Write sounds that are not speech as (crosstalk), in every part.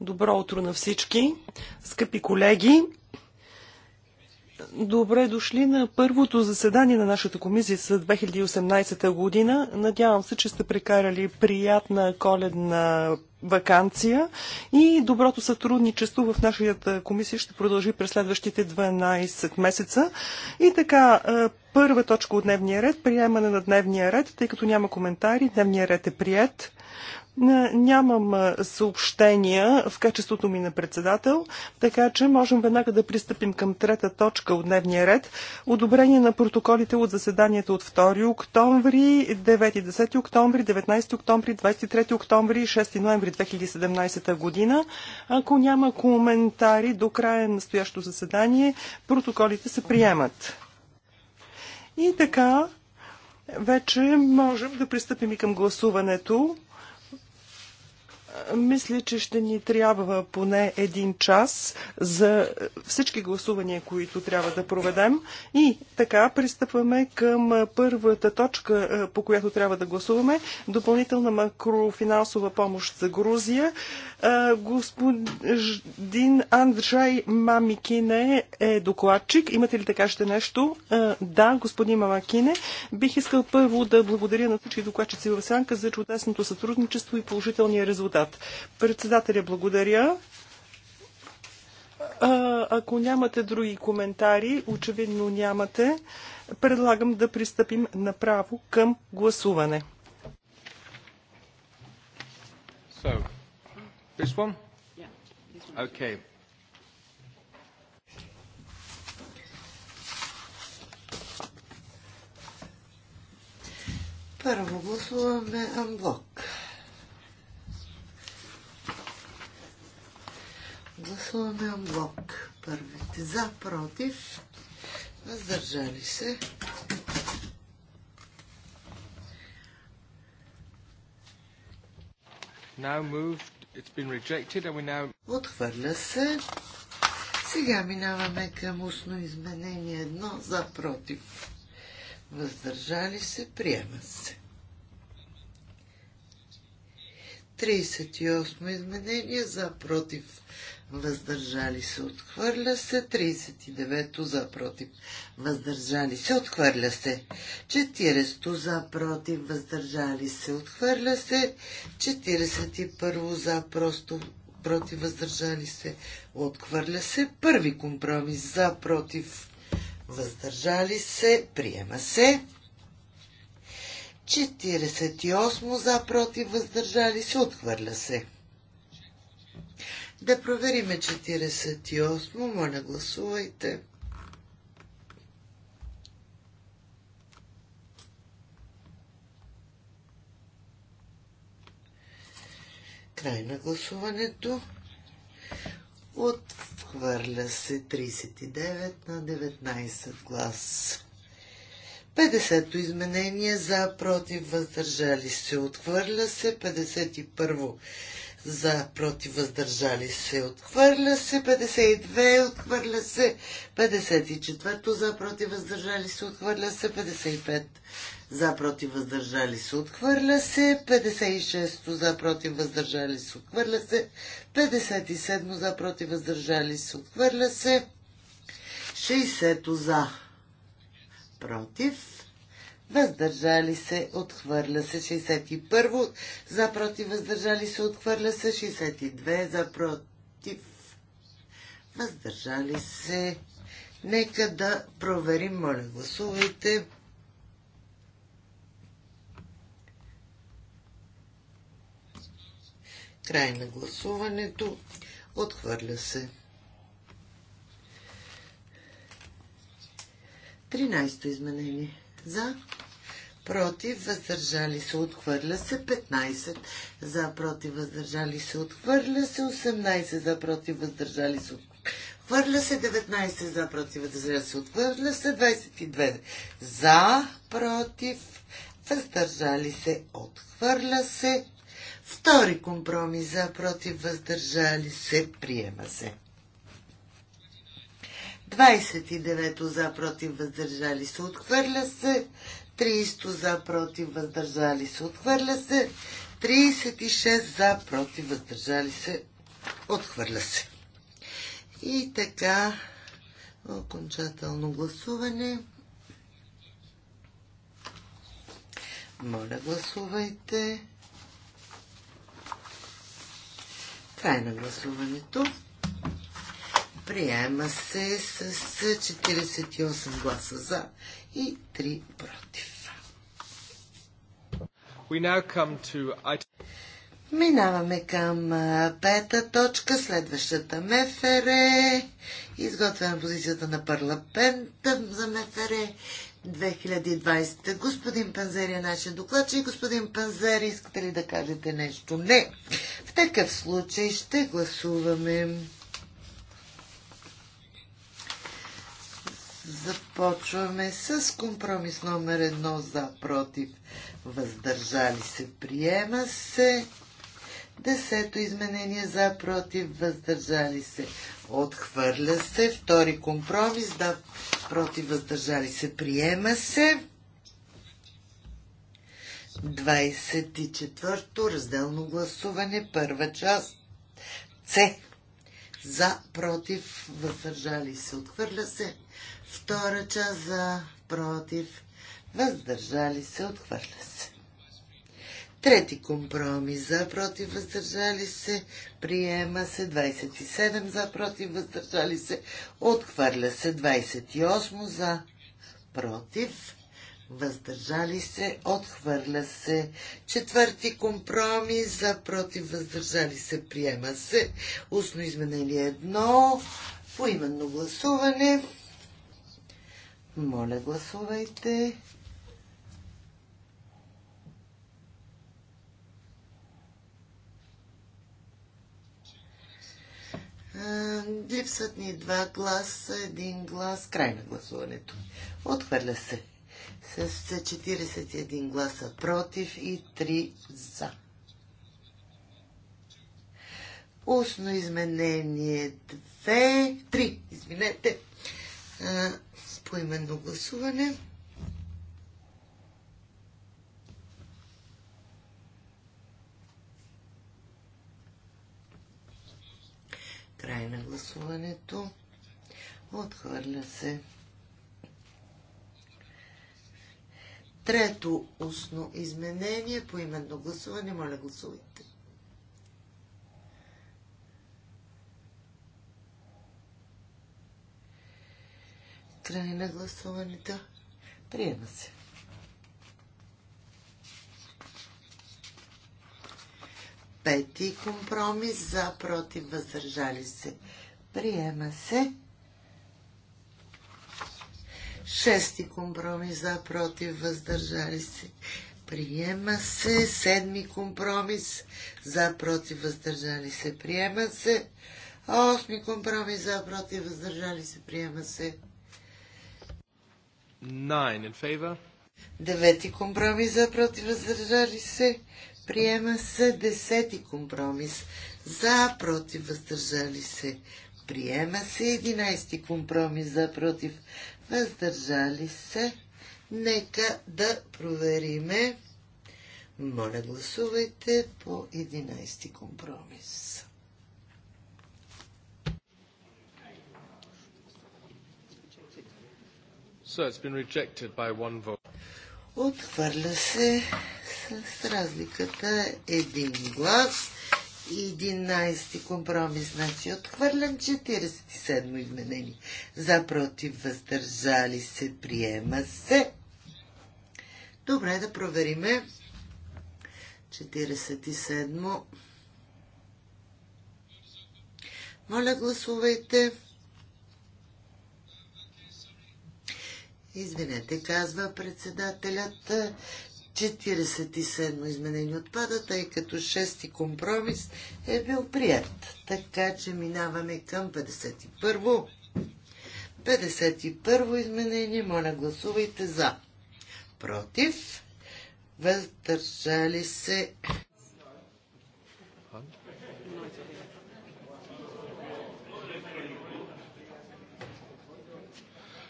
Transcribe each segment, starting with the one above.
Добро утро на всички, скъпи колеги. Добре дошли на първото заседание на нашата комисия за 2018 година. Надявам се, че сте прекарали приятна коледна вакансия и доброто сътрудничество в нашата комисия ще продължи през следващите 12 месеца. И така, е, първа точка от дневния ред, приемане на дневния ред, тъй като няма коментари, дневния ред е прият. Нямам съобщения в качеството ми на председател, така че можем веднага да пристъпим към трета точка от дневния ред. Одобрение на протоколите от заседанията от 2 октомври, 9-10 октомври, 19 октомври, 23 октомври и 6 ноември 2017 година. Ако няма коментари до края на настоящото заседание, протоколите се приемат. И така, вече можем да пристъпим и към гласуването. Мисля, че ще ни трябва поне един час за всички гласувания, които трябва да проведем. И така, пристъпваме към първата точка, е, по която трябва да гласуваме. Допълнителна макрофинансова помощ за Грузия. Е, господин Анджай Мамикине е докладчик. Имате ли да кажете нещо? Е, да, господин Мамакине. Бих искал първо да благодаря на всички докладчици в Сянка за чудесното сътрудничество и положителния резултат доклад. Председателя, благодаря. А, ако нямате други коментари, очевидно нямате, предлагам да пристъпим направо към гласуване. So, this one. Okay. Първо гласуваме анблок. Гласуваме блок. Първите за, против, въздържали се. Now moved. It's been rejected and we now... Отхвърля се. Сега минаваме към устно изменение едно за против. Въздържали се, приема се. 38 изменение за против въздържали се, отхвърля се, 39-то за против, въздържали се, отхвърля се, 40-то за против, въздържали се, отхвърля се, 41-то за просто против, въздържали се, отхвърля се, първи компромис за против, въздържали се, приема се. 48 за против, въздържали се, отхвърля се. Да провериме 48. Моля, гласувайте. Край на гласуването. Отхвърля се 39 на 19 глас. 50-то изменение за против въздържали се. Отхвърля се 51 то за против въздържали се, отхвърля се, 52, отхвърля се, 54 за против въздържали се, отхвърля се, 55 за против въздържали се, отхвърля се, 56 за против въздържали се, отхвърля се, 57 за против въздържали се, отхвърля се, 60 за против въздържали се, отхвърля се 61, за против, въздържали се, отхвърля се 62, за против, въздържали се. Нека да проверим, моля, гласувайте. Край на гласуването. Отхвърля се. 13 изменение за, против, въздържали се, отхвърля се, 15 за, против, въздържали се, отхвърля се, 18 за, против, въздържали се, отхвърля се, 19 за, против, въздържали се, отхвърля се, 22 за, против, въздържали се, отхвърля се, втори компромис за, против, въздържали се, приема се. 29 за против въздържали се отхвърля се. 30 за против въздържали се отхвърля се. 36 за против въздържали се отхвърля се. И така окончателно гласуване. Моля, гласувайте. Край на гласуването. Приема се с 48 гласа за и 3 против. To... Минаваме към пета точка, следващата МФР. Изготвена позицията на парламент за МФР 2020. Господин Панзери е нашия докладчик. Господин Панзери, искате ли да кажете нещо? Не. В такъв случай ще гласуваме. Започваме с компромис номер едно за против. Въздържали се. Приема се. Десето изменение за против. Въздържали се. Отхвърля се. Втори компромис да против. Въздържали се. Приема се. 24-то разделно гласуване. Първа част. С. За, против, въздържали се, отхвърля се. Втора част за, против, въздържали се, отхвърля се. Трети компромис за, против, въздържали се, приема се 27 за, против, въздържали се, отхвърля се 28 за, против, въздържали се, отхвърля се. Четвърти компромис за против въздържали се, приема се. Устно изменение едно, поименно гласуване. Моля, гласувайте. Липсват ни два гласа, един глас, край на гласуването. Отхвърля се с 41 гласа против и 3 за. Устно изменение 2, 3, извинете, поименно гласуване. Край на гласуването. Отхвърля се. Трето устно изменение по именно гласуване. Моля гласувайте. Край на гласуването. Приема се. Пети компромис за против въздържали се. Приема се. Шести компромис за против въздържали се. Приема се. Седми компромис за против въздържали се. Приема се. Осми компромис за против въздържали се. Приема се. Nine in favor. Девети компромис за против въздържали се. Приема се десети компромис за против въздържали се. Приема се единайсти компромис за против въздържали се. Нека да провериме. Моля гласувайте по 11 компромис. So it's been rejected by one vote. Отхвърля се с разликата един глас. 11 компромис, значи отхвърлям 47 изменени. За против въздържали се, приема се. Добре, да провериме. 47. Моля, гласувайте. Извинете, казва председателят. 47 изменение отпада, тъй като 6 компромис е бил прият. Така че минаваме към 51. 51 изменение. Моля, гласувайте за. Против. Въздържали се.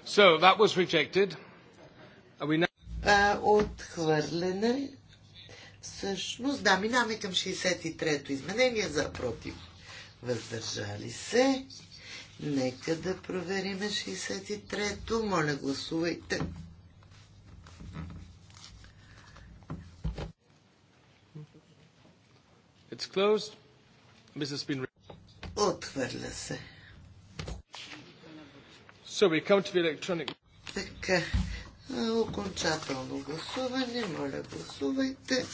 So that was rejected. Are we now... Е, отхвърлене. Всъщност, да, минаваме към 63-то изменение за против. Въздържали се. Нека да проверим 63-то. Моля, гласувайте. It's closed. Been... Отхвърля се. So we come to the electronic... Така, окончателно гласуване. Моля, гласувайте.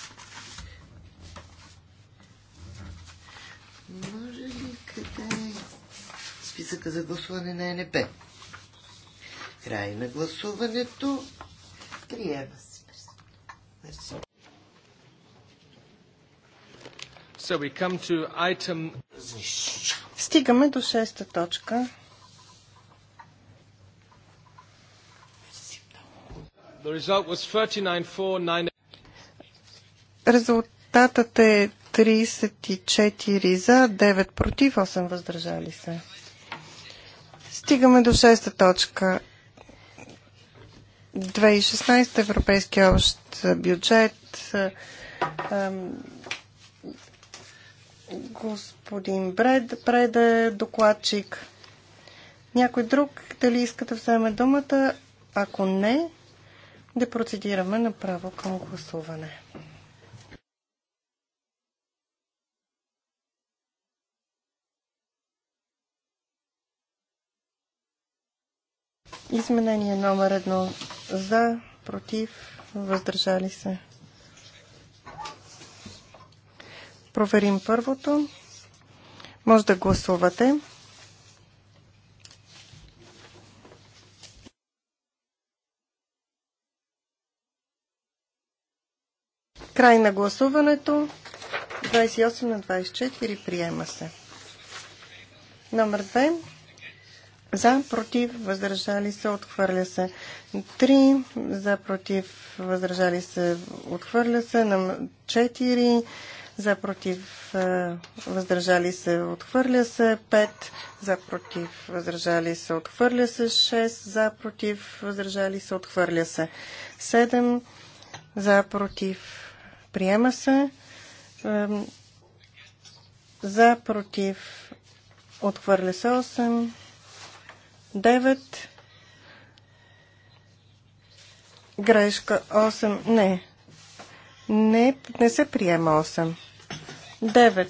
Може ли къде е списъка за гласуване на НП? Край на гласуването. Приема се. So we come to item... Стигаме до шеста точка. Резултатът е 34 за, 9 против, 8 въздържали се. Стигаме до шеста точка. 2016 Европейския общ бюджет. Господин Бред, е докладчик. Някой друг дали иска да вземе думата? Ако не, да процедираме направо към гласуване. Изменение номер едно. За, против, въздържали се. Проверим първото. Може да гласувате. Край на гласуването. 28 на 24 приема се. Номер 2. За, против, въздържали се, отхвърля се. 3. За, против, въздържали се, отхвърля се. Номер 4. Е, За, против, въздържали се, отхвърля се. 5. За, против, въздържали се, отхвърля се. 6. За, против, въздържали се, отхвърля се. 7. За, против, Приема се. За, против, отхвърля се 8. 9. Грешка 8. Не. Не, не се приема 8. 9.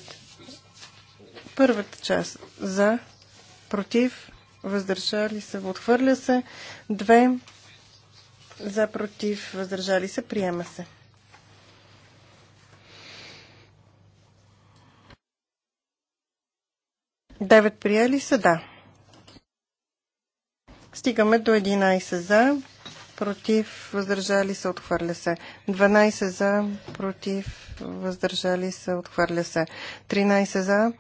Първата част. За, против, въздържали се, отхвърля се. 2. За, против, въздържали се, приема се. 9 приели са да. Стигаме до 11 за, против, въздържали се, отхвърля се. 12 за, против, въздържали се, отхвърля се. 13 за,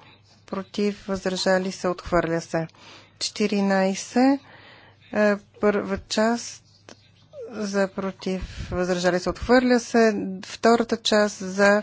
против, въздържали се, отхвърля се. 14, е, първа част за против, въздържали се, отхвърля се. Втората част за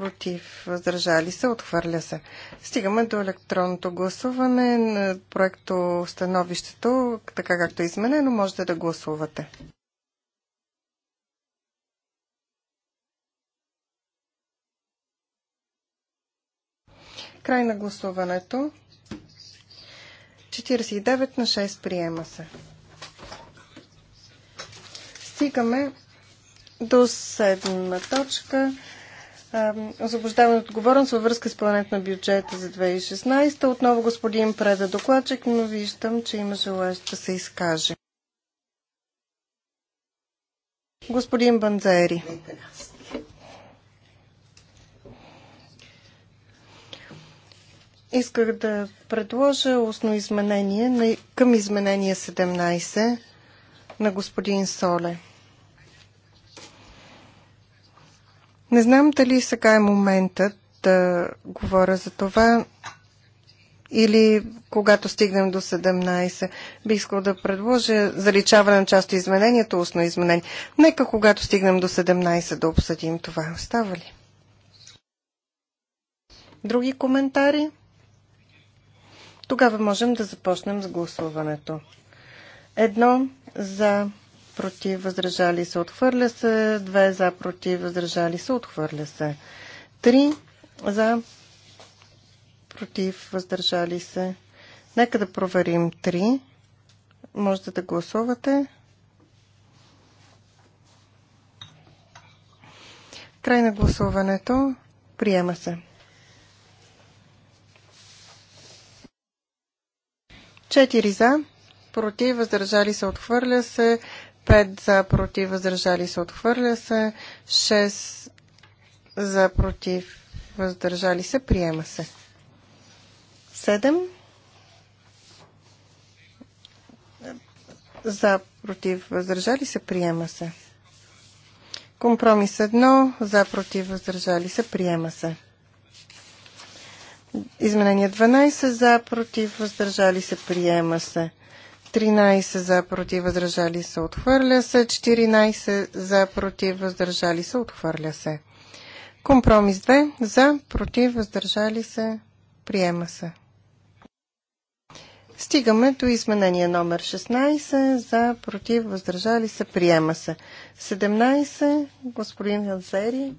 против, въздържали се, отхвърля се. Стигаме до електронното гласуване на проекто становището, така както е изменено, можете да гласувате. Край на гласуването. 49 на 6 приема се. Стигаме до седма точка освобождаване от отговорност във връзка с планет на бюджета за 2016. Отново господин Преда докладчик, но виждам, че има желаящ да се изкаже. Господин Банзери. Исках да предложа устно изменение към изменение 17 на господин Соле. Не знам дали сега е моментът да говоря за това или когато стигнем до 17. Би искал да предложа заличаване на част от изменението, устно изменение. Нека когато стигнем до 17 да обсъдим това. Остава ли? Други коментари? Тогава можем да започнем с гласуването. Едно за против, въздържали се, отхвърля се. 2 за, против, въздържали се, отхвърля се. 3 за, против, въздържали се. Нека да проверим 3. Можете да гласувате. Край на гласуването. Приема се. 4 за, против, въздържали се, отхвърля се. 5 за, против, въздържали се, отхвърля се. 6 за, против, въздържали се, приема се. 7 за, против, въздържали се, приема се. Компромис 1 за, против, въздържали се, приема се. Изменение 12 за, против, въздържали се, приема се. 13 за против въздържали се отхвърля се, 14 за против въздържали се отхвърля се. Компромис 2 за против въздържали се приема се. Стигаме до изменение номер 16 за против въздържали се приема се. 17 господин Банзери.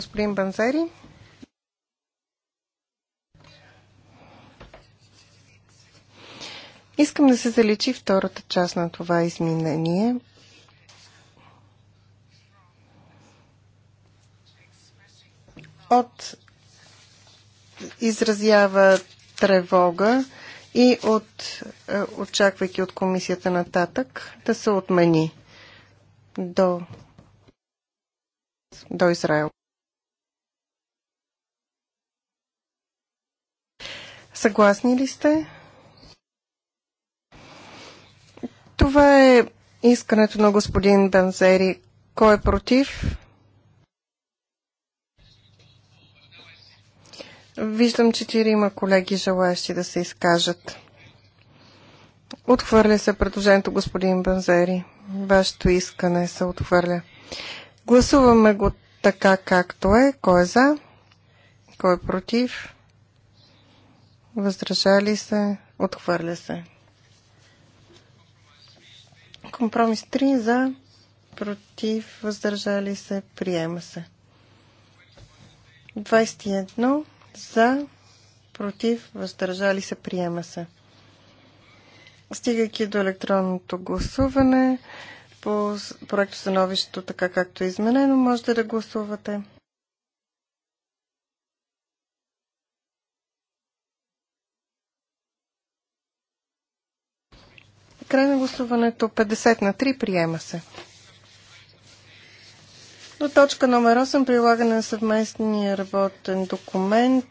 Господин Банзери. Искам да се заличи втората част на това изменение. От изразява тревога и от, е, очаквайки от комисията нататък, да се отмени до, до Израел. Съгласни ли сте? Това е искането на господин Данзери. Кой е против? Виждам четирима колеги желаящи да се изкажат. Отхвърля се предложението господин Банзери. Вашето искане се отхвърля. Гласуваме го така както е. Кой е за? Кой е против? Въздържали се? Отхвърля се. Компромис 3 за, против, въздържали се, приема се. 21 за, против, въздържали се, приема се. Стигайки до електронното гласуване, по проекто становището, така както е изменено, можете да гласувате. Край на гласуването 50 на 3 приема се. До точка номер 8 прилагане на съвместния работен документ,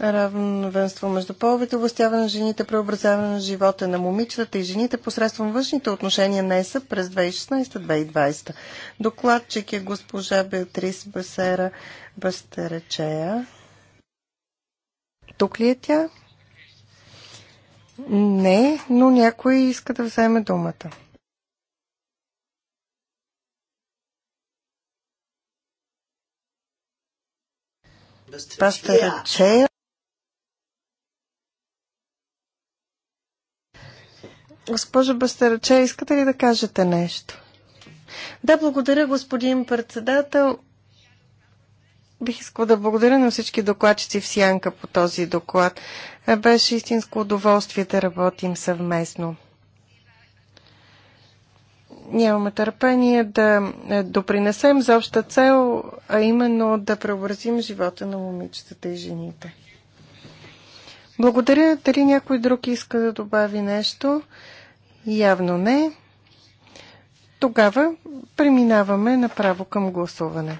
равенство между половите, областяване на жените, преобразяване на живота на момичетата и жените посредством външните отношения на ЕСА през 2016-2020. Докладчик е госпожа Беатрис Басера Бастеречея. Тук ли е тя? Не, но някой иска да вземе думата. Пастор Чея. Госпожо Бастераче, искате ли да кажете нещо? Да, благодаря, господин председател. Бих искала да благодаря на всички докладчици в Сянка по този доклад. Е, Беше истинско удоволствие да работим съвместно. Нямаме търпение да е, допринесем за обща цел, а именно да преобразим живота на момичетата и жените. Благодаря. Дали някой друг иска да добави нещо? Явно не. Тогава преминаваме направо към гласуване.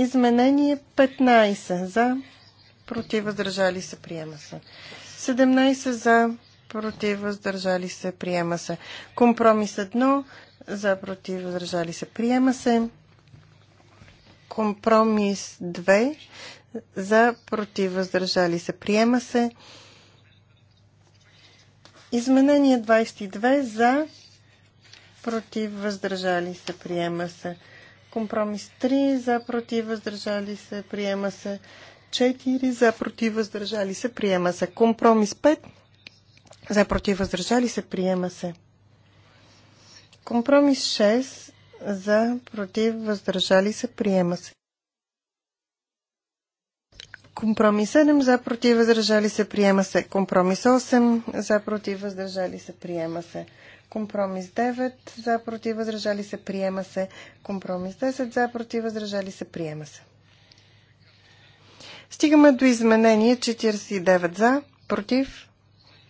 Изменение 15 за, против, въздържали се, приема се. 17 за, против, въздържали се, приема се. Компромис 1 за, против, въздържали се, приема се. Компромис 2 за, против, въздържали се, приема се. Изменение 22 за, против, въздържали се, приема се. Компромис 3 за против въздържали се приема се. 4 за против въздържали се приема се. Компромис 5 за против въздържали се приема се. Компромис 6 за против въздържали се приема се. Компромис 7 за против въздържали се приема се. Компромис 8 за против въздържали се приема се. Компромис 9 за против възражали се приема се. Компромис 10 за против възражали се приема се. Стигаме до изменение 49 за против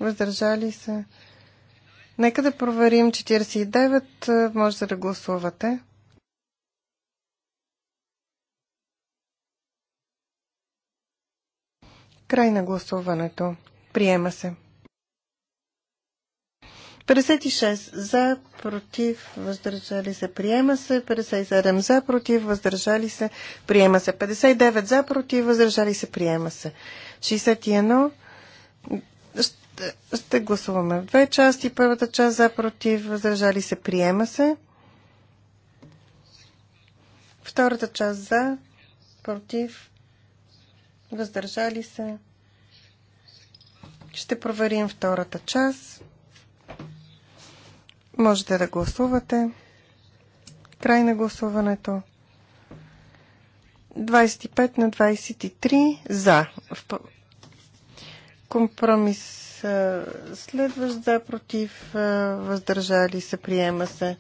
въздържали се. Нека да проверим 49. Може да гласувате. Край на гласуването. Приема се. 56 за, против, въздържали се, приема се. 57 за, против, въздържали се, приема се. 59 за, против, въздържали се, приема се. 61 ще, ще гласуваме в две части. Първата част за, против, въздържали се, приема се. Втората част за, против, въздържали се. Ще проверим втората част. Можете да гласувате. Край на гласуването. 25 на 23 за. Компромис следващ за, против, въздържали се, приема се.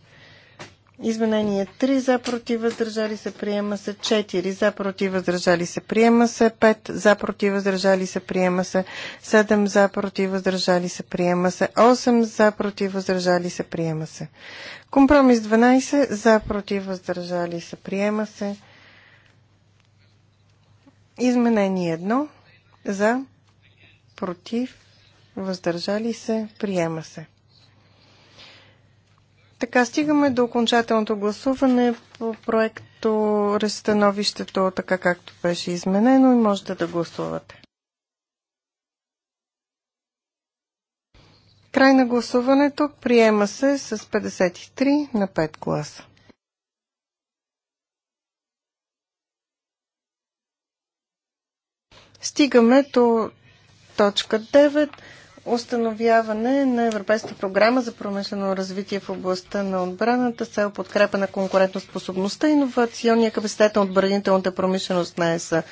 Изменение 3 за против въздържали се приема се 4 за против въздържали се приема се 5 за против въздържали се приема се 7 за против въздържали се приема се 8 за против въздържали се приема се. Компромис 12 за против въздържали се приема се. Изменение 1 за против въздържали се приема се. Така стигаме до окончателното гласуване по проекто Рестановището, така както беше изменено и можете да гласувате. Край на гласуването приема се с 53 на 5 гласа. Стигаме до точка 9 установяване на Европейска програма за промишлено развитие в областта на отбраната с цел подкрепа на конкурентоспособността и инновационния капацитет на отбранителната промишленост на ЕСА.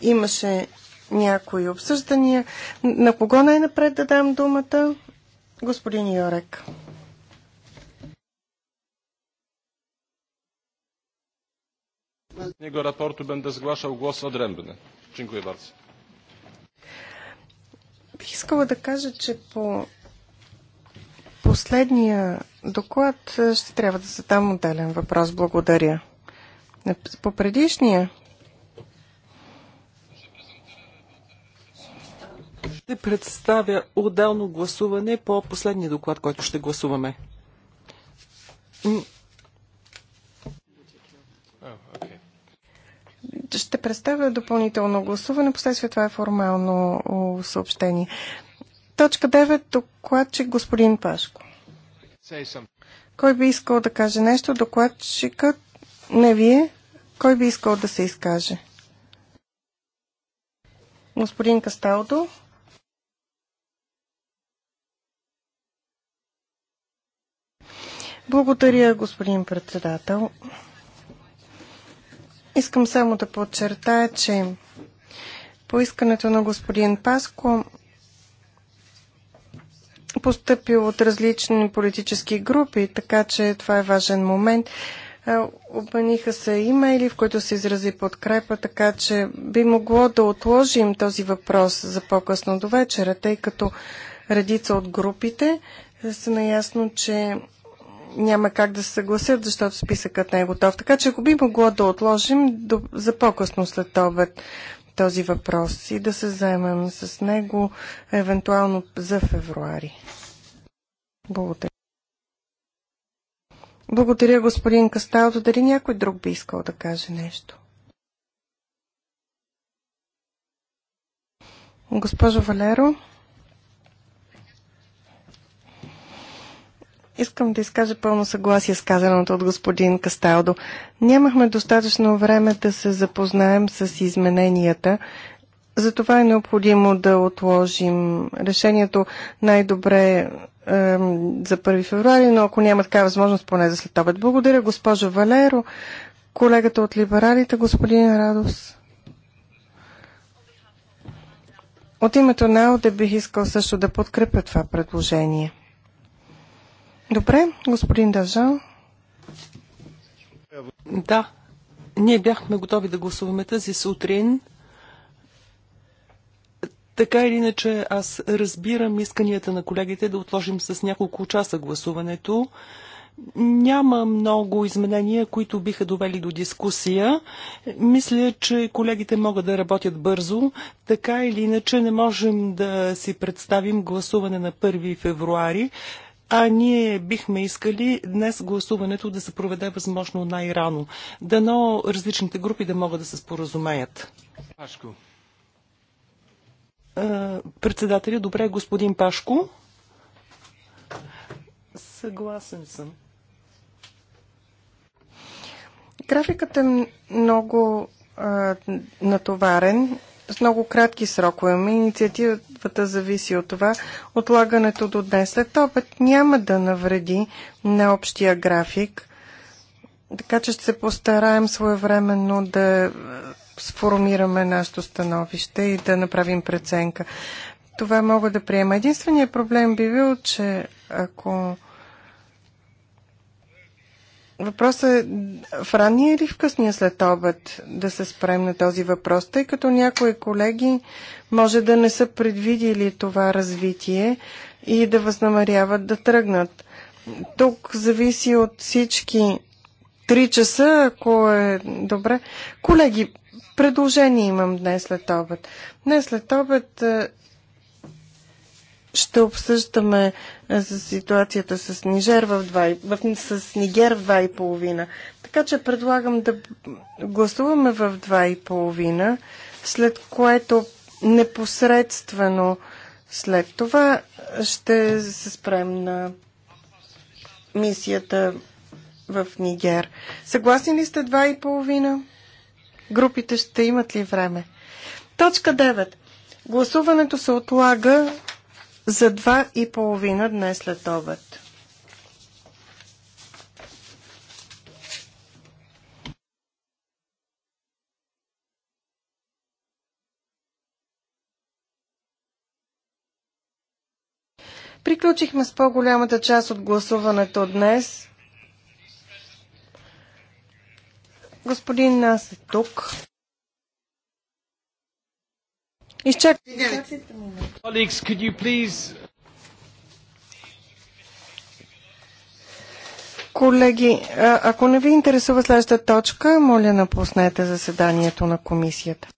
Имаше някои обсъждания. На кого най-напред да дам думата? Господин Йорек. Z niego raportu będę zgłaszał głos odrębny. Dziękuję bardzo. Бих искала да кажа, че по последния доклад е, ще трябва да задам отделен въпрос. Благодаря. По предишния ще представя отделно гласуване по последния доклад, който ще гласуваме. ще представя допълнително гласуване, последствие това е формално съобщение. Точка 9, докладчик господин Пашко. Кой би искал да каже нещо? Докладчикът? Не вие. Кой би искал да се изкаже? Господин Касталдо? Благодаря, господин председател. Искам само да подчертая, че по искането на господин Паско постъпил от различни политически групи, така че това е важен момент. Обманиха се имейли, в които се изрази подкрепа, така че би могло да отложим този въпрос за по-късно до вечера, тъй като редица от групите са наясно, че няма как да се съгласят, защото списъкът не е готов. Така че ако би могло да отложим до, за по-късно след обед този въпрос и да се заемем с него евентуално за февруари. Благодаря. Благодаря, господин Касталто. Дали някой друг би искал да каже нещо? Госпожо Валеро. Искам да изкажа пълно съгласие с казаното от господин Касталдо. Нямахме достатъчно време да се запознаем с измененията. Затова е необходимо да отложим решението най-добре е, за 1 февруари, но ако няма такава възможност, поне за след обед. Благодаря, госпожо Валеро, колегата от либералите, господин Радос. От името на Ауде бих искал също да подкрепя това предложение. Добре, господин Дажан. Да, ние бяхме готови да гласуваме тази сутрин. Така или иначе, аз разбирам исканията на колегите да отложим с няколко часа гласуването. Няма много изменения, които биха довели до дискусия. Мисля, че колегите могат да работят бързо. Така или иначе не можем да си представим гласуване на 1 февруари а ние бихме искали днес гласуването да се проведе възможно най-рано. Дано различните групи да могат да се споразумеят. Пашко. Председателя, добре, господин Пашко. Съгласен съм. Графикът е много а, натоварен с много кратки срокове. Ами, инициативата зависи от това. Отлагането до днес след обед няма да навреди на общия график, така че ще се постараем своевременно да е, сформираме нашето становище и да направим преценка. Това мога да приема. Единственият проблем би бил, че ако Въпросът е в ранния или в късния след обед да се спрем на този въпрос, тъй като някои колеги може да не са предвидили това развитие и да възнамеряват да тръгнат. Тук зависи от всички три часа, ако е добре. Колеги, предложение имам днес след обед. Днес след обед е, ще обсъждаме за е, ситуацията с Нигер в 2, в, с Нигер в 2 и половина. Така че предлагам да гласуваме в 2 и половина, след което непосредствено след това ще се спрем на мисията в Нигер. Съгласни ли сте 2 и половина? Групите ще имат ли време? Точка 9. Гласуването се отлага за два и половина днес след обед. Приключихме с по-голямата част от гласуването днес. Господин Нас е тук. Изчакайте. Колеги, ако не ви интересува следващата точка, моля напуснете заседанието на комисията.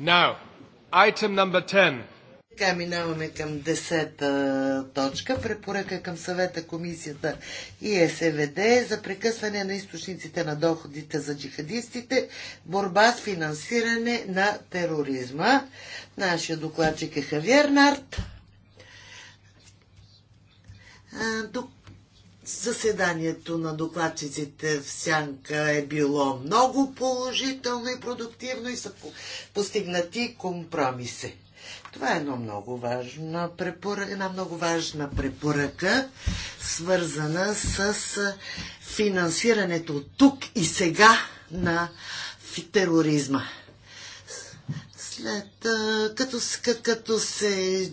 Now, item number 10. Така минаваме към десета точка. Препоръка към съвета, комисията и СВД за прекъсване на източниците на доходите за джихадистите, борба с финансиране на тероризма. Нашия докладчик е Хавиер Нарт. Заседанието на докладчиците в Сянка е било много положително и продуктивно и са постигнати компромиси. Това е едно много важна препоръка, една много важна препоръка, свързана с финансирането тук и сега на тероризма. След като, като се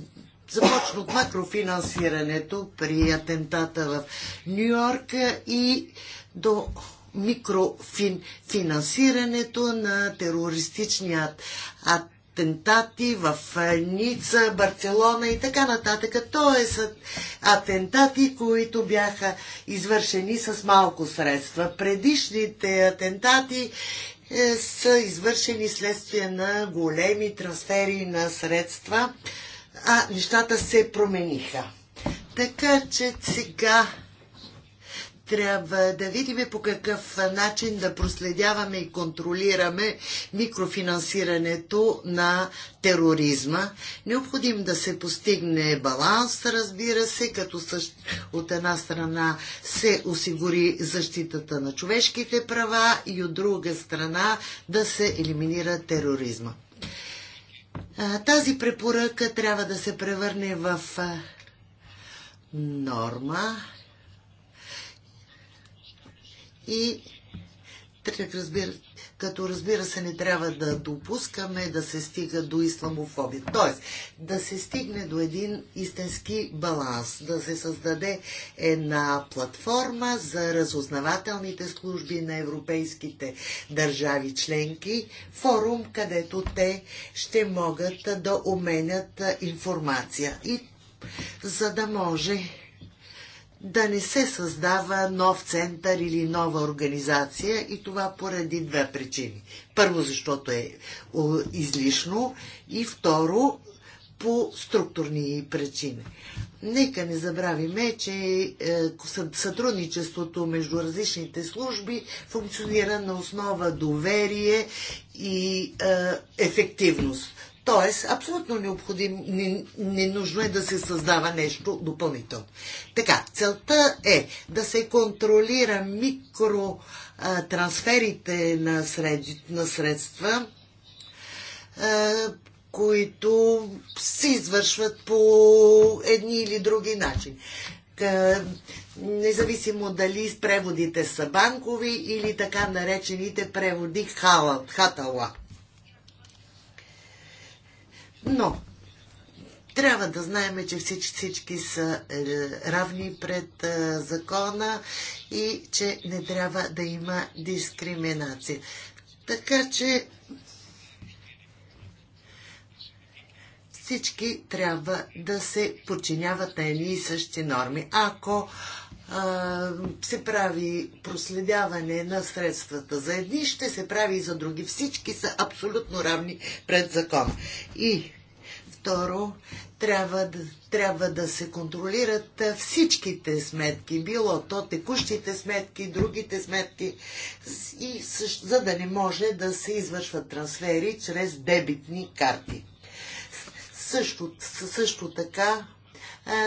започна от макрофинансирането при атентата в Нью Йорк и до микрофинансирането на терористичният атентати в Ница, Барселона и така нататък. Тоест атентати, които бяха извършени с малко средства. Предишните атентати е, са извършени следствие на големи трансфери на средства а нещата се промениха. Така че сега трябва да видим по какъв начин да проследяваме и контролираме микрофинансирането на тероризма. Необходим да се постигне баланс, разбира се, като същ... от една страна се осигури защитата на човешките права и от друга страна да се елиминира тероризма. Тази препоръка трябва да се превърне в норма и, разбира, като разбира се не трябва да допускаме да се стига до исламофобия. Тоест, да се стигне до един истински баланс, да се създаде една платформа за разузнавателните служби на европейските държави членки, форум, където те ще могат да уменят информация. И за да може да не се създава нов център или нова организация и това поради две причини. Първо, защото е излишно и второ, по структурни причини. Нека не забравиме, че е, сътрудничеството между различните служби функционира на основа доверие и е, ефективност. Тоест, абсолютно необходим, не, не е да се създава нещо допълнително. Така, целта е да се контролира микротрансферите на, сред, на средства, а, които се извършват по едни или други начини независимо дали преводите са банкови или така наречените преводи халат, хаталат. Но трябва да знаем, че всички, всички са е, равни пред е, закона и че не трябва да има дискриминация. Така че всички трябва да се подчиняват на едни и същи норми. Ако се прави проследяване на средствата за едни, ще се прави и за други. Всички са абсолютно равни пред закон. И второ, трябва да, трябва да се контролират всичките сметки, било то текущите сметки, другите сметки, и също, за да не може да се извършват трансфери чрез дебитни карти. Също, също така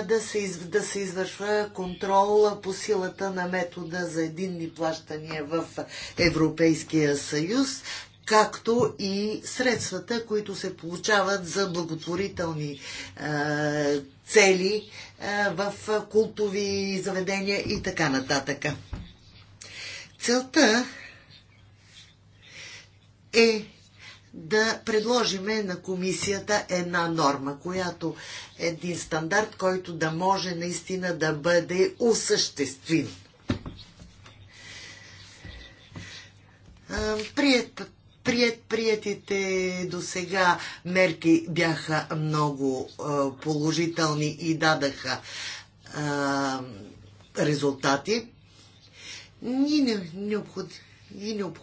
да се, да се извършва контрол по силата на метода за единни плащания в Европейския съюз, както и средствата, които се получават за благотворителни цели в култови заведения и така нататък. Целта е да предложиме на комисията една норма, която е един стандарт, който да може наистина да бъде осъществим. Прият, прият, приятите до сега мерки бяха много положителни и дадаха резултати. Ни необходимо. и необх,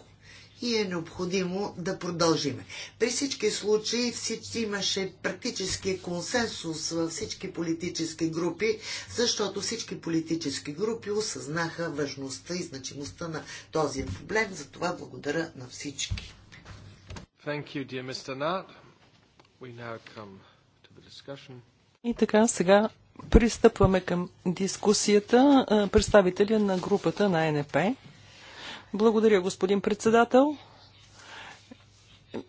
и е необходимо да продължиме. При всички случаи всички имаше практически консенсус във всички политически групи, защото всички политически групи осъзнаха важността и значимостта на този проблем. За това благодаря на всички. Thank you, dear Mr. We now come to the discussion. И така, сега пристъпваме към дискусията представителя на групата на НП. Благодаря, господин председател.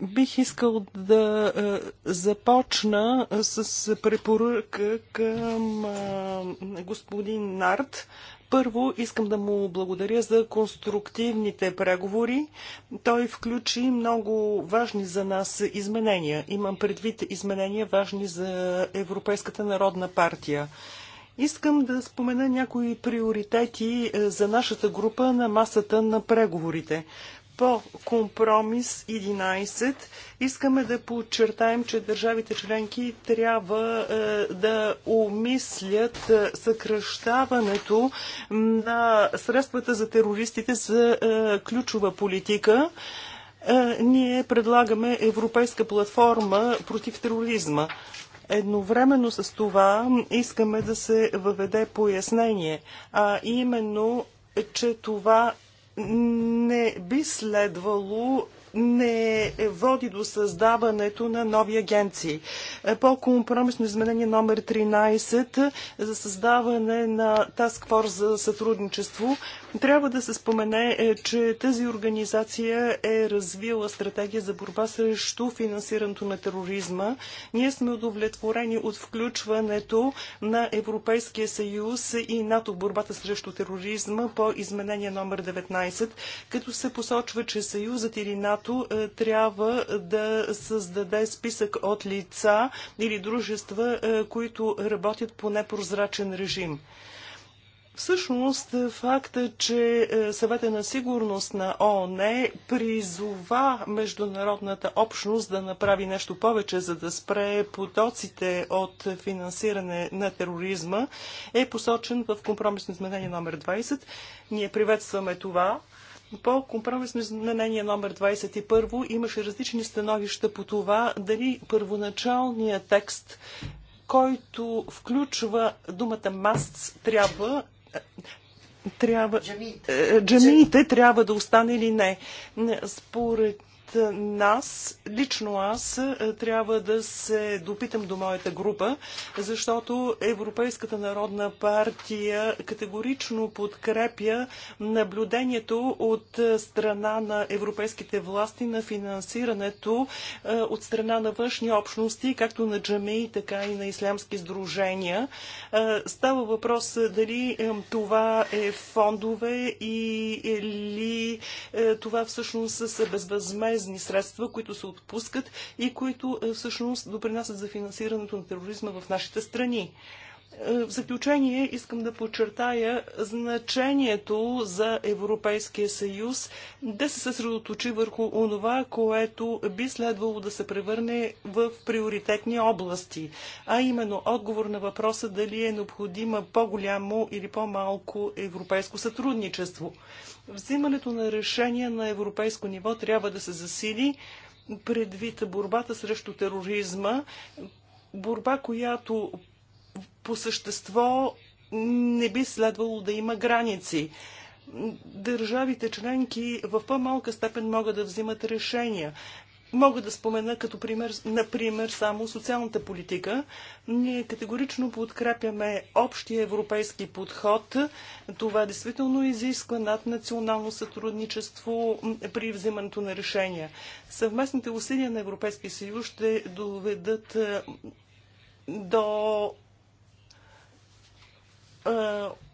Бих искал да е, започна с препоръка към е, господин Нарт. Първо искам да му благодаря за конструктивните преговори. Той включи много важни за нас изменения. Имам предвид изменения важни за Европейската народна партия. Искам да спомена някои приоритети е, за нашата група на масата на преговорите. По компромис 11 искаме да подчертаем, че държавите членки трябва е, да умислят е, съкръщаването на средствата за терористите за е, ключова политика е, ние предлагаме европейска платформа против тероризма. Едновременно с това искаме да се въведе пояснение, а именно, че това не би следвало не води до създаването на нови агенции. Е, по компромисно изменение номер 13 за създаване на Task за сътрудничество, трябва да се спомене, е, че тази организация е развила стратегия за борба срещу финансирането на тероризма. Ние сме удовлетворени от включването на Европейския съюз и НАТО в борбата срещу тероризма по изменение номер 19, като се посочва, че съюзът или НАТО която е, трябва да създаде списък от лица или дружества, е, които работят по непрозрачен режим. Всъщност, факта, че е, съвета на сигурност на ООН призова международната общност да направи нещо повече, за да спре потоците от финансиране на тероризма, е посочен в компромисно изменение номер 20. Ние приветстваме това. По компромисно изменение номер 21 имаше различни становища по това дали първоначалният текст, който включва думата маст, трябва трябва, е, джамиите трябва да остане или не. Според нас, лично аз, е, трябва да се допитам до моята група, защото Европейската народна партия категорично подкрепя наблюдението от страна на европейските власти на финансирането е, от страна на външни общности, както на джамии, така и на ислямски сдружения. Е, става въпрос дали това е фондове или това всъщност са безвъзмезни полезни средства, които се отпускат и които е, всъщност допринасят за финансирането на тероризма в нашите страни. Е, в заключение искам да подчертая значението за Европейския съюз да се съсредоточи върху онова, което би следвало да се превърне в приоритетни области, а именно отговор на въпроса дали е необходимо по-голямо или по-малко европейско сътрудничество. Взимането на решения на европейско ниво трябва да се засили предвид борбата срещу тероризма, борба, която по същество не би следвало да има граници. Държавите членки в по-малка степен могат да взимат решения. Мога да спомена като пример, например, само социалната политика. Ние категорично подкрепяме общия европейски подход. Това действително изисква наднационално сътрудничество при взимането на решения. Съвместните усилия на Европейския съюз ще доведат е, до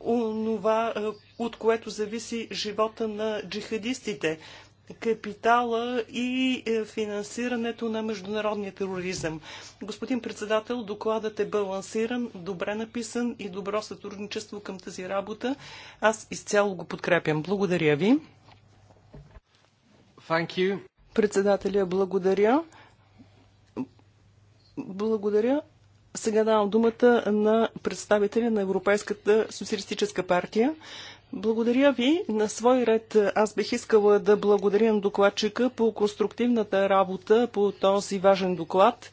онова, от което зависи живота на джихадистите капитала и е, финансирането на международния тероризъм. Господин председател, докладът е балансиран, добре написан и добро сътрудничество към тази работа. Аз изцяло го подкрепям. Благодаря ви. Thank you. Председателя, благодаря. Благодаря. Сега давам думата на представителя на Европейската социалистическа партия. Благодаря ви. На свой ред аз бих искала да благодаря на докладчика по конструктивната работа по този важен доклад.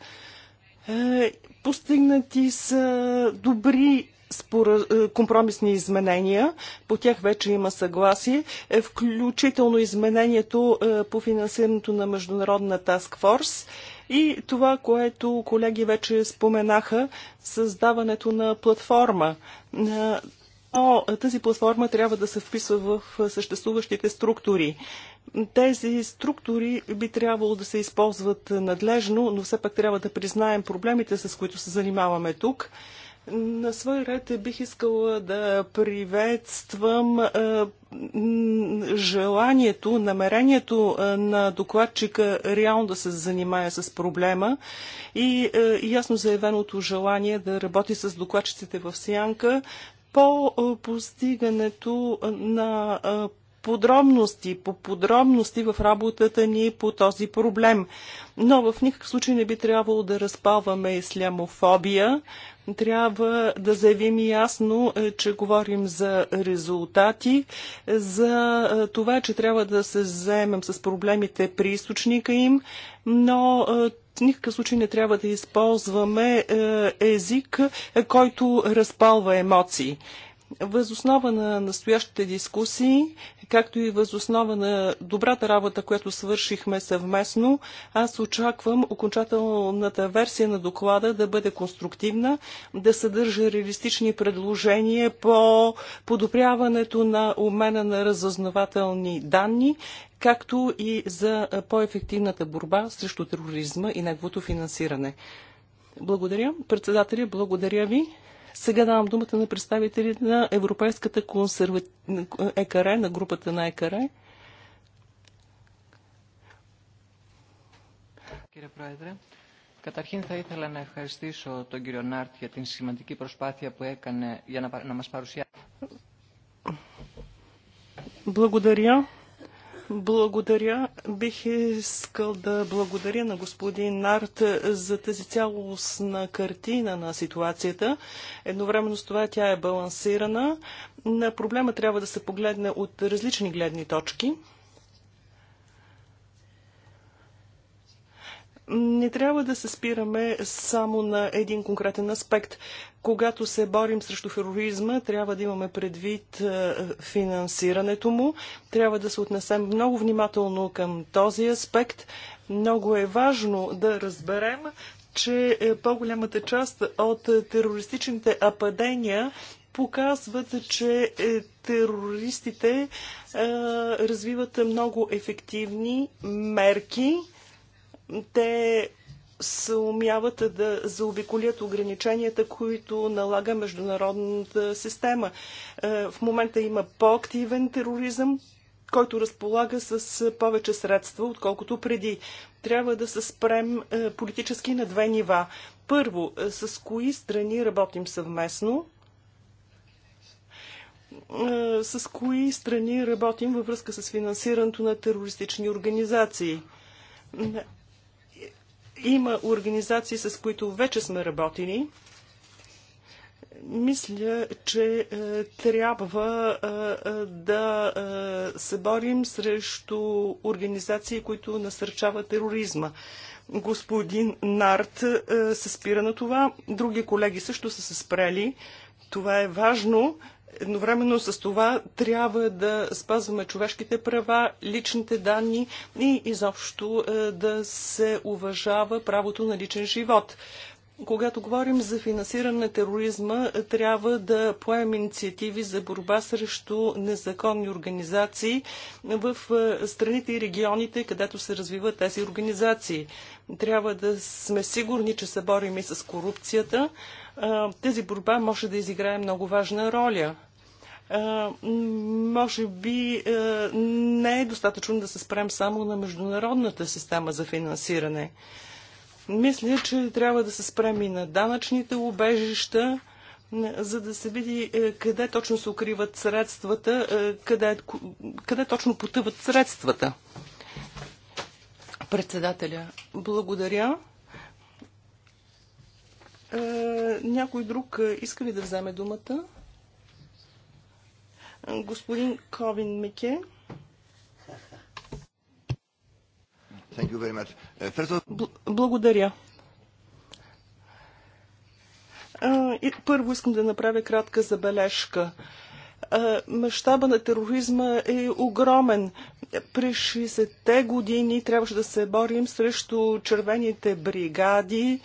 Е, постигнати са добри е, компромисни изменения. По тях вече има съгласие, е, включително изменението по финансирането на Международна таскфорс. Форс. И това, което колеги вече споменаха, създаването на платформа. Но тази платформа трябва да се вписва в съществуващите структури. Тези структури би трябвало да се използват надлежно, но все пак трябва да признаем проблемите, с които се занимаваме тук. На свой ред бих искала да приветствам желанието, намерението на докладчика реално да се занимае с проблема и ясно заявеното желание да работи с докладчиците в Сянка по постигането на подробности, по подробности в работата ни по този проблем. Но в никакъв случай не би трябвало да разпалваме ислямофобия. Трябва да заявим ясно, е, че говорим за резултати, за е, това, че трябва да се заемем с проблемите при източника им, но е, в никакъв случай не трябва да използваме език, който разпалва емоции. Възоснова на настоящите дискусии, както и възоснова на добрата работа, която свършихме съвместно, аз очаквам окончателната версия на доклада да бъде конструктивна, да съдържа реалистични предложения по подобряването на умена на разъзнавателни данни, както и за по-ефективната борба срещу тероризма и неговото финансиране. Благодаря. Председателя, благодаря ви. Сега давам думата на представители на Европейската консерва... ЕКР, на групата на ЕКР. Κύριε Πρόεδρε, Καταρχήν θα ήθελα να ευχαριστήσω τον κύριο Νάρτ για την σημαντική προσπάθεια που έκανε για να, να μας παρουσιάσει. Благодаря. Благодаря. Бих искал да благодаря на господин Нарт за тази цялостна картина на ситуацията. Едновременно с това тя е балансирана. На проблема трябва да се погледне от различни гледни точки. не трябва да се спираме само на един конкретен аспект. Когато се борим срещу тероризма, трябва да имаме предвид е, финансирането му. Трябва да се отнесем много внимателно към този аспект. Много е важно да разберем, че е, по-голямата част от терористичните ападения показват, че е, терористите развиват много ефективни мерки те се умяват да заобиколят ограниченията, които налага международната система. Е, в момента има по-активен тероризъм, който разполага с повече средства, отколкото преди. Трябва да се спрем е, политически на две нива. Първо, е, с кои страни работим съвместно? С кои страни работим във връзка с финансирането на терористични организации? Има организации, с които вече сме работени. Мисля, че е, трябва е, е, да се борим срещу организации, които насърчават тероризма. Господин Нарт се спира на това. Други колеги също са се спрели. Това е важно, Едновременно с това трябва да спазваме човешките права, личните данни и изобщо е, да се уважава правото на личен живот. Когато говорим за финансиране на тероризма, трябва да поемем инициативи за борба срещу незаконни организации в е, страните и регионите, където се развиват тези организации. Трябва да сме сигурни, че се борим и с корупцията, тази борба може да изиграе много важна роля. Може би не е достатъчно да се спрем само на международната система за финансиране. Мисля, че трябва да се спрем и на данъчните убежища, за да се види е, къде точно се укриват средствата, е, къде, къде точно потъват средствата. Председателя, благодаря. Е, някой друг е, иска ли да вземе думата? Е, господин Ковин Мике. Благодаря. Първо искам да направя кратка забележка мащаба на тероризма е огромен. През 60-те години трябваше да се борим срещу червените бригади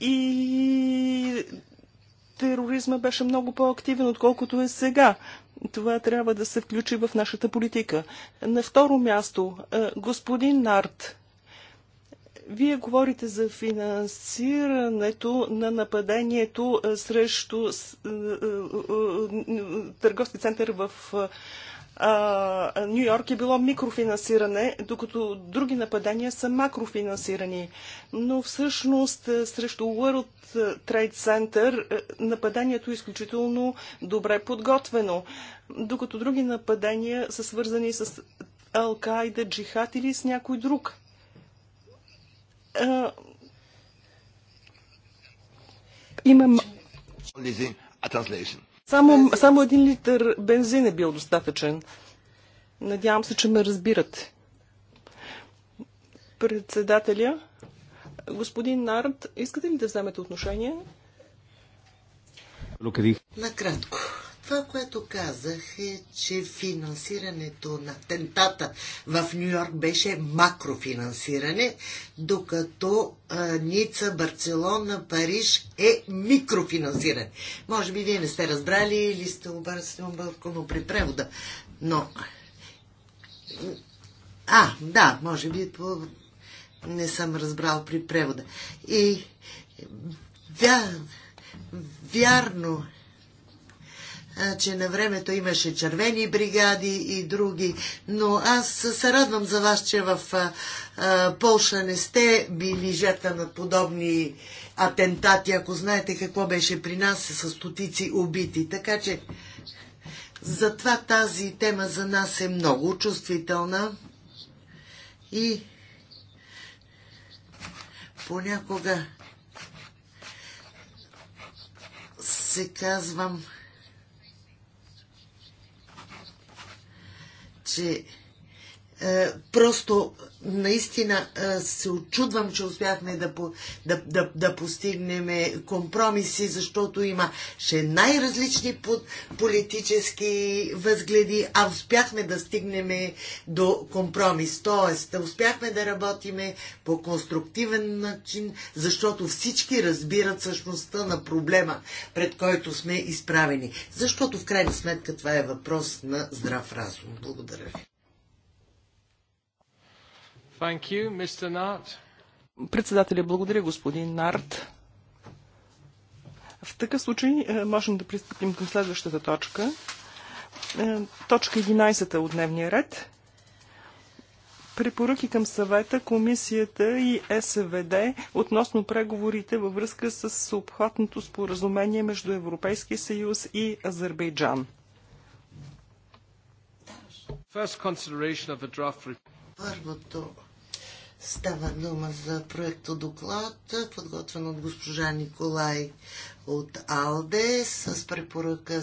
и тероризма беше много по-активен, отколкото е сега. Това трябва да се включи в нашата политика. На второ място, господин Нарт вие говорите за финансирането на нападението е, срещу е, е, търговски център в Нью Йорк е било микрофинансиране, докато други нападения са макрофинансирани. Но всъщност срещу World Trade Center нападението е изключително добре подготвено, докато други нападения са свързани с Ал-Кайда, Джихад или с някой друг имам... Само, само един литър бензин е бил достатъчен. Надявам се, че ме разбирате. Председателя, господин Нард, искате ли да вземете отношение? Накратко. Това, което казах е, че финансирането на тентата в Нью Йорк беше макрофинансиране, докато а, Ница, Барселона, Париж е микрофинансиране. Може би вие не сте разбрали или сте обърсено бълкано при превода, но... А, да, може би по... не съм разбрал при превода. И... Вя... Вярно е че на времето имаше червени бригади и други, но аз се радвам за вас, че в Полша не сте били жертва на подобни атентати, ако знаете какво беше при нас с стотици убити. Така че затова тази тема за нас е много чувствителна и понякога се казвам че е, просто наистина се очудвам, че успяхме да, да, да, да постигнем компромиси, защото имаше най-различни политически възгледи, а успяхме да стигнем до компромис. Тоест, успяхме да работиме по конструктивен начин, защото всички разбират същността на проблема, пред който сме изправени. Защото в крайна сметка това е въпрос на здрав разум. Благодаря ви. Thank you, Mr. Nart. Председателя, благодаря, господин Нарт. В такъв случай е, можем да пристъпим към следващата точка. Е, точка 11 от дневния ред. Препоръки към съвета, комисията и СВД относно преговорите във връзка с обхватното споразумение между Европейския съюз и Азербайджан. Първото Става дума за проекто доклад, подготвен от госпожа Николай от АЛДЕ с препоръка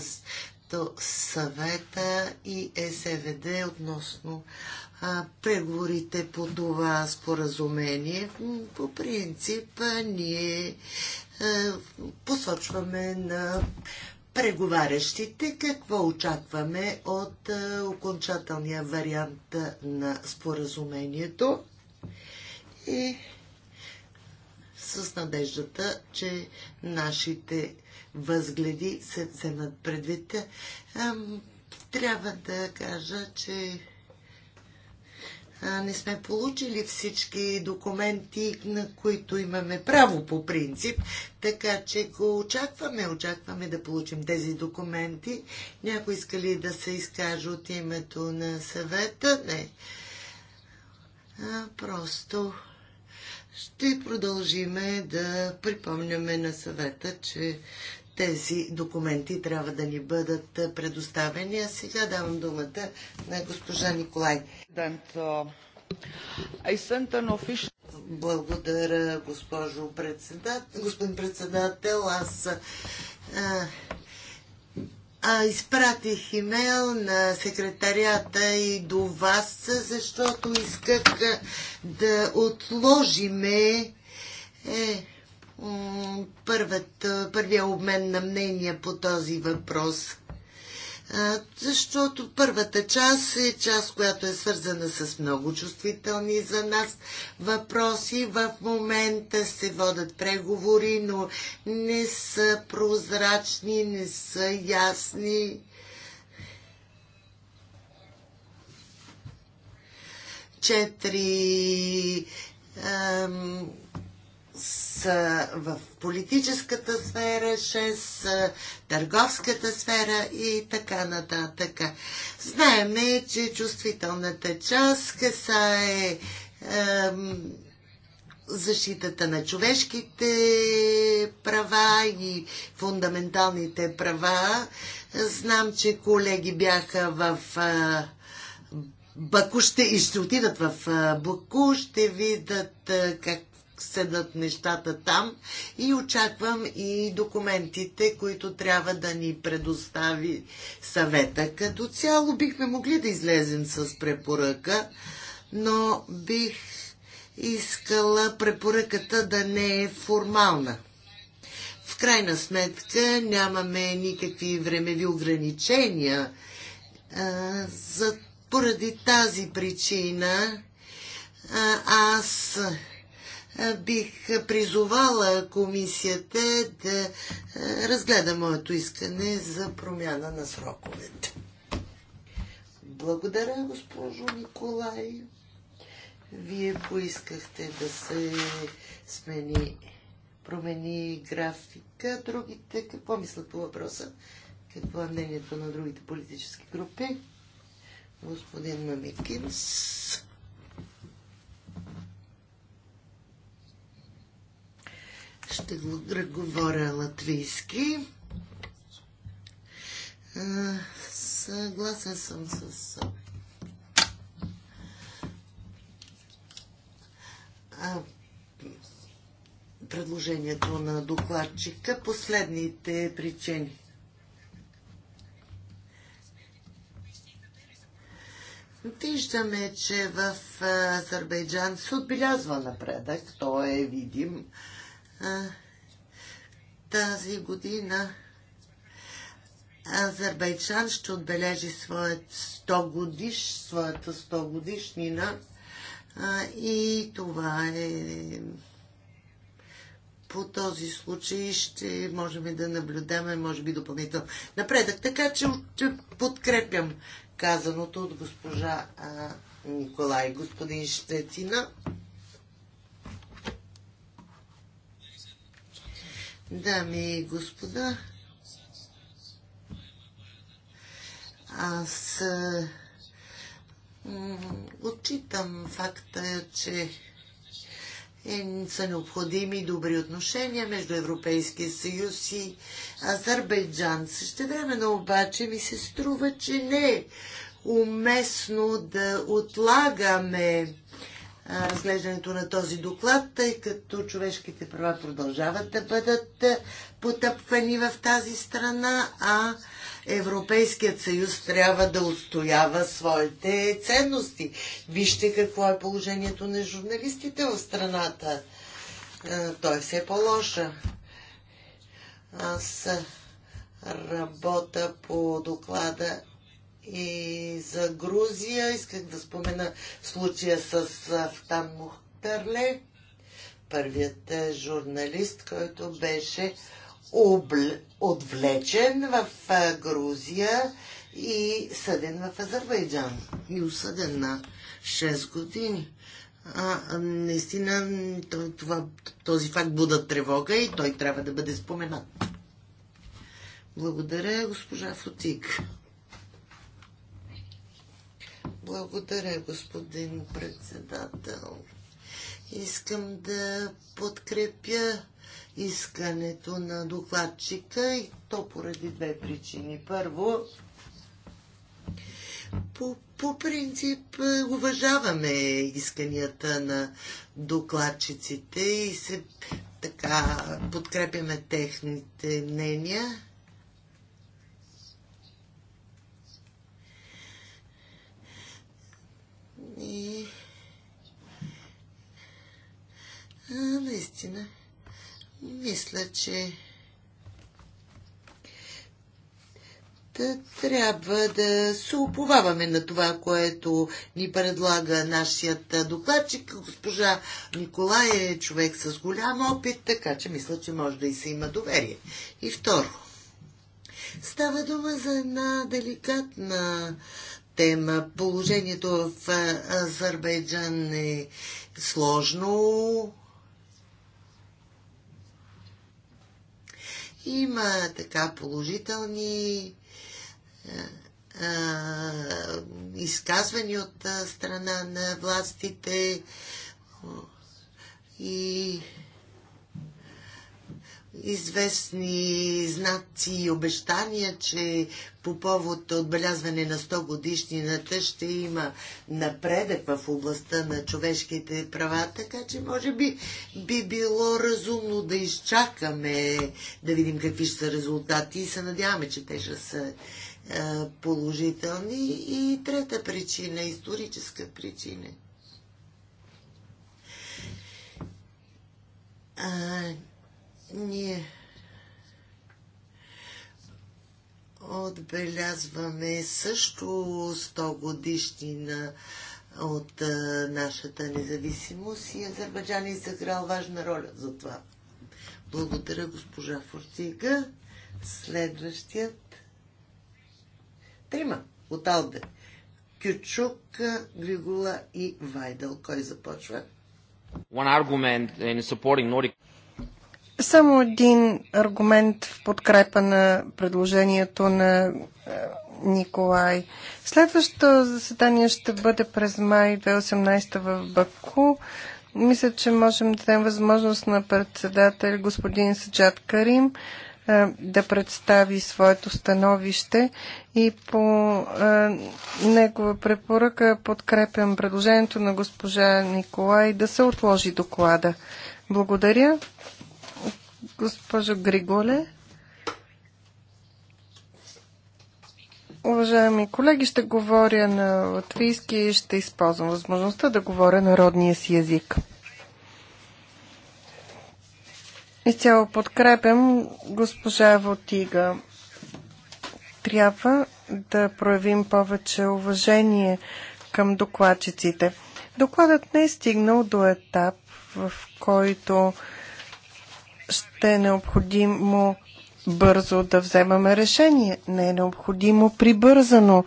до съвета и СВД относно а, преговорите по това споразумение. По принцип а, ние а, посочваме на преговарящите какво очакваме от а, окончателния вариант на споразумението и е с надеждата, че нашите възгледи се вземат предвид. Трябва да кажа, че не сме получили всички документи, на които имаме право по принцип, така че го очакваме, очакваме да получим тези документи. Някой иска ли да се изкаже от името на съвета? Не. А, просто ще продължиме да припомняме на съвета, че тези документи трябва да ни бъдат предоставени. А сега давам думата на госпожа Николай. Благодаря, госпожо председател. Господин председател, аз а, а, изпратих имейл на секретарията и до вас, защото исках да отложиме е, първият, първия обмен на мнения по този въпрос защото първата част е част, която е свързана с много чувствителни за нас въпроси. В момента се водят преговори, но не са прозрачни, не са ясни. Четири са в политическата сфера, 6 търговската сфера и така нататък. Знаеме, че чувствителната част касае защитата на човешките права и фундаменталните права. Знам, че колеги бяха в е, Баку ще, и ще отидат в е, Баку, ще видят е, как седат нещата там и очаквам и документите, които трябва да ни предостави съвета. Като цяло бихме могли да излезем с препоръка, но бих искала препоръката да не е формална. В крайна сметка нямаме никакви времеви ограничения. А, за, поради тази причина а, аз бих призовала комисията да е, разгледа моето искане за промяна на сроковете. Благодаря, госпожо Николай. Вие поискахте да се смени, промени графика. Другите, какво мислят по въпроса? Какво е мнението на другите политически групи? Господин Мамикинс. Ще го говоря латвийски. Съгласен съм с предложението на докладчика последните причини. Виждаме, че в Азербайджан се отбелязва напредък, той е видим тази година Азербайджан ще отбележи своят 100 годиш, своята 100 годишнина и това е по този случай ще можем да наблюдаваме, може би, допълнително напредък. Така че подкрепям казаното от госпожа а, Николай, господин Щетина. Дами и господа, аз е, отчитам факта, че е, са необходими добри отношения между Европейския съюз и Азербайджан. също но обаче ми се струва, че не е уместно да отлагаме разглеждането на този доклад, тъй като човешките права продължават да бъдат потъпвани в тази страна, а Европейският съюз трябва да устоява своите ценности. Вижте какво е положението на журналистите в страната. Той е по-лоша. Аз работа по доклада и за Грузия. Исках да спомена случая с Афтан Мухтарле, първият е, журналист, който беше обл... отвлечен в е, Грузия и съден в Азербайджан и осъден на 6 години. А, наистина това, този факт буда тревога и той трябва да бъде споменат. Благодаря, госпожа Фотик. Благодаря, господин председател. Искам да подкрепя искането на докладчика и то поради две причини. Първо, по, по принцип е, уважаваме исканията на докладчиците и се така подкрепяме техните мнения. а, наистина, мисля, че да, трябва да се уповаваме на това, което ни предлага нашият докладчик. Госпожа Николай е човек с голям опит, така че мисля, че може да и се има доверие. И второ, става дума за една деликатна тема. Положението в Азербайджан е сложно. Има така положителни изказвани от страна на властите и известни знаци и обещания, че по повод отбелязване на 100 годишнината ще има напредък в областта на човешките права, така че може би би било разумно да изчакаме да видим какви ще са резултати и се надяваме, че те ще са е, положителни. И трета причина, историческа причина. Ние отбелязваме също 100 на от а, нашата независимост и Азербайджан е изиграл важна роля за това. Благодаря, госпожа Фортига. Следващият. Трима от Алде. Кючук, Григула и Вайдъл. Кой започва? One argument in supporting Nordic само един аргумент в подкрепа на предложението на е, Николай. Следващото заседание ще бъде през май 2018 в Баку. Мисля, че можем да дадем възможност на председател господин Саджат Карим е, да представи своето становище и по а, е, негова препоръка подкрепям предложението на госпожа Николай да се отложи доклада. Благодаря госпожо Григоле. Уважаеми колеги, ще говоря на латвийски и ще използвам възможността да говоря народния си език. Изцяло подкрепям госпожа Вотига. Трябва да проявим повече уважение към докладчиците. Докладът не е стигнал до етап, в който ще е необходимо бързо да вземаме решение. Не е необходимо прибързано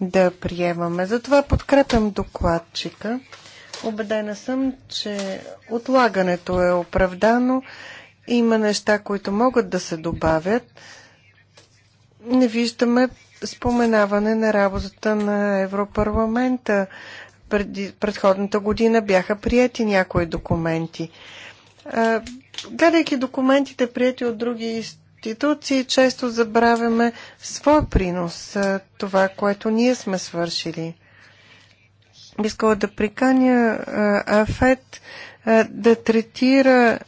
да приемаме. Затова подкрепям докладчика. Обедена съм, че отлагането е оправдано. Има неща, които могат да се добавят. Не виждаме споменаване на работата на Европарламента. Преди, предходната година бяха прияти някои документи гледайки документите, прияти от други институции, често забравяме своя принос, това, което ние сме свършили. Искала да приканя Афет да третира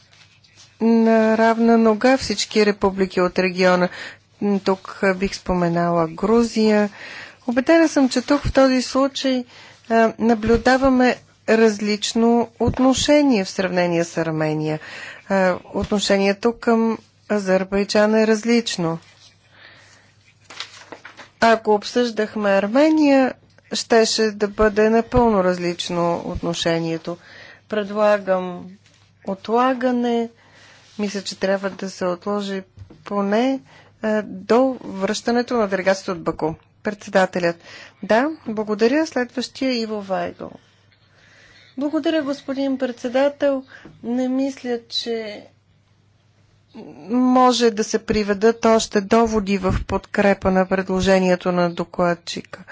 на равна нога всички републики от региона. Тук бих споменала Грузия. Обедена съм, че тук в този случай наблюдаваме различно отношение в сравнение с Армения. Е, отношението към Азербайджан е различно. Ако обсъждахме Армения, щеше да бъде напълно различно отношението. Предлагам отлагане. Мисля, че трябва да се отложи поне е, до връщането на делегацията от Баку. Председателят. Да, благодаря. Следващия Иво Вайгъл. Благодаря, господин председател. Не мисля, че може да се приведат още доводи в подкрепа на предложението на докладчика.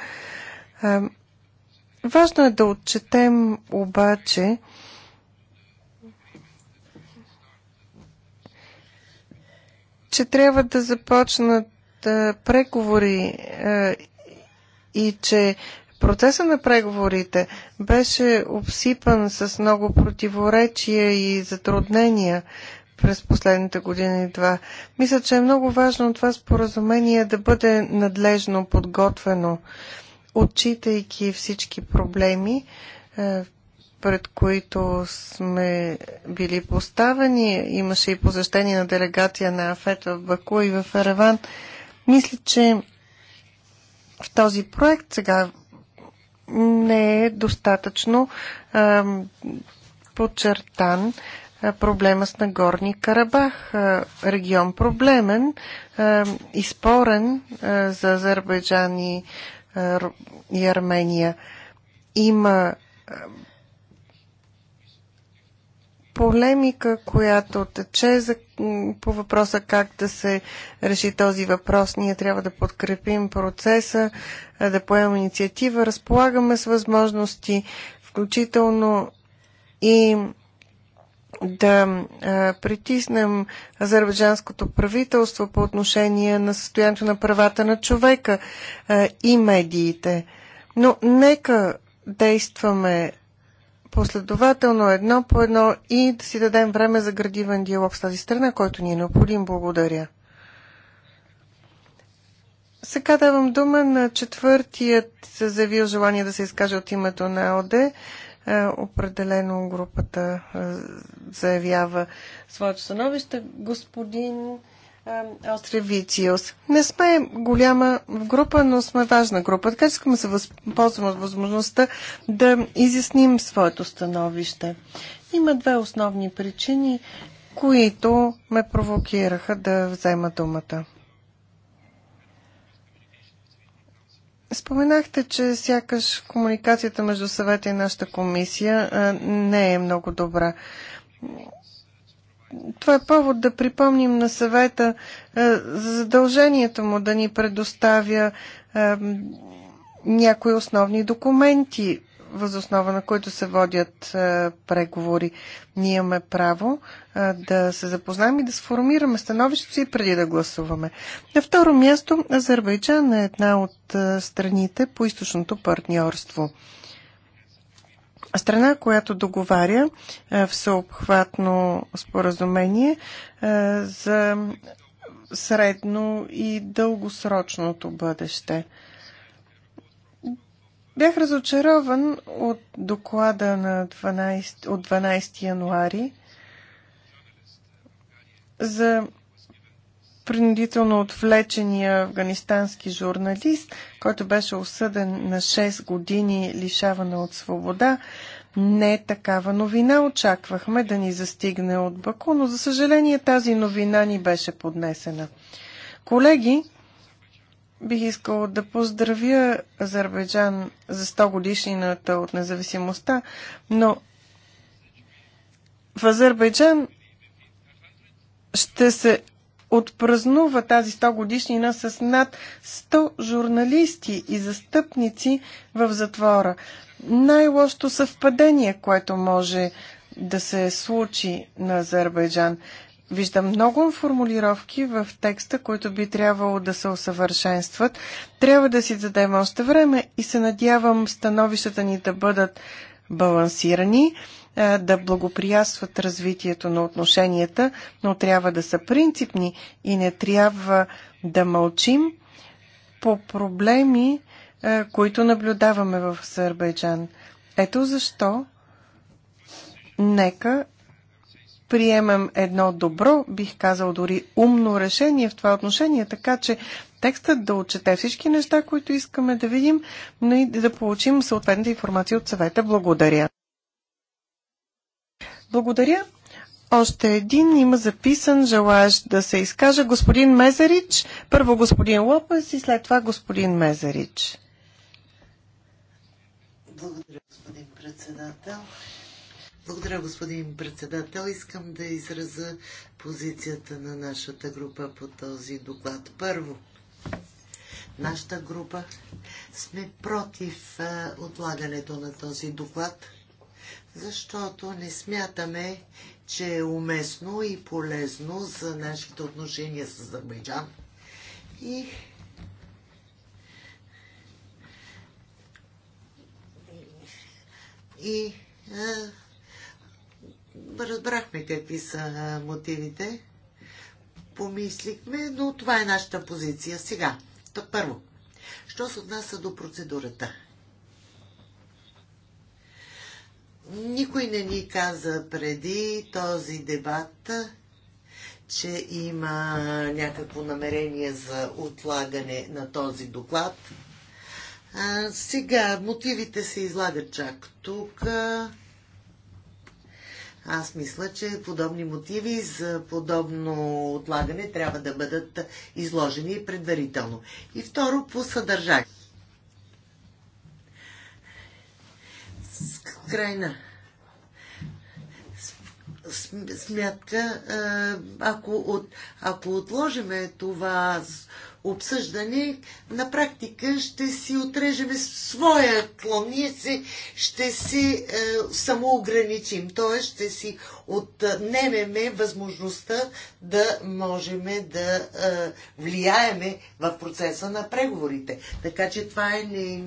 Важно е да отчетем обаче, че трябва да започнат преговори и че Процесът на преговорите беше обсипан с много противоречия и затруднения през последните години и два. Мисля, че е много важно това споразумение да бъде надлежно подготвено, отчитайки всички проблеми, е, пред които сме били поставени. Имаше и посещение на делегация на Афет в Баку и в Ереван. Мисля, че в този проект сега не е достатъчно а, подчертан проблема с Нагорни Карабах. Регион проблемен, и спорен за Азербайджан и, и Армения. Има полемика, която тече за, по въпроса как да се реши този въпрос. Ние трябва да подкрепим процеса, да поемем инициатива. Разполагаме с възможности, включително и да а, притиснем азербайджанското правителство по отношение на състоянието на правата на човека а, и медиите. Но нека действаме последователно едно по едно и да си дадем време за градивен диалог с тази страна, който ни е необходим. Благодаря. Сега давам дума на четвъртият е заявил желание да се изкаже от името на ОД. Е, определено групата е, заявява своето становище. Господин е, вициус. Не сме голяма група, но сме важна група, така че искаме да се възползваме от възможността да изясним своето становище. Има две основни причини, които ме провокираха да взема думата. Споменахте, че сякаш комуникацията между съвета и нашата комисия е, не е много добра това е повод да припомним на съвета за е, задължението му да ни предоставя е, някои основни документи, възоснова на които се водят е, преговори. Ние имаме право да се запознаем и да сформираме становището си преди да гласуваме. На второ място, Азербайджан е една от страните по източното партньорство страна, която договаря е, всеобхватно споразумение е, за средно и дългосрочното бъдеще. Бях разочарован от доклада на 12, от 12 януари за принудително отвлечения афганистански журналист, който беше осъден на 6 години лишаване от свобода. Не такава новина очаквахме да ни застигне от Баку, но за съжаление тази новина ни беше поднесена. Колеги, бих искал да поздравя Азербайджан за 100 годишнината от независимостта, но в Азербайджан ще се отпразнува тази 100 годишнина с над 100 журналисти и застъпници в затвора. Най-лошото съвпадение, което може да се случи на Азербайджан. Виждам много формулировки в текста, които би трябвало да се усъвършенстват. Трябва да си дадем още време и се надявам становищата ни да бъдат балансирани. Е, да благоприятстват развитието на отношенията, но трябва да са принципни и не трябва да мълчим по проблеми, е, които наблюдаваме в Азербайджан. Ето защо нека приемем едно добро, бих казал дори умно решение в това отношение, така че текстът да отчете всички неща, които искаме да видим, но и да получим съответната информация от съвета. Благодаря. Благодаря. Още един има записан желаящ да се изкаже. Господин Мезерич, първо господин Лопес и след това господин Мезерич. Благодаря, господин председател. Благодаря, господин председател. Искам да израза позицията на нашата група по този доклад. Първо, нашата група сме против отлагането на този доклад, защото не смятаме, че е уместно и полезно за нашите отношения с Азербайджан. И и а, разбрахме какви са мотивите. Помислихме, но това е нашата позиция сега. То първо, що се отнася до процедурата? Никой не ни каза преди този дебат, че има някакво намерение за отлагане на този доклад. А, сега, мотивите се излагат чак тук. Аз мисля, че подобни мотиви за подобно отлагане трябва да бъдат изложени предварително. И второ, по съдържание. крайна смятка, ако, от, ако отложиме това обсъждане, на практика ще си отрежеме своя клон. Ние се, ще се е, самоограничим, т.е. ще си отнемеме възможността да можем да е, влияеме в процеса на преговорите. Така че това е не,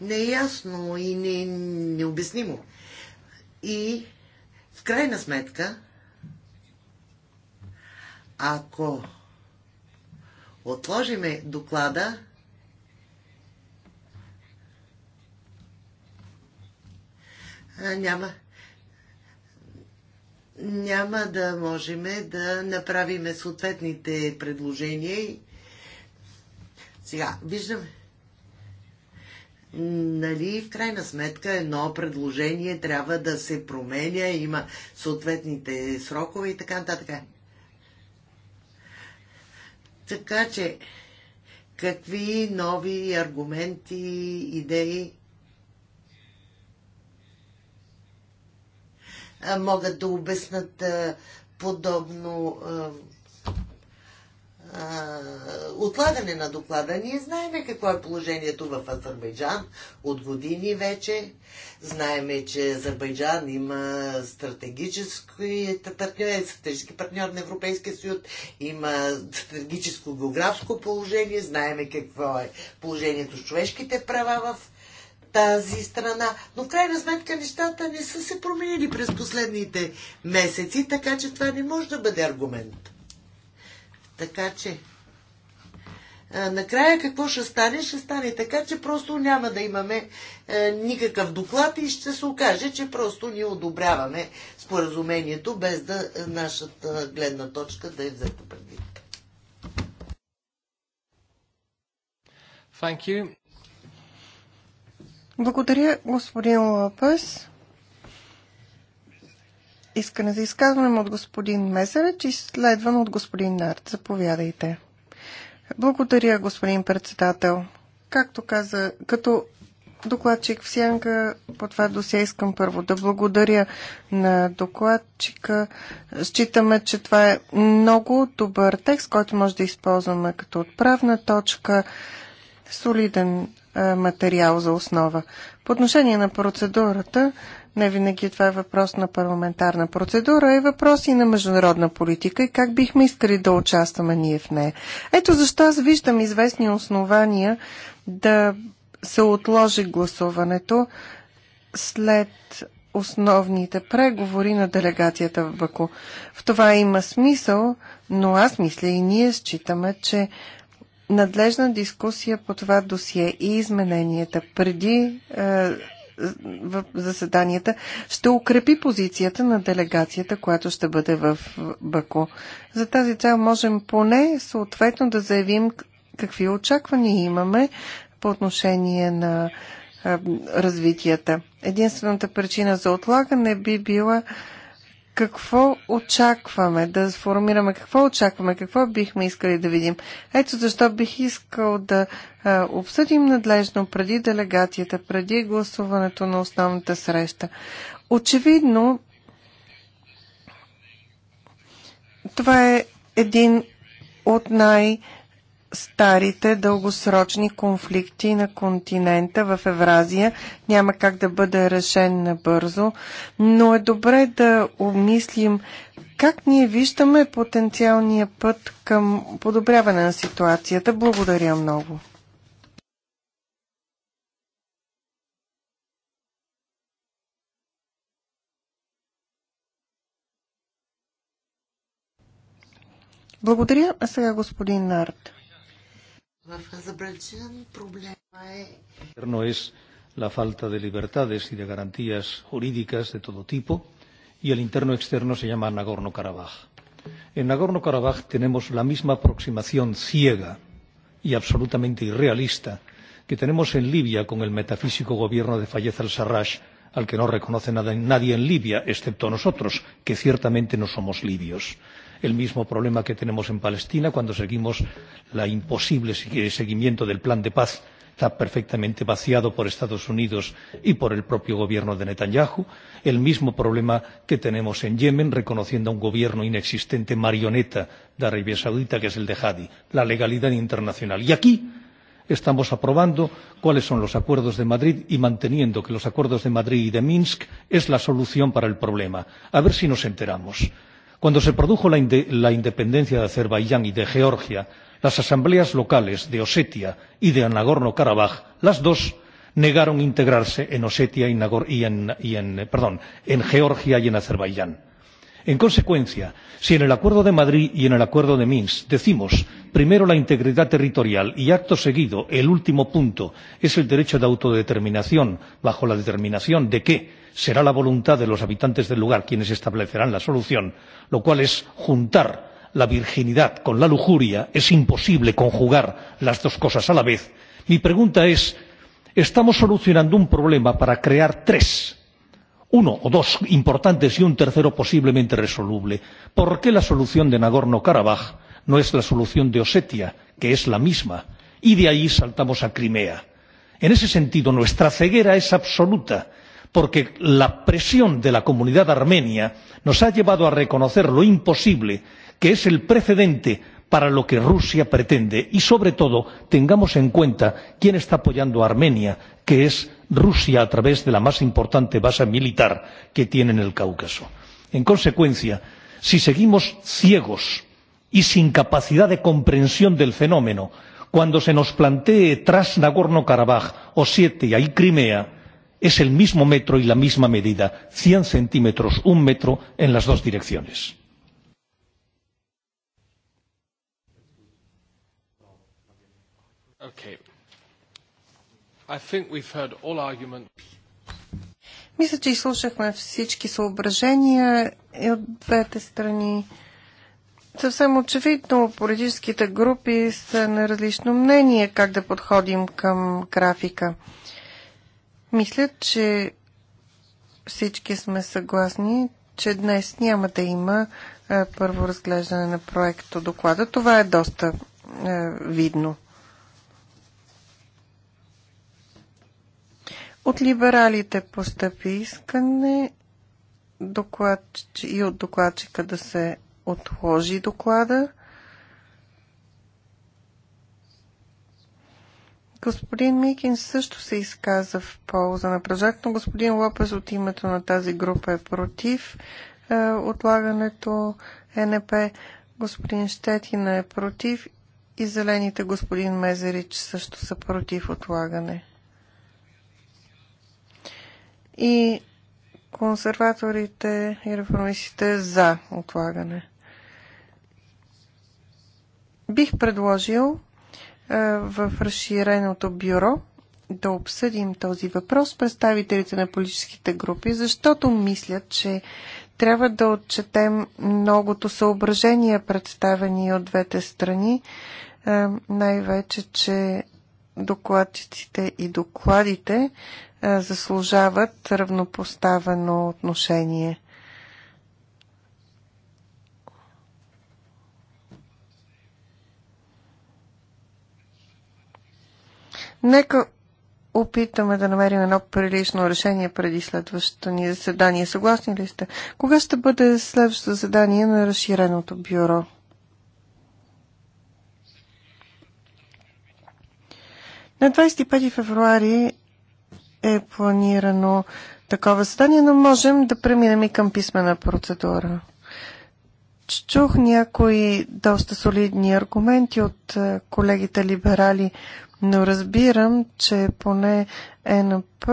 неясно и не, необяснимо. И в крайна сметка, ако отложиме доклада, няма, няма да можем да направим съответните предложения. Сега, виждаме, нали, в крайна сметка едно предложение трябва да се променя, има съответните срокове и така нататък. Така че, какви нови аргументи, идеи могат да обяснат подобно отлагане на доклада. Ние знаеме какво е положението в Азербайджан от години вече. Знаеме, че Азербайджан има стратегически партньор, е стратегически партньор на Европейския съюз, има стратегическо географско положение, знаеме какво е положението с човешките права в тази страна. Но в крайна сметка нещата не са се променили през последните месеци, така че това не може да бъде аргумент. Така че накрая какво ще стане? Ще стане така, че просто няма да имаме е, никакъв доклад и ще се окаже, че просто ни одобряваме споразумението, без да е, нашата гледна точка да е взето предвид. Благодаря, господин Лапес искане за изказване от господин Месерич и следван от господин Нарт. Заповядайте. Благодаря, господин председател. Както каза, като докладчик в Сянка, по това досия искам първо да благодаря на докладчика. Считаме, че това е много добър текст, който може да използваме като отправна точка, солиден материал за основа. По отношение на процедурата, не винаги това е въпрос на парламентарна процедура, е въпрос и на международна политика и как бихме искали да участваме ние в нея. Ето защо аз виждам известни основания да се отложи гласуването след основните преговори на делегацията в Баку. В това има смисъл, но аз мисля и ние считаме, че надлежна дискусия по това досие и измененията преди е, в заседанията, ще укрепи позицията на делегацията, която ще бъде в Баку. За тази цел можем поне съответно да заявим какви очаквания имаме по отношение на развитията. Единствената причина за отлагане би била какво очакваме, да сформираме какво очакваме, какво бихме искали да видим. Ето защо бих искал да а, обсъдим надлежно преди делегацията, преди гласуването на основната среща. Очевидно, това е един от най- а, старите дългосрочни конфликти на континента в Евразия. Няма как да бъде решен набързо, но е добре да обмислим как ние виждаме потенциалния път към подобряване на ситуацията. Благодаря много. Благодаря. А сега господин Нарт. ...es la falta de libertades y de garantías jurídicas de todo tipo, y el interno externo se llama Nagorno-Karabaj. En Nagorno-Karabaj tenemos la misma aproximación ciega y absolutamente irrealista que tenemos en Libia con el metafísico gobierno de Fayez al-Sarraj, al que no reconoce nada, nadie en Libia, excepto nosotros, que ciertamente no somos libios el mismo problema que tenemos en Palestina cuando seguimos la imposible seguimiento del plan de paz está perfectamente vaciado por Estados Unidos y por el propio gobierno de Netanyahu, el mismo problema que tenemos en Yemen, reconociendo a un gobierno inexistente marioneta de Arabia Saudita, que es el de Hadi, la legalidad internacional. Y aquí estamos aprobando cuáles son los acuerdos de Madrid y manteniendo que los acuerdos de Madrid y de Minsk es la solución para el problema. A ver si nos enteramos. Cuando se produjo la, la independencia de Azerbaiyán y de Georgia, las asambleas locales de Osetia y de Nagorno-Karabaj, las dos, negaron integrarse en Osetia y en, Georgia y en Azerbaiyán. En consecuencia, si en el Acuerdo de Madrid y en el Acuerdo de Minsk decimos primero la integridad territorial y acto seguido el último punto es el derecho de autodeterminación, bajo la determinación de que será la voluntad de los habitantes del lugar quienes establecerán la solución lo cual es juntar la virginidad con la lujuria es imposible conjugar las dos cosas a la vez. mi pregunta es estamos solucionando un problema para crear tres uno o dos importantes y un tercero posiblemente resoluble. por qué la solución de nagorno karabaj no es la solución de osetia que es la misma? y de ahí saltamos a crimea. en ese sentido nuestra ceguera es absoluta porque la presión de la comunidad armenia nos ha llevado a reconocer lo imposible que es el precedente para lo que Rusia pretende y, sobre todo, tengamos en cuenta quién está apoyando a Armenia, que es Rusia a través de la más importante base militar que tiene en el Cáucaso. En consecuencia, si seguimos ciegos y sin capacidad de comprensión del fenómeno, cuando se nos plantee tras Nagorno-Karabaj, Osietia y Crimea, es el mismo metro y la misma medida, cien centímetros, un metro en las dos direcciones. Мисля, че изслушахме всички съображения и от двете страни. Съвсем очевидно, политическите групи са на различно мнение как да подходим към графика. Мисля, че всички сме съгласни, че днес няма да има е, първо разглеждане на проекто доклада. Това е доста е, видно. От либералите постъпи искане доклад, и от докладчика да се отложи доклада. Господин Микин също се изказа в полза на прожект, но господин Лопес от името на тази група е против е, отлагането е НП. Господин Щетина е против и зелените господин Мезерич също са против отлагане. И консерваторите и реформистите за отлагане. Бих предложил е, в разширеното бюро да обсъдим този въпрос представителите на политическите групи, защото мислят, че трябва да отчетем многото съображения, представени от двете страни, е, най-вече, че докладчиците и докладите е, заслужават равнопоставено отношение. Нека опитаме да намерим едно прилично решение преди следващото ни заседание. Съгласни ли сте? Кога ще бъде следващото заседание на разширеното бюро? На 25 февруари е планирано такова задание, но можем да преминем и към писмена процедура. Чух някои доста солидни аргументи от е, колегите либерали но разбирам, че поне ЕНП,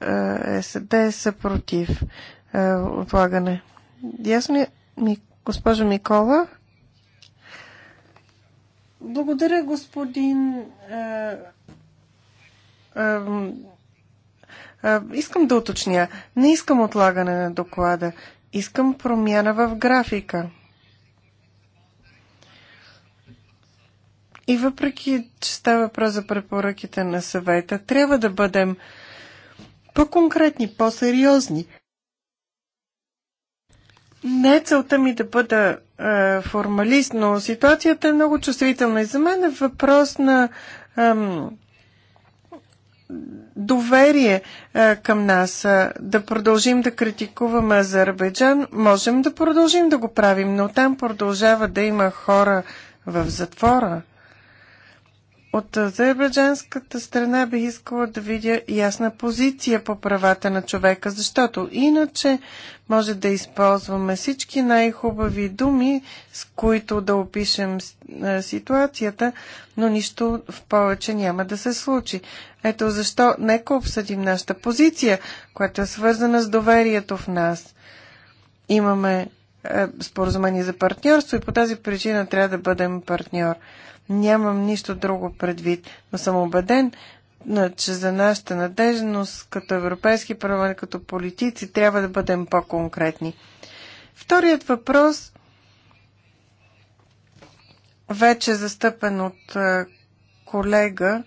е, СД са против е, отлагане. Ясно ли, е, госпожо Микола? Благодаря, господин. Искам да уточня. Не искам отлагане на доклада. Искам промяна в графика. И въпреки, че става въпрос за препоръките на съвета, трябва да бъдем по-конкретни, по-сериозни. Не е целта ми да бъда е, формалист, но ситуацията е много чувствителна и за мен е въпрос на е, доверие е, към нас. Е, да продължим да критикуваме Азербайджан, можем да продължим да го правим, но там продължава да има хора в затвора. От азербайджанската страна бих искала да видя ясна позиция по правата на човека, защото иначе може да използваме всички най-хубави думи, с които да опишем ситуацията, но нищо в повече няма да се случи. Ето защо нека обсъдим нашата позиция, която е свързана с доверието в нас. Имаме споразумение за партньорство и по тази причина трябва да бъдем партньор. Нямам нищо друго предвид, но съм убеден, че за нашата надежност като Европейски парламент, като политици, трябва да бъдем по-конкретни. Вторият въпрос вече застъпен от колега,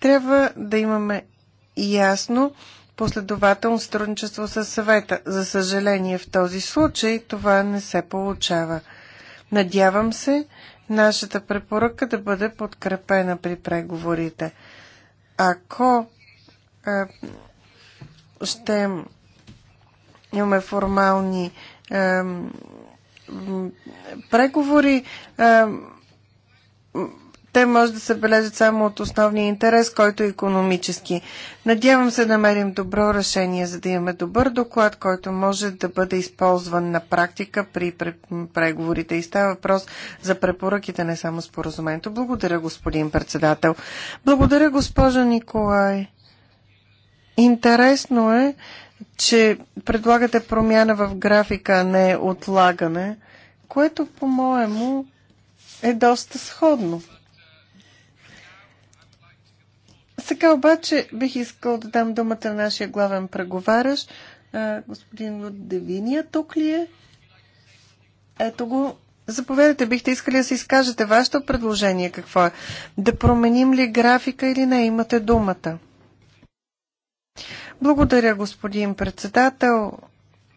трябва да имаме ясно последователно сътрудничество с съвета. За съжаление в този случай това не се получава. Надявам се, нашата препоръка да бъде подкрепена при преговорите. Ако е, ще имаме формални е, преговори, е, те може да се бележат само от основния интерес, който е економически. Надявам се да намерим добро решение, за да имаме добър доклад, който може да бъде използван на практика при преговорите. И става въпрос за препоръките, не само споразумението. Благодаря, господин председател. Благодаря, госпожа Николай. Интересно е, че предлагате промяна в графика, а не отлагане, което по-моему е доста сходно. Сега обаче бих искал да дам думата на нашия главен преговаряш. Господин Девиния, тук ли е? Ето го. Заповядайте, бихте искали да се изкажете. Вашето предложение какво е? Да променим ли графика или не? Имате думата. Благодаря, господин председател.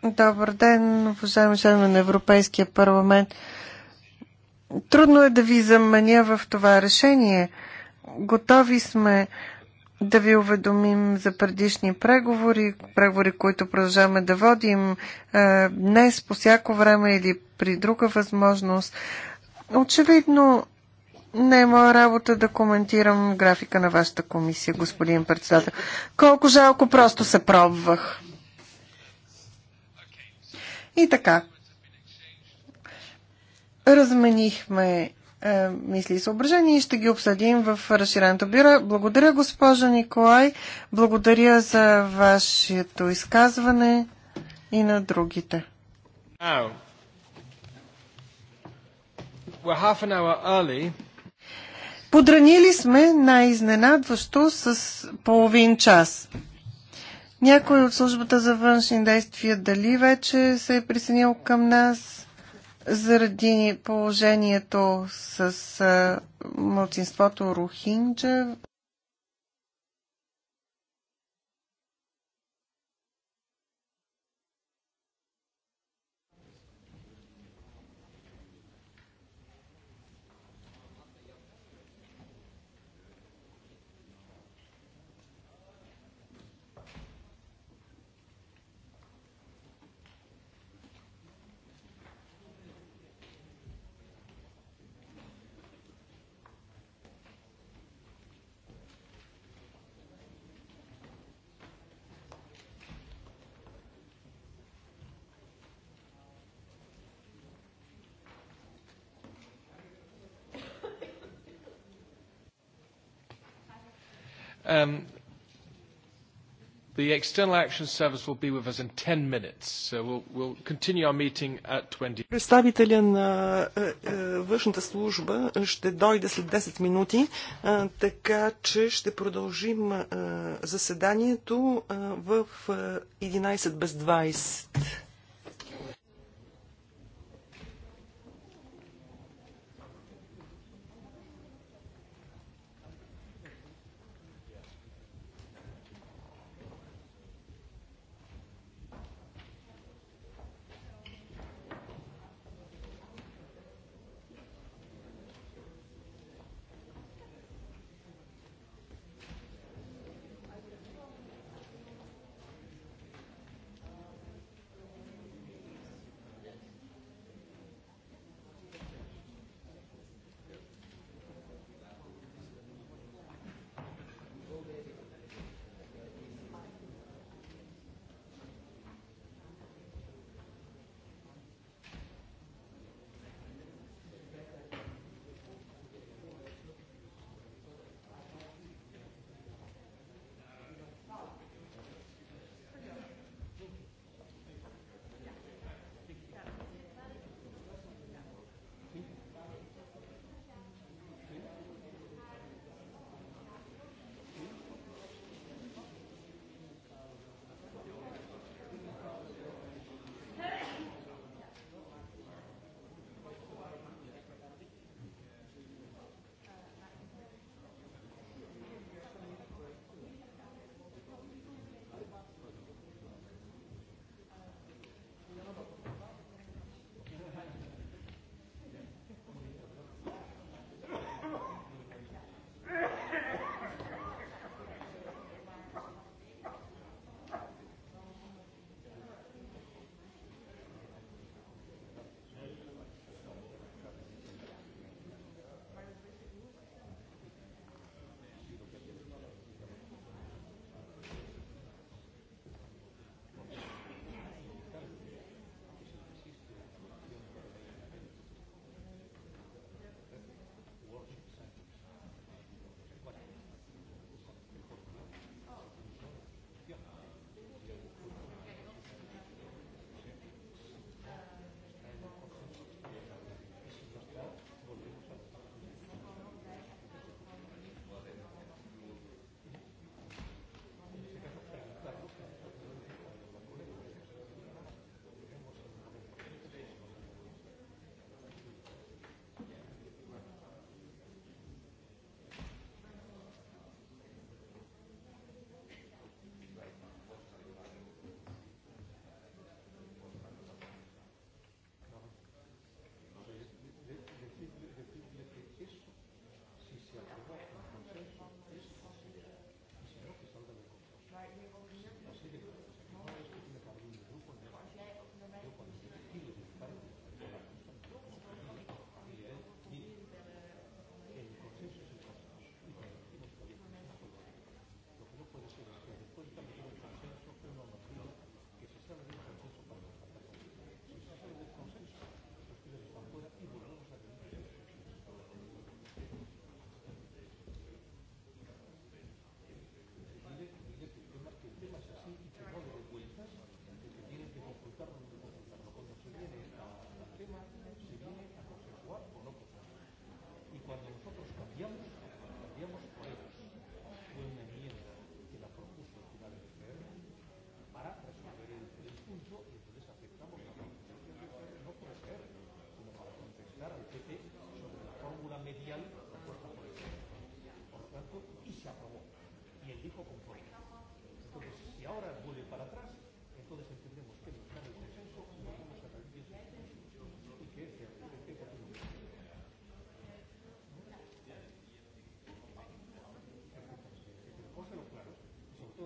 Добър ден, уважаеми членове на Европейския парламент. Трудно е да ви заменя в това решение. Готови сме да ви уведомим за предишни преговори, преговори, които продължаваме да водим е, днес, по всяко време или при друга възможност. Очевидно, не е моя работа да коментирам графика на вашата комисия, господин председател. Колко жалко, просто се пробвах. И така. Разменихме е, мисли и съображения и ще ги обсъдим в разширеното бюро. Благодаря, госпожа Николай. Благодаря за вашето изказване и на другите. Подранили сме най-изненадващо с половин час. Някой от службата за външни действия дали вече се е присъединил към нас? заради положението с младсинството Рухинджа Um, the External Action Service will be with us in 10 minutes, so we'll, we'll continue our meeting at 20. Представителя на е, е, външната служба ще дойде след 10 минути, е, така че ще продължим е, заседанието е, в 11 е, без 20.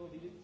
devo dire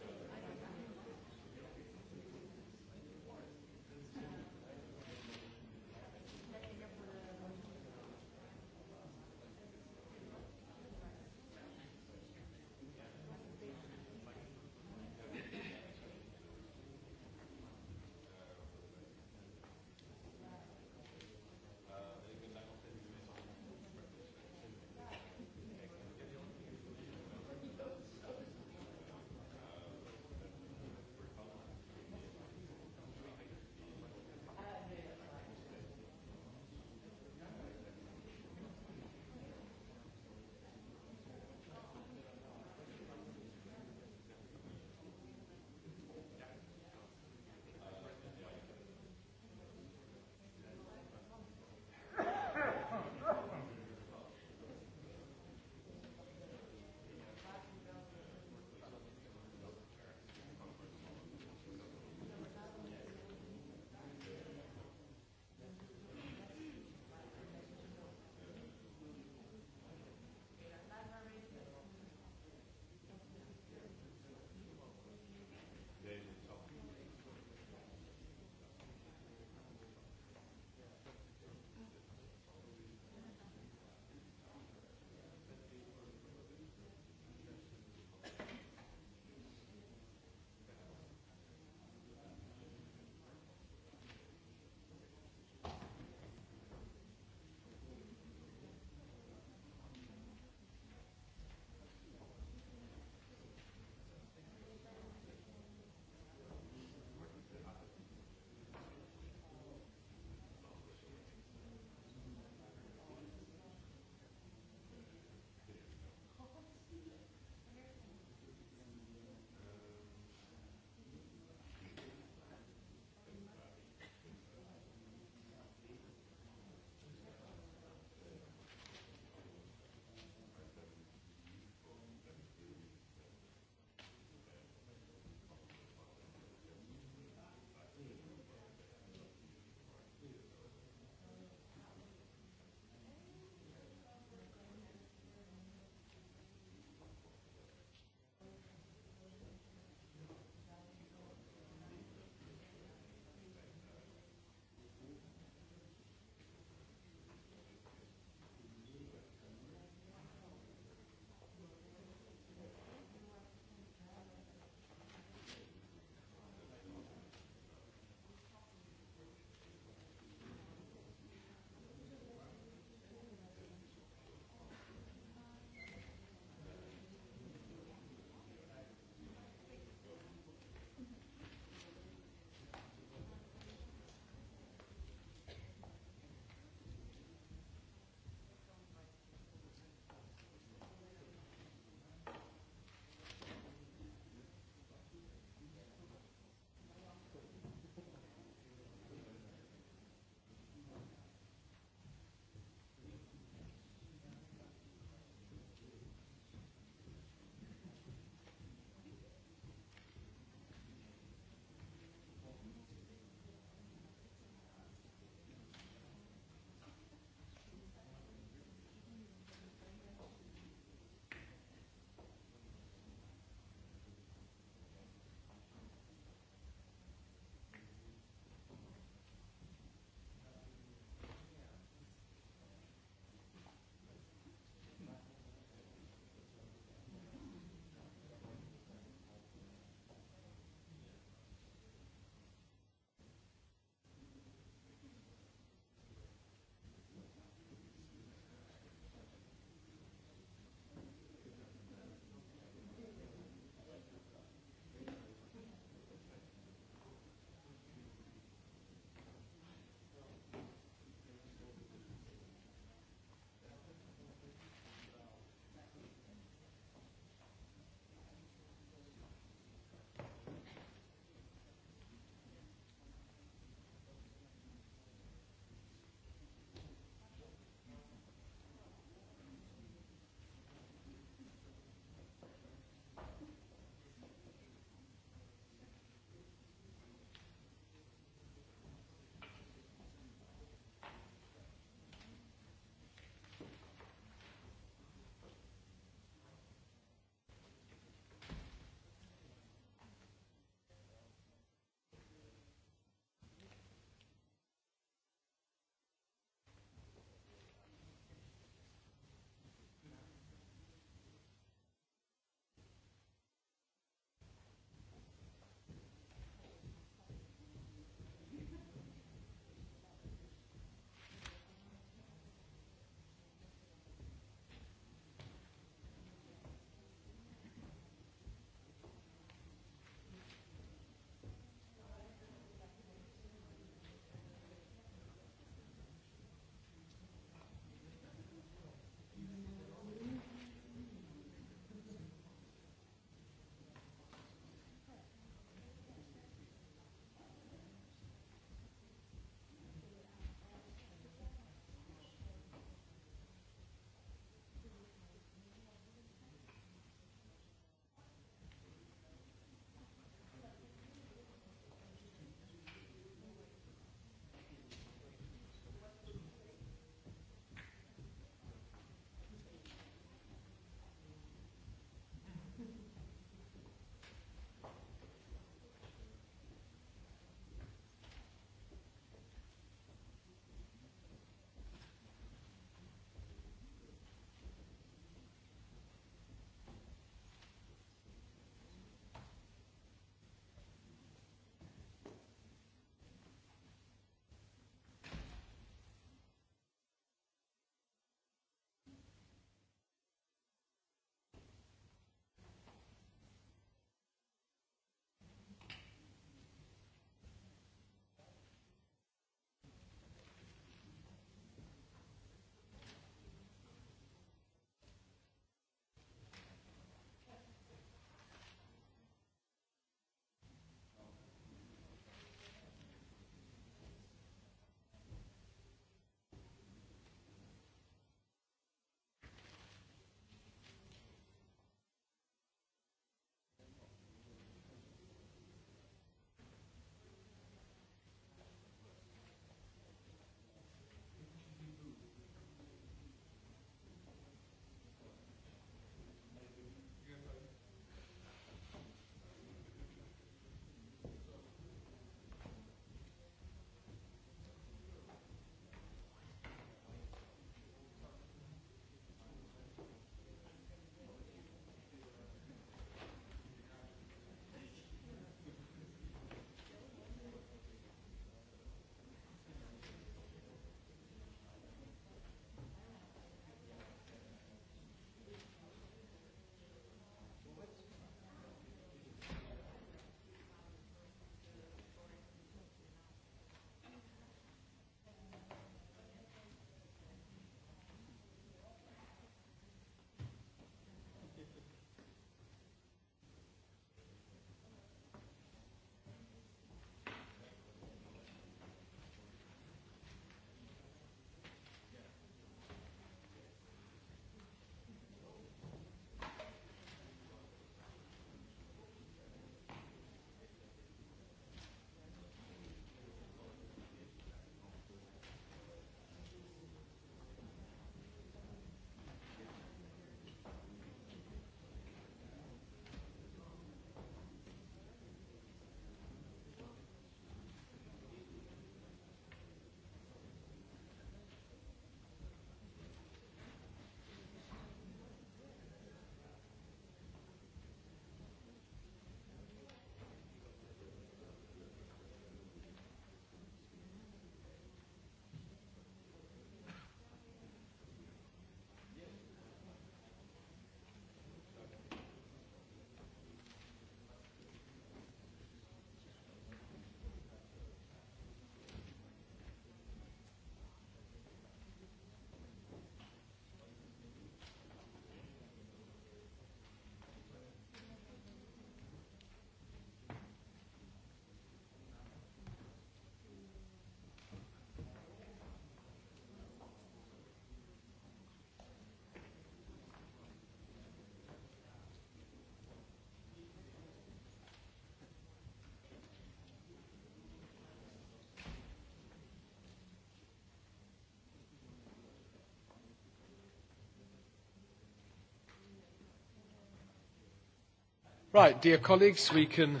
Right, dear colleagues, we can...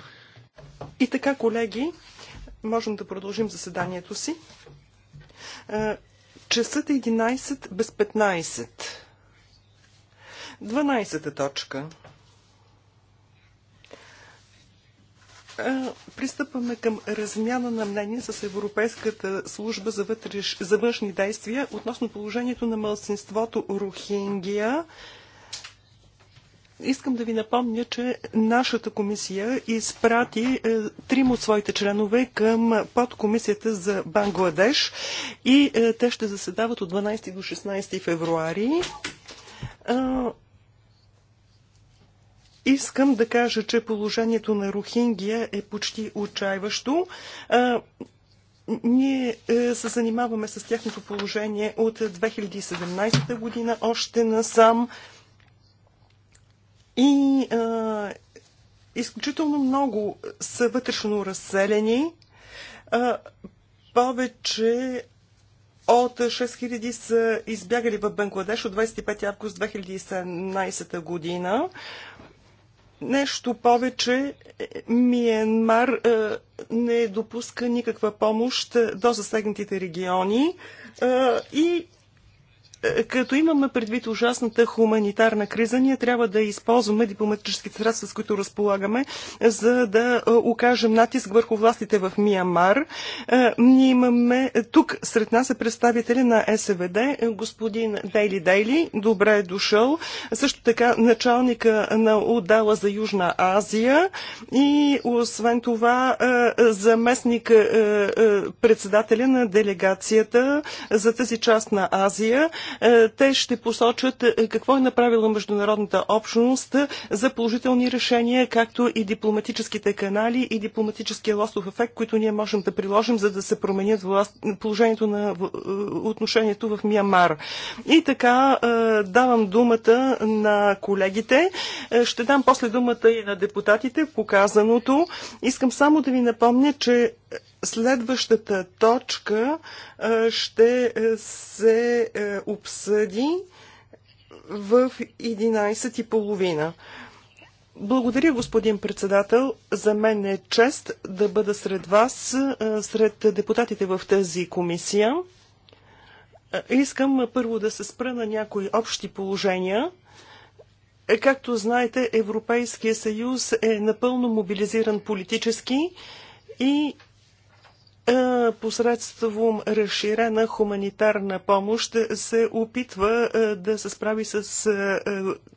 И така, колеги, можем да продължим заседанието си. Е, часът е 11 без 15. 12 точка. Е, пристъпваме към размяна на мнение с Европейската служба за, вътреш... за външни действия относно положението на мълцинството Рухингия. Искам да ви напомня, че нашата комисия изпрати е, трима от своите членове към подкомисията за Бангладеш и е, те ще заседават от 12 до 16 февруари. Искам да кажа, че положението на Рохингия е почти отчаиващо. Ние е, се занимаваме с тяхното положение от 2017 година, още насам и а, изключително много са вътрешно разселени. А, повече от 6000 са избягали в Бангладеш от 25 август 2017 година. Нещо повече, Миенмар не допуска никаква помощ до засегнатите региони и като имаме предвид ужасната хуманитарна криза, ние трябва да използваме дипломатическите средства, с които разполагаме, за да окажем натиск върху властите в Миямар. Ние имаме тук сред нас е представители на СВД, господин Дейли Дейли. Добре е дошъл. Също така началника на отдала за Южна Азия и освен това заместник председателя на делегацията за тази част на Азия. Е, те ще посочат е, какво е направила международната общност за положителни решения, както и дипломатическите канали и дипломатическия лостов ефект, които ние можем да приложим, за да се променят власт, положението на е, отношението в Миямар. И така давам думата на колегите. Ще дам после думата и на депутатите показаното. Искам само да ви напомня, че следващата точка ще е, се е, обсъди в 11.30. Благодаря, господин председател. За мен е чест да бъда сред вас, е, сред депутатите в тази комисия. Искам първо да се спра на някои общи положения. Както знаете, Европейския съюз е напълно мобилизиран политически и посредством разширена хуманитарна помощ се опитва да се справи с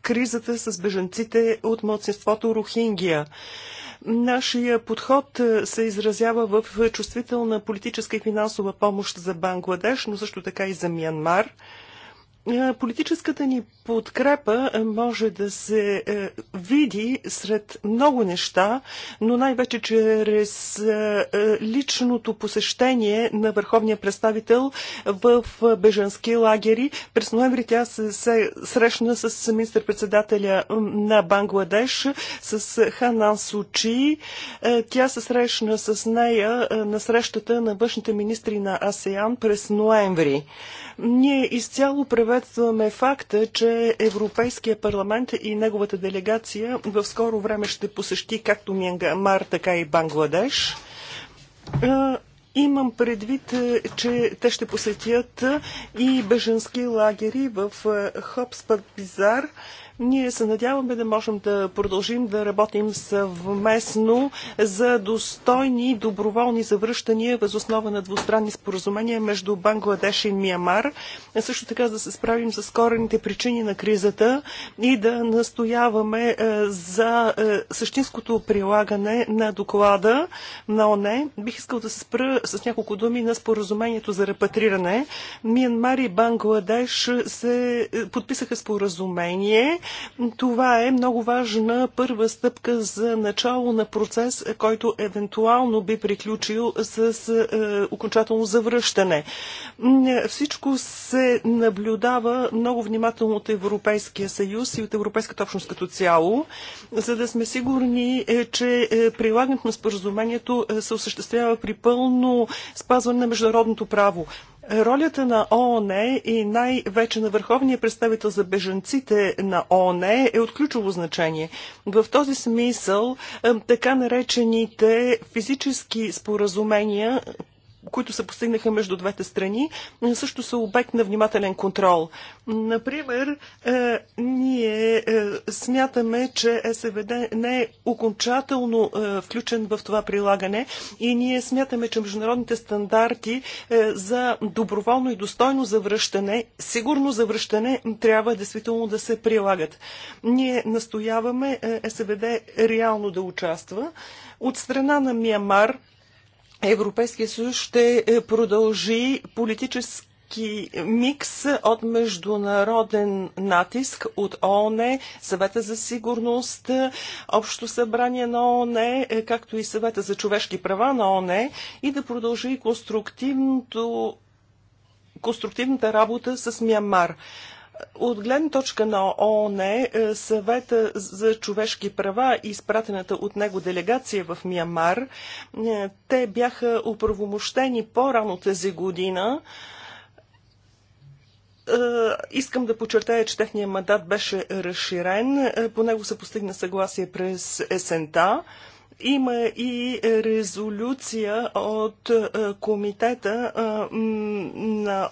кризата с беженците от младсинството Рохингия. Нашия подход се изразява в чувствителна политическа и финансова помощ за Бангладеш, но също така и за Мянмар. Политическата ни подкрепа може да се види сред много неща, но най-вече чрез личното посещение на върховния представител в бежански лагери. През ноември тя се, срещна с министър-председателя на Бангладеш, с Ханан Сучи. Тя се срещна с нея на срещата на външните министри на АСЕАН през ноември. Ние изцяло превеждаме приветстваме факта, че Европейския парламент и неговата делегация в скоро време ще посещи както Мянмар, така и Бангладеш. Имам предвид, е, че те ще посетят и беженски лагери в е, Хопспът Бизар, ние се надяваме да можем да продължим да работим съвместно за достойни доброволни завръщания възоснова на двустранни споразумения между Бангладеш и Миямар. Също така да се справим с корените причини на кризата и да настояваме е, за е, същинското прилагане на доклада на ОНЕ. Бих искал да се спра с няколко думи на споразумението за репатриране. Миянмар и Бангладеш се е, подписаха споразумение това е много важна първа стъпка за начало на процес, който евентуално би приключил с е, окончателно завръщане. Всичко се наблюдава много внимателно от Европейския съюз и от Европейската общност като цяло, за да сме сигурни, е, че е, прилагането на споразумението е, се осъществява при пълно спазване на международното право. Ролята на ООН и най-вече на върховния представител за бежанците на ООН е от ключово значение. В този смисъл така наречените физически споразумения които се постигнаха между двете страни, също са обект на внимателен контрол. Например, е, ние е, смятаме, че СВД не е окончателно е, включен в това прилагане и ние смятаме, че международните стандарти за доброволно и достойно завръщане, сигурно завръщане, трябва действително да се прилагат. Ние настояваме СВД реално да участва. От страна на Миямар, Европейския съюз ще е, продължи политически микс от международен натиск от ООН, Съвета за сигурност, Общо събрание на ООН, е, както и Съвета за човешки права на ООН и да продължи конструктивното конструктивната работа с Мянмар. От гледна точка на ООН, е, съвета за човешки права и изпратената от него делегация в Миямар, е, те бяха оправомощени по-рано тази година. Е, искам да подчертая, че техният мандат беше разширен. По него се постигна съгласие през есента. Има и резолюция от комитета на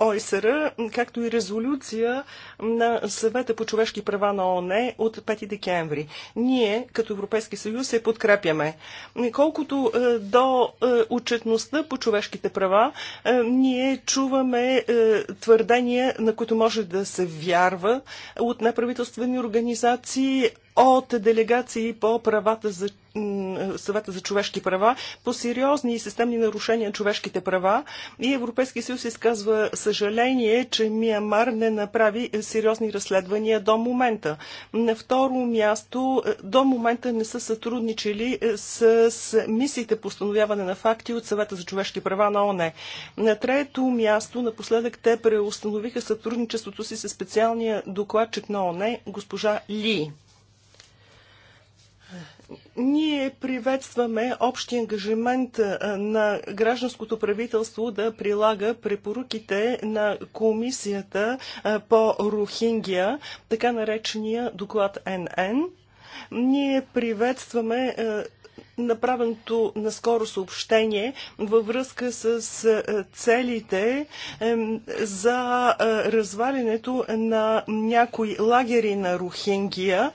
ОСР, както и резолюция на съвета по човешки права на ООН от 5 декември. Ние, като Европейски съюз, се подкрепяме. Колкото е, до е, отчетността по човешките права, е, ние чуваме твърдения, на които може да се вярва от неправителствени организации, от делегации по правата за съвета за човешки права по сериозни и системни нарушения на човешките права и Европейския съюз изказва съжаление, че Миямар не направи сериозни разследвания до момента. На второ място, е, до момента не са сътрудничили е, с, с мисиите по установяване на факти от съвета за човешки права на ОНЕ. На трето място, напоследък те преустановиха сътрудничеството си с специалния докладчик на ОНЕ, госпожа Ли. Ние приветстваме общи ангажимент на гражданското правителство да прилага препоръките на комисията по Рухингия, така наречения доклад НН. Ние приветстваме направеното наскоро съобщение във връзка с целите за развалянето на някои лагери на Рухингия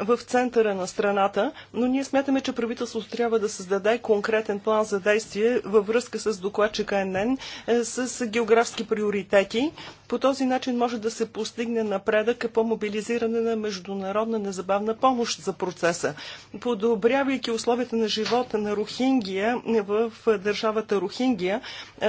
в центъра на страната, но ние смятаме, че правителството трябва да създаде конкретен план за действие във връзка с докладчика НН, е, с географски приоритети, по този начин може да се постигне напредък по мобилизиране на международна незабавна помощ за процеса. Подобрявайки условията на живота на Рохингия в държавата Рохингия,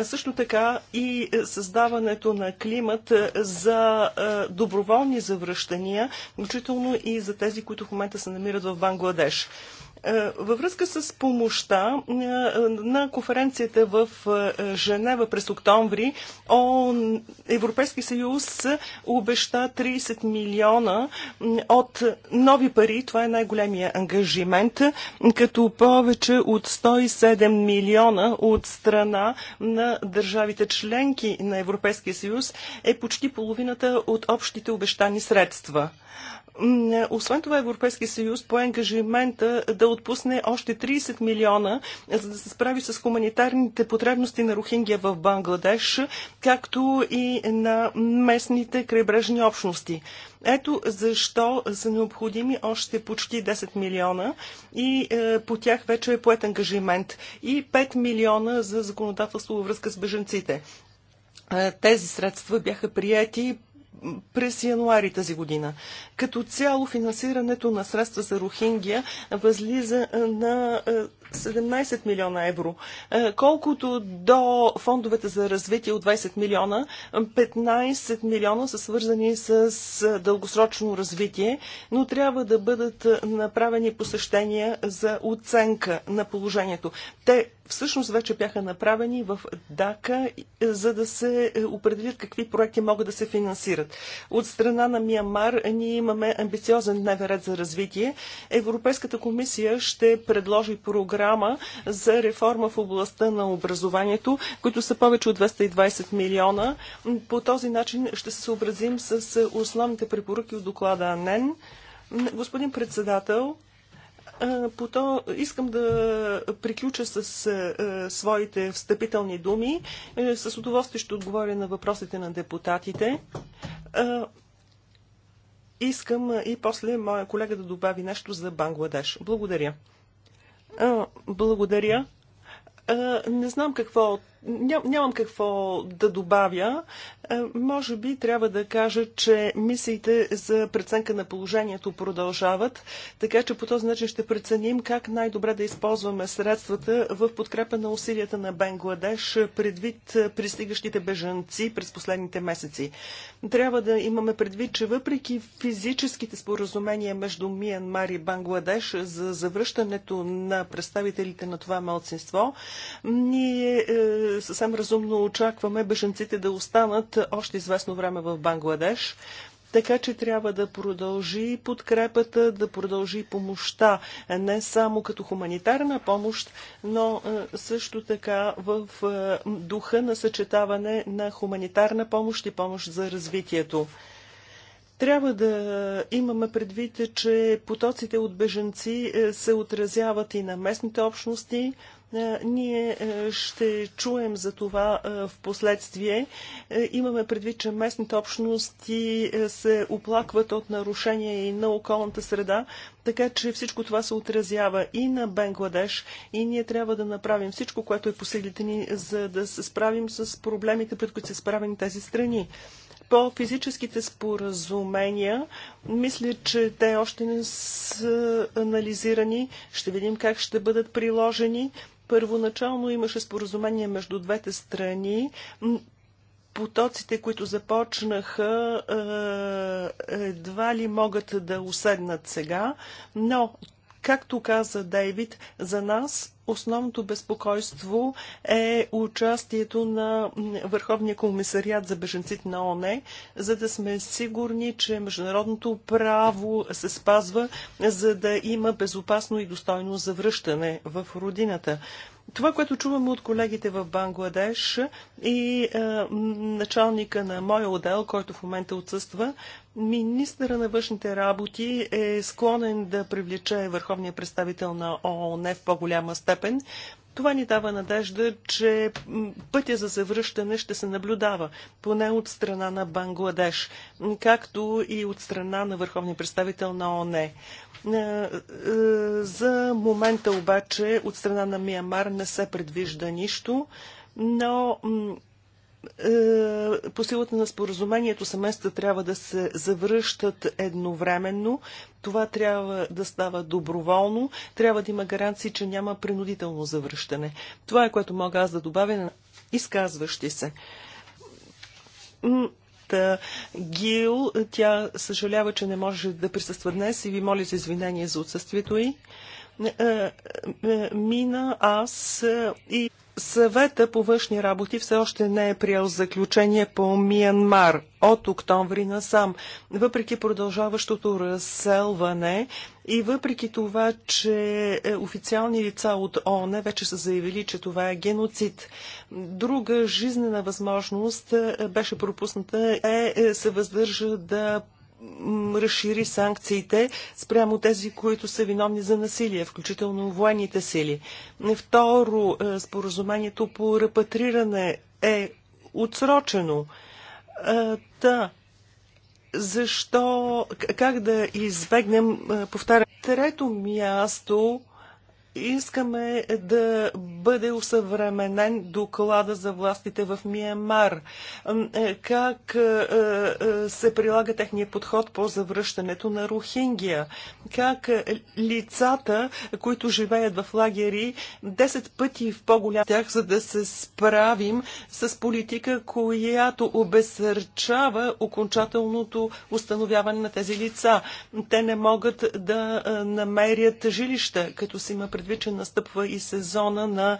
също така и създаването на климат за доброволни завръщания, включително и за тези, които в момента се намират в Бангладеш. Е, във връзка с помощта е, на конференцията в е, Женева през октомври, ООН, Европейски съюз обеща 30 милиона от нови пари. Това е най-големия ангажимент, като повече от 107 милиона от страна на държавите членки на Европейския съюз е почти половината от общите обещани средства. Освен това Европейския съюз по ангажимента да отпусне още 30 милиона, за да се справи с хуманитарните потребности на Рохингия в Бангладеш, както и на местните крайбрежни общности. Ето защо са необходими още почти 10 милиона и е, по тях вече е поет ангажимент и 5 милиона за законодателство във връзка с беженците. Е, тези средства бяха прияти през януари тази година. Като цяло финансирането на средства за Рохингия възлиза на 17 милиона евро. Е, колкото до фондовете за развитие от 20 милиона, 15 милиона са свързани с е, дългосрочно развитие, но трябва да бъдат е, направени посещения за оценка на положението. Те всъщност вече бяха направени в ДАКА, за да се определят какви проекти могат да се финансират. От страна на Миямар ние имаме амбициозен дневен ред за развитие. Европейската комисия ще предложи програма програма за реформа в областта на образованието, които са повече от 220 милиона. По този начин ще се съобразим с основните препоръки от доклада НЕН. Господин председател, по то искам да приключа с своите встъпителни думи. с удоволствие ще отговоря на въпросите на депутатите. искам и после моя колега да добави нещо за Бангладеш. Благодаря. Благодаря. Не знам какво от. Ням, нямам какво да добавя. Е, може би трябва да кажа, че мисиите за преценка на положението продължават, така че по този начин ще преценим как най-добре да използваме средствата в подкрепа на усилията на Бангладеш предвид пристигащите бежанци през последните месеци. Трябва да имаме предвид, че въпреки физическите споразумения между Миянмар и Бангладеш за завръщането на представителите на това малцинство, ние е, съвсем разумно очакваме беженците да останат още известно време в Бангладеш. Така че трябва да продължи подкрепата, да продължи помощта, не само като хуманитарна помощ, но е, също така в е, духа на съчетаване на хуманитарна помощ и помощ за развитието. Трябва да имаме предвид, че потоците от беженци е, се отразяват и на местните общности, ние ще чуем за това в последствие. Имаме предвид, че местните общности се оплакват от нарушения и на околната среда, така че всичко това се отразява и на Бенгладеш, и ние трябва да направим всичко, което е по силите ни, за да се справим с проблемите, пред които са справени тези страни. По физическите споразумения, мисля, че те още не са анализирани. Ще видим как ще бъдат приложени. Първоначално имаше споразумение между двете страни. Потоците, които започнаха, е, едва ли могат да уседнат сега, но Както каза Дейвид, за нас основното безпокойство е участието на Върховния комисариат за беженците на ОНЕ, за да сме сигурни, че международното право се спазва, за да има безопасно и достойно завръщане в родината. Това, което чуваме от колегите в Бангладеш и е, началника на моя отдел, който в момента отсъства, Министъра на външните работи е склонен да привлече върховния представител на ООН в по-голяма степен. Това ни дава надежда, че пътя за завръщане ще се наблюдава, поне от страна на Бангладеш, както и от страна на върховния представител на ООН. Е, е, за момента обаче от страна на Миямар не се предвижда нищо, но е, по силата на споразумението семейства трябва да се завръщат едновременно. Това трябва да става доброволно. Трябва да има гаранции, че няма принудително завръщане. Това е което мога аз да добавя на изказващи се. Гил, тя съжалява, че не може да присъства днес и ви моля за извинение за отсъствието й. Е, е, мина, аз и Съвета по външни работи все още не е приел заключение по Миянмар от октомври насам. Въпреки продължаващото разселване и въпреки това, че е, официални лица от ООН вече са заявили, че това е геноцид. Друга жизнена възможност е, беше пропусната е, е се въздържа да разшири санкциите спрямо тези, които са виновни за насилие, включително военните сили. Второ, е, споразумението по репатриране е отсрочено. Е, та, защо, как да избегнем, е, повтарям, трето място, Искаме да бъде усъвременен доклада за властите в Миямар. Е, как е, е, се прилага техния подход по завръщането на рухингия, Как лицата, които живеят в лагери, 10 пъти в по-голям тях, за да се справим с политика, която обесърчава окончателното установяване на тези лица. Те не могат да намерят жилища, като си има пред предвид, че настъпва и сезона на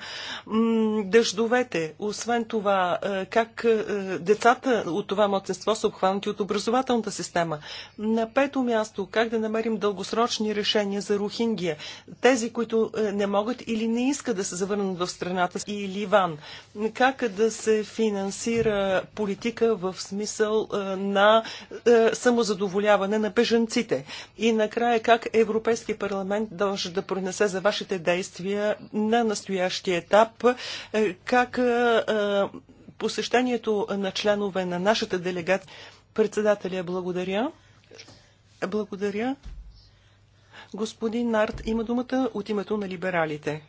дъждовете. Освен това, е, как е, децата от това младсенство са обхванати от образователната система. На пето място, как да намерим дългосрочни решения за Рухингия. Тези, които е, не могат или не искат да се завърнат в страната и Ливан. Как да се финансира политика в смисъл на самозадоволяване на беженците. И накрая как Европейски парламент дължи да пронесе за вашите вашите действия на настоящия етап, е, как е, посещението на членове на нашата делегация. Председателя, благодаря. Благодаря. Господин Нарт има думата от името на либералите.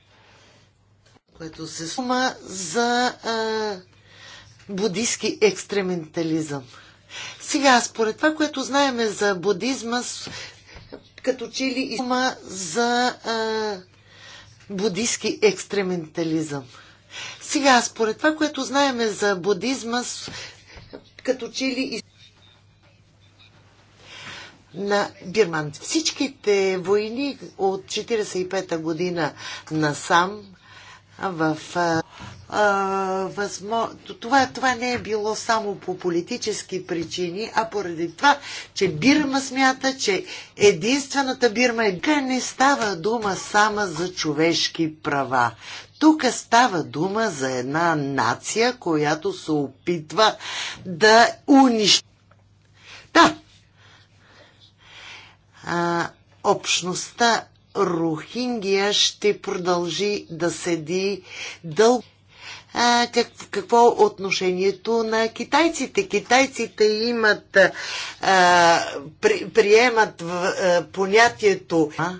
Което се сума за а, е, будистки екстрементализъм. Сега, според това, което знаеме за будизма, като че ли сума за а, будистки екстрементализъм. Сега, според това, което знаеме за будизма, като че ли на Бирман. Всичките войни от 1945 година насам в възмо... това, това не е било само по политически причини, а поради това, че Бирма смята, че единствената Бирма е не става дума само за човешки права. Тук става дума за една нация, която се опитва да унищи. Да. А, общността Рохингия ще продължи да седи дълго. как, какво е отношението на китайците? Китайците имат, а, при, приемат в, а, понятието а,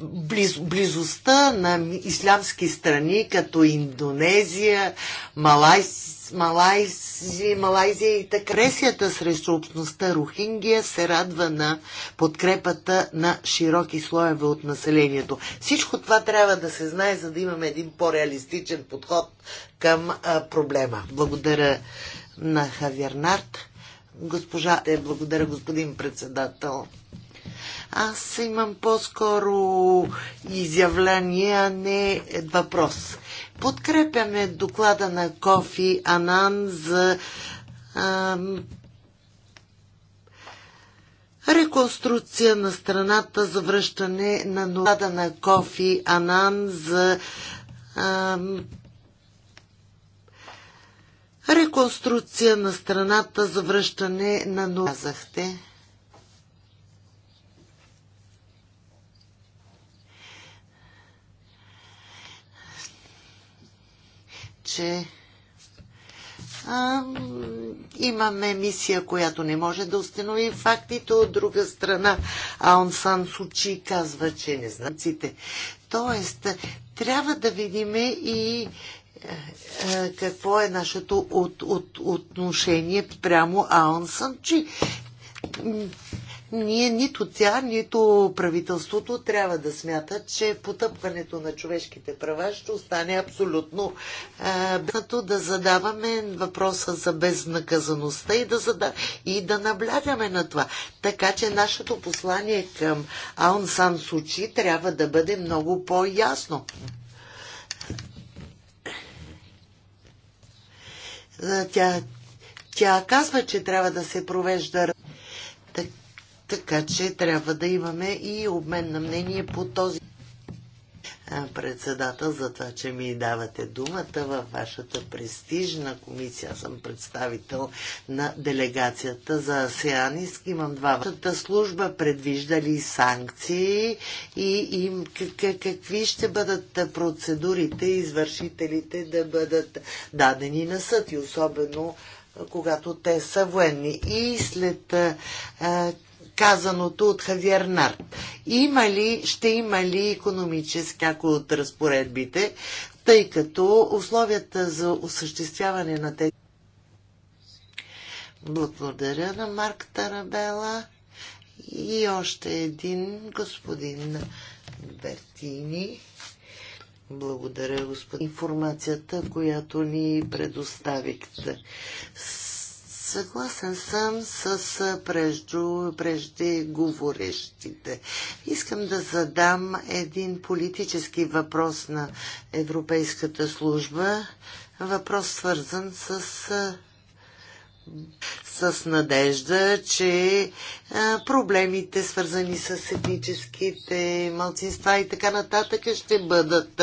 близ, близостта на ислямски страни, като Индонезия, Малайс, Малайзия, Малайзия и така. Агресията срещу общността Рухингия се радва на подкрепата на широки слоеве от населението. Всичко това трябва да се знае, за да имаме един по-реалистичен подход към а, проблема. Благодаря на Хавиернард. Госпожа, е, благодаря господин председател. Аз имам по-скоро изявление, а не въпрос. Подкрепяме доклада на Кофи Анан за ам, реконструкция на страната за връщане на доклада на Кофи Анан за ам, реконструкция на страната за връщане на казахте. че а, имаме мисия, която не може да установи фактите. От друга страна, Аун Сан Сучи казва, че не знаците. Тоест, трябва да видим и е, е, какво е нашето от, от, отношение прямо Аун Санчи ние нито тя, нито правителството трябва да смятат, че потъпването на човешките права ще остане абсолютно безнато да задаваме въпроса за безнаказаността и да, зада... и да наблягаме на това. Така че нашето послание към Аун Сан Сучи трябва да бъде много по-ясно. Тя, тя казва, че трябва да се провежда. Так, така че трябва да имаме и обмен на мнение по този председател за това, че ми давате думата във вашата престижна комисия. Аз съм представител на делегацията за АСЕАН. Имам два. Вашата служба предвижда ли санкции и им, какви ще бъдат процедурите, извършителите да бъдат дадени на съд и особено когато те са военни. И след а, казаното от Хавиер Нарт. Има ли, ще има ли економически ако от разпоредбите, тъй като условията за осъществяване на тези... Благодаря на Марк Тарабела и още един господин Бертини. Благодаря, господин. Информацията, която ни предоставихте. Съгласен съм с прежду, преждеговорещите. Искам да задам един политически въпрос на Европейската служба. Въпрос свързан с с надежда, че проблемите свързани с етническите малцинства и така нататък ще бъдат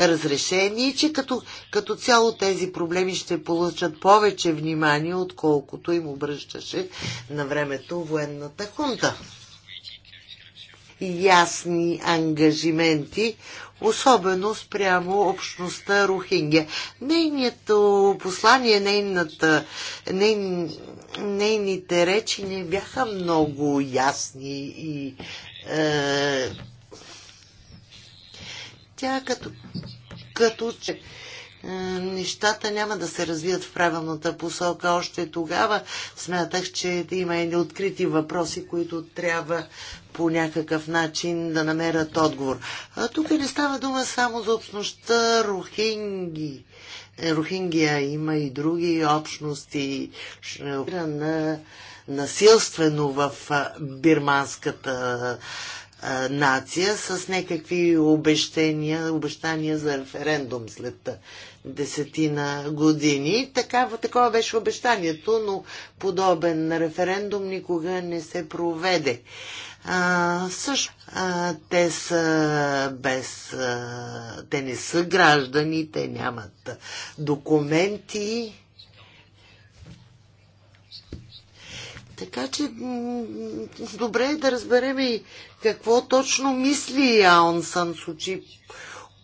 разрешени и че като, като цяло тези проблеми ще получат повече внимание, отколкото им обръщаше на времето военната хунта. Ясни ангажименти особено спрямо общността Рухингя. Нейното послание, нейната, ней, нейните речи не бяха много ясни и е, тя като, като че е, нещата няма да се развият в правилната посока. Още тогава смятах, че има и неоткрити въпроси, които трябва по някакъв начин да намерят отговор. А тук не става дума само за общността рухинги. Е, Рухингия има и други общности е, на насилствено в бирманската нация с някакви обещания, обещания за референдум след десетина години. Такава, такова беше обещанието, но подобен референдум никога не се проведе. А, също а, те са без. А, те не са граждани, те нямат документи. Така че добре е да разберем и какво точно мисли Аон Сан Сучи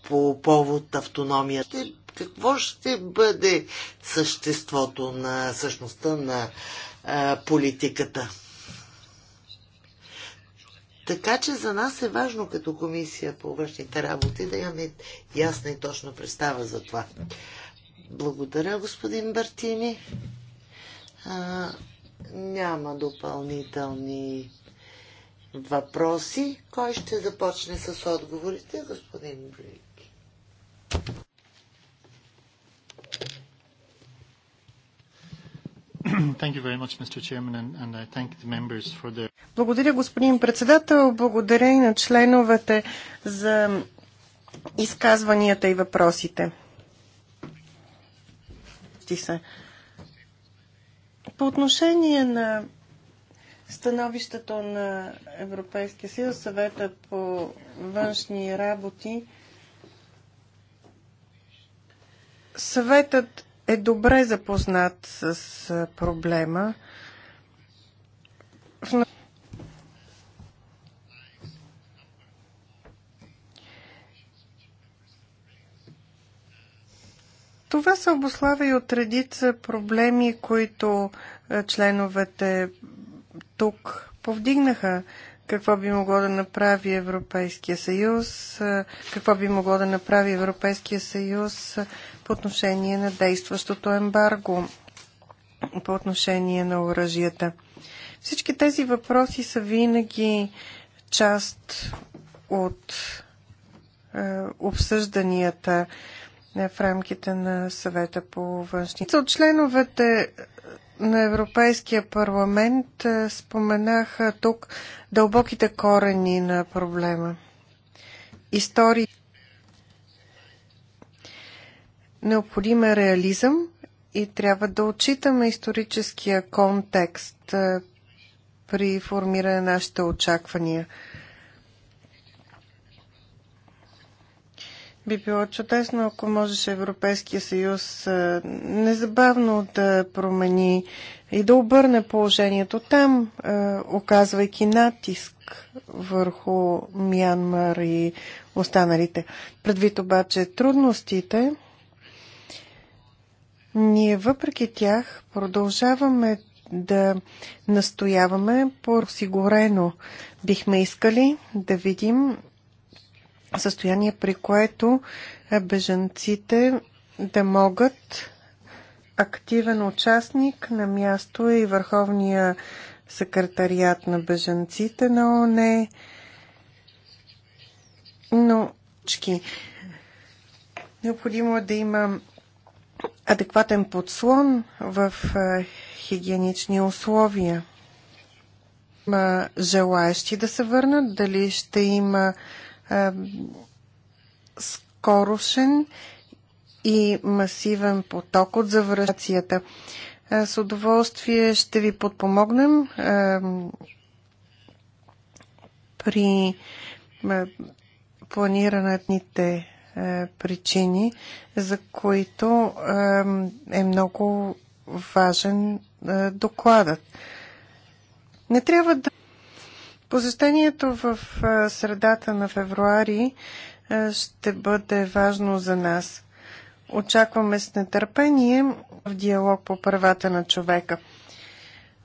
по повод автономията. Какво ще бъде съществото на същността на а, политиката? Така че за нас е важно като комисия по външните работи да имаме ясна и точна представа за това. Благодаря, господин Бартини. А, няма допълнителни въпроси. Кой ще започне с отговорите? Господин Брик. (clears throat) Благодаря, господин председател. Благодаря и на членовете за изказванията и въпросите. По отношение на становището на Европейския съюз, съвета по външни работи, съветът е добре запознат с проблема. Това се обославя и от редица проблеми, които членовете тук повдигнаха какво би могло да направи Европейския съюз, какво би могло да направи Европейския съюз по отношение на действащото ембарго, по отношение на оръжията. Всички тези въпроси са винаги част от е, обсъжданията в рамките на съвета по външни. От членовете на Европейския парламент е, споменаха тук дълбоките корени на проблема. Истории. Необходим е реализъм и трябва да отчитаме историческия контекст е, при формиране на нашите очаквания – Би било чудесно, ако можеше Европейския съюз незабавно да промени и да обърне положението там, оказвайки натиск върху Мянмар и останалите. Предвид обаче трудностите, ние въпреки тях продължаваме да настояваме по-осигурено. Бихме искали да видим състояние, при което е, бежанците да могат активен участник на място е и Върховния секретариат на бежанците на ОНЕ. Но чки. Необходимо е да има адекватен подслон в е, хигиенични условия. Има желаящи да се върнат, дали ще има скорошен и масивен поток от завръщацията. С удоволствие ще ви подпомогнем при планираните причини, за които е много важен докладът. Не трябва да Посещението в средата на февруари ще бъде важно за нас. Очакваме с нетърпение в диалог по правата на човека.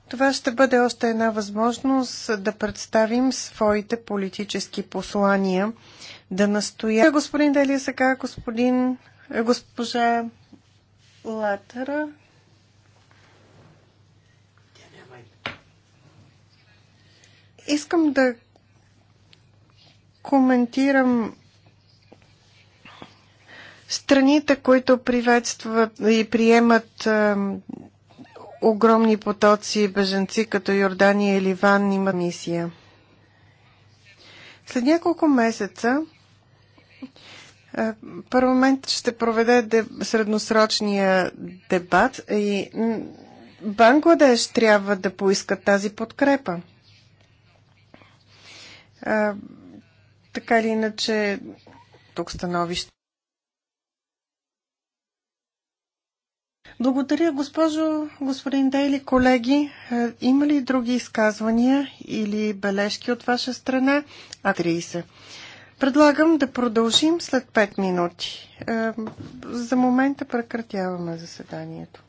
Това ще бъде още една възможност да представим своите политически послания, да настоя. Господин Дали сега, господин, е, госпожа Латера, Искам да коментирам страните, които приветстват и приемат е, огромни потоци беженци, като Йордания и Ливан, има мисия. След няколко месеца е, парламент ще проведе деб... средносрочния дебат и Бангладеш трябва да поиска тази подкрепа. А, така или иначе, тук становище. Благодаря, госпожо, господин Дейли, колеги. Има ли други изказвания или бележки от ваша страна? А, 30. Предлагам да продължим след 5 минути. За момента прекратяваме заседанието.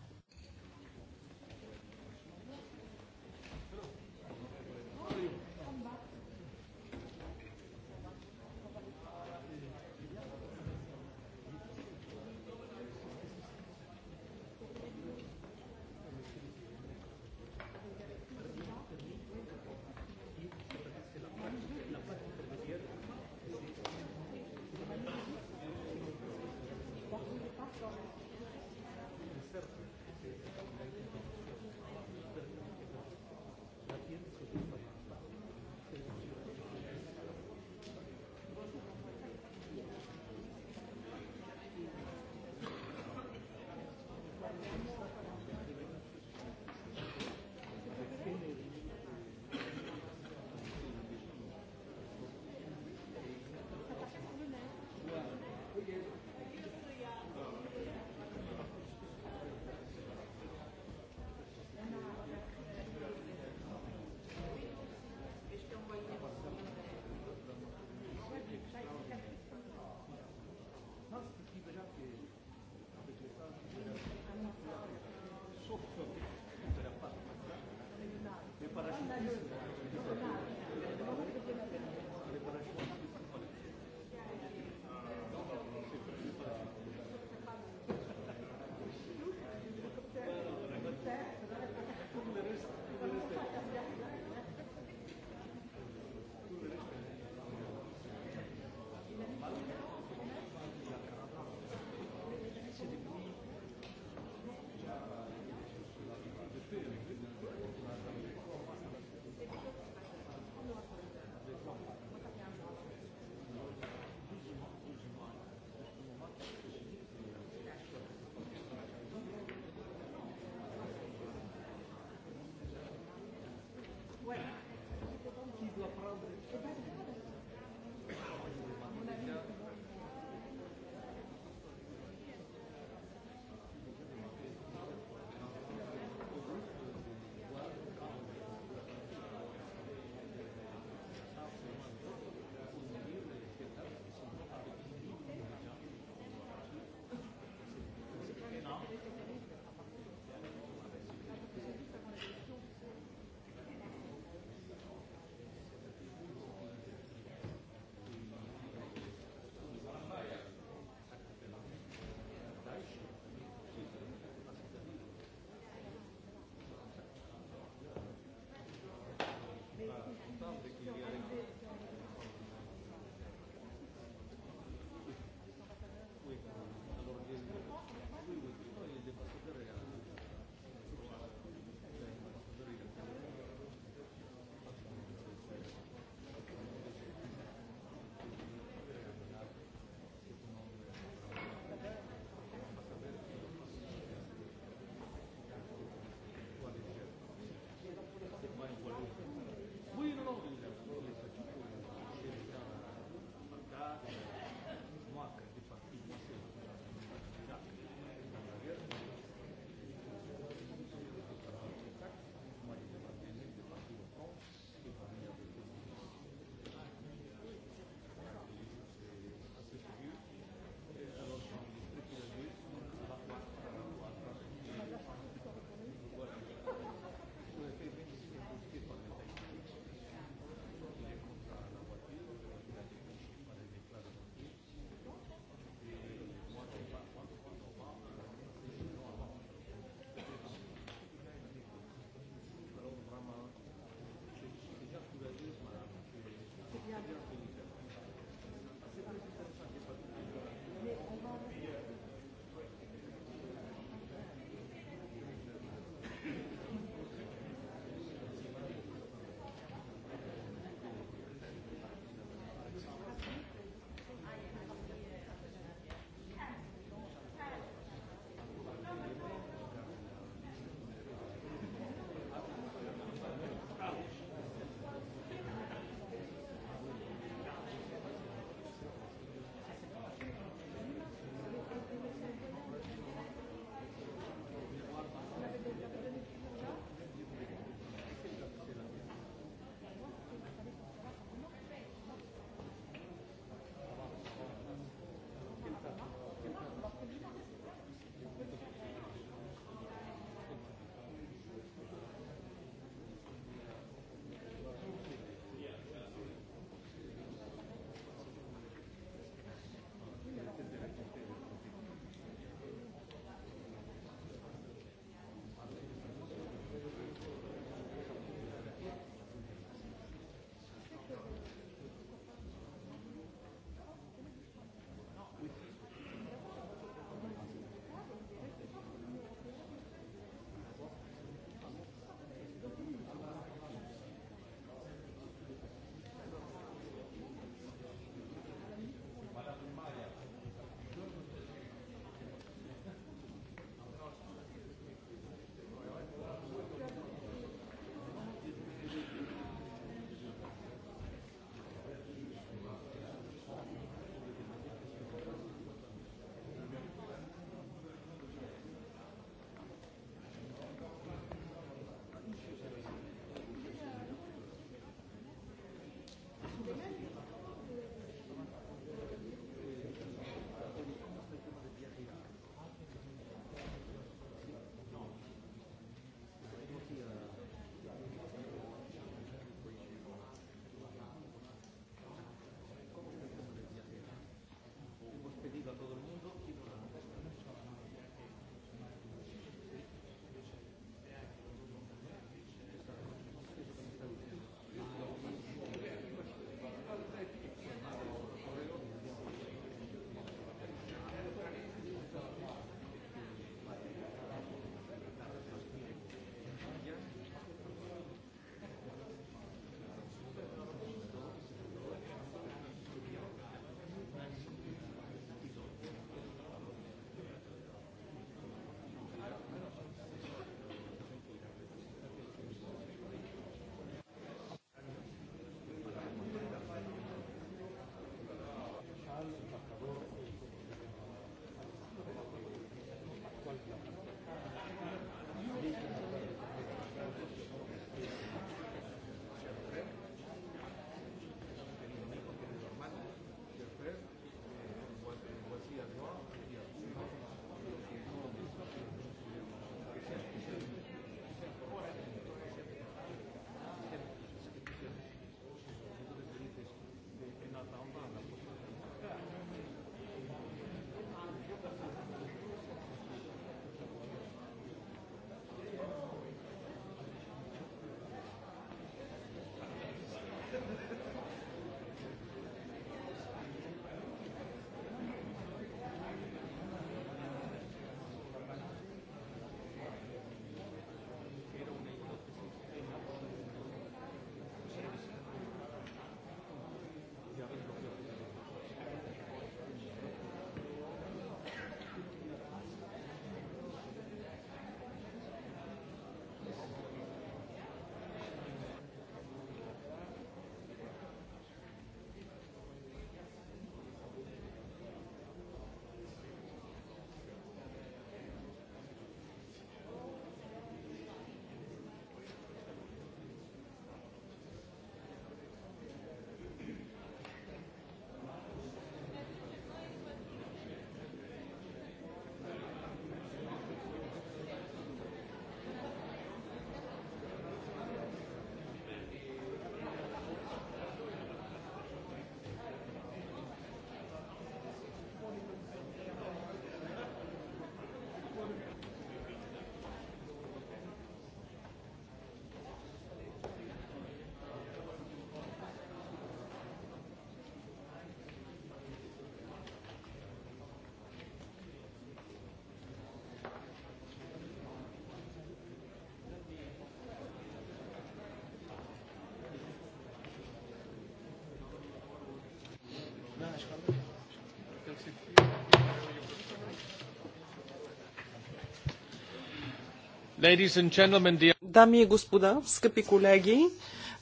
Дами и господа, скъпи колеги,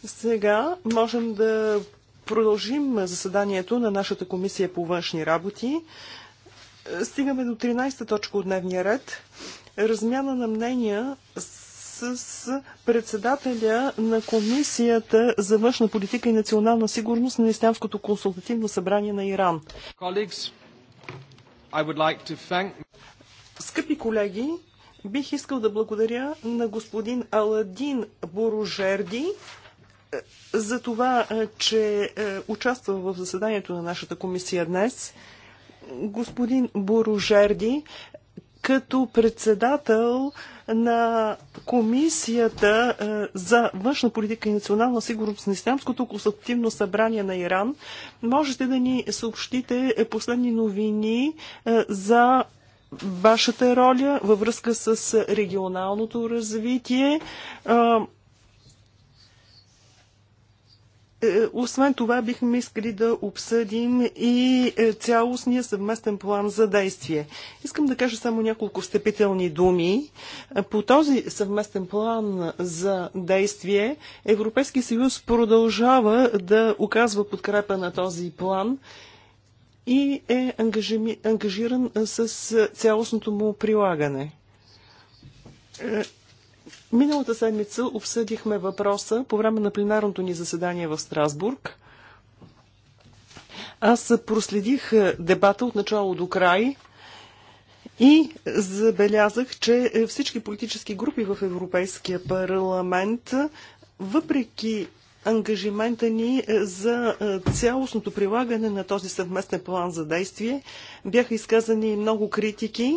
сега можем да продължим заседанието на нашата комисия по външни работи. Стигаме до 13-та точка от дневния ред. Размяна на мнения с председателя на Комисията за външна политика и национална сигурност на Истинското консултативно събрание на Иран. Скъпи колеги, Бих искал да благодаря на господин Аладин Борожерди е, за това, е, че е, участва в заседанието на нашата комисия днес. Господин Борожерди, като председател на Комисията за външна политика и национална сигурност на Исламското консултативно събрание на Иран. Можете да ни съобщите последни новини за вашата роля във връзка с регионалното развитие. Е, освен това, бихме искали да обсъдим и е, цялостния съвместен план за действие. Искам да кажа само няколко встъпителни думи. По този съвместен план за действие, Европейски съюз продължава да оказва подкрепа на този план и е ангажиран с цялостното му прилагане. Е, миналата седмица обсъдихме въпроса по време на пленарното ни заседание в Страсбург. Аз проследих дебата от начало до край и забелязах, че е, всички политически групи в Европейския парламент, въпреки ангажимента ни е, за е, цялостното прилагане на този съвместен план за действие. Бяха изказани много критики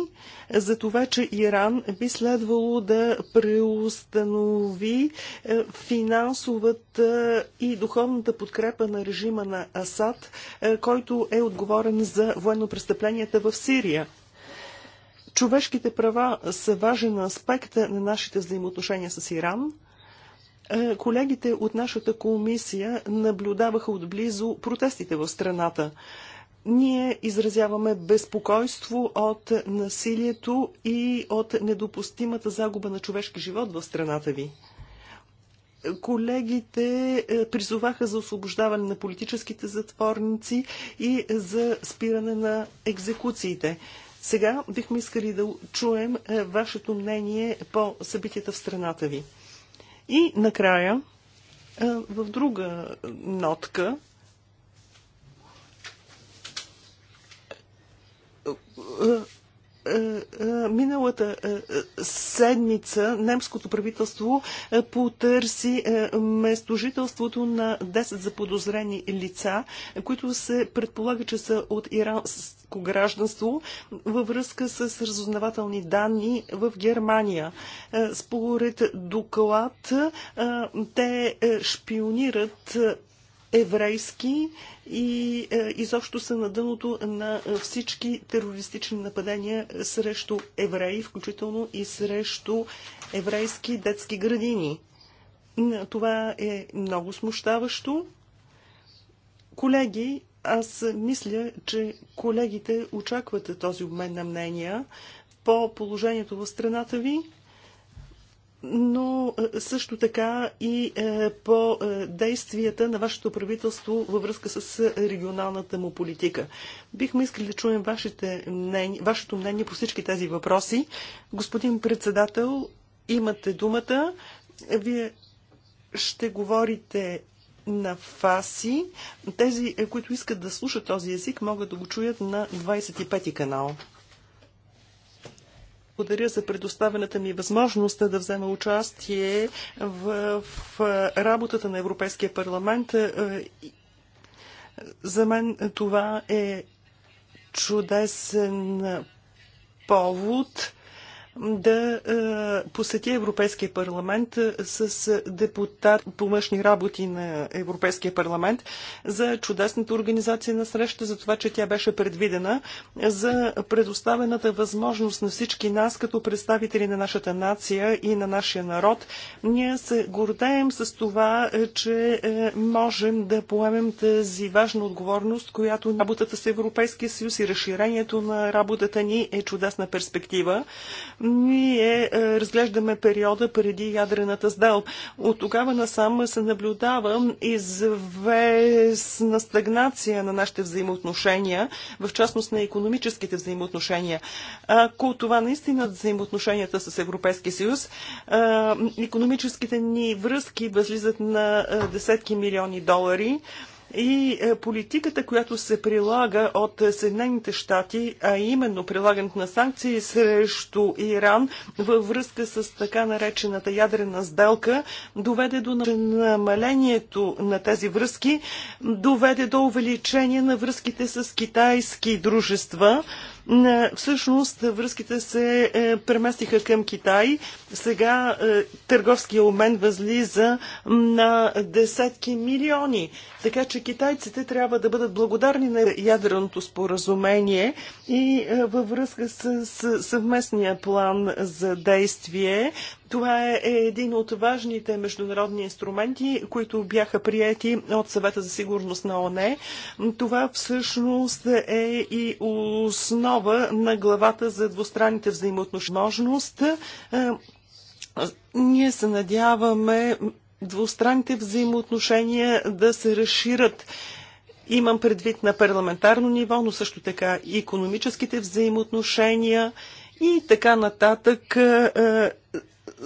е, за това, че Иран би следвало да преустанови финансовата и духовната подкрепа на режима на Асад, който е отговорен за военно-престъпленията в Сирия. Човешките права са важен аспект на нашите взаимоотношения с Иран – е, колегите от нашата комисия наблюдаваха отблизо протестите в страната. Ние изразяваме безпокойство от насилието и от недопустимата загуба на човешки живот в страната ви. Колегите е, призоваха за освобождаване на политическите затворници и за спиране на екзекуциите. Сега бихме искали да чуем е, вашето мнение по събитията в страната ви. И накрая, в друга нотка, е, е, миналата е, седмица немското правителство потърси местожителството на 10 заподозрени лица, които се предполага, че са от иранско гражданство във връзка с разузнавателни данни в Германия. Според доклад те шпионират еврейски и е, изобщо са на дъното на всички терористични нападения срещу евреи, включително и срещу еврейски детски градини. Това е много смущаващо. Колеги, аз мисля, че колегите очаквате този обмен на мнения по положението в страната ви но е, също така и е, по е, действията на вашето правителство във връзка с регионалната му политика. Бихме искали да чуем вашите мнение, вашето мнение по всички тези въпроси. Господин председател, имате думата. Вие ще говорите на фаси. Тези, които искат да слушат този език, могат да го чуят на 25 канал благодаря за предоставената ми възможност да взема участие в, в работата на Европейския парламент. Е, за мен това е чудесен повод да е, посети Европейския парламент е, с е, депутат по мъжни работи на Европейския парламент за чудесната организация на среща, за това, че тя беше предвидена, за предоставената възможност на всички нас, като представители на нашата нация и на нашия народ. Ние се гордеем с това, че можем да поемем тази важна отговорност, която работата с Европейския съюз и разширението на работата ни е чудесна перспектива. Ние е, разглеждаме периода преди ядрената сдел. От тогава насам се наблюдава известна стагнация на нашите взаимоотношения, в частност на економическите взаимоотношения. Ако това наистина взаимоотношенията с Европейския съюз, е, економическите ни връзки възлизат на е, десетки милиони долари и е, политиката, която се прилага от е, Съединените щати, а именно прилагането на санкции срещу Иран във връзка с така наречената ядрена сделка, доведе до намалението на тези връзки, доведе до увеличение на връзките с китайски дружества, Всъщност връзките се е, преместиха към Китай. Сега е, търговския обмен възлиза на десетки милиони. Така че китайците трябва да бъдат благодарни на ядреното споразумение и е, във връзка с съвместния план за действие това е един от важните международни инструменти, които бяха приети от съвета за сигурност на ОНЕ. Това всъщност е и основа на главата за двустранните взаимоотношения. Е, ние се надяваме двустранните взаимоотношения да се разширят. Имам предвид на парламентарно ниво, но също така и економическите взаимоотношения и така нататък е,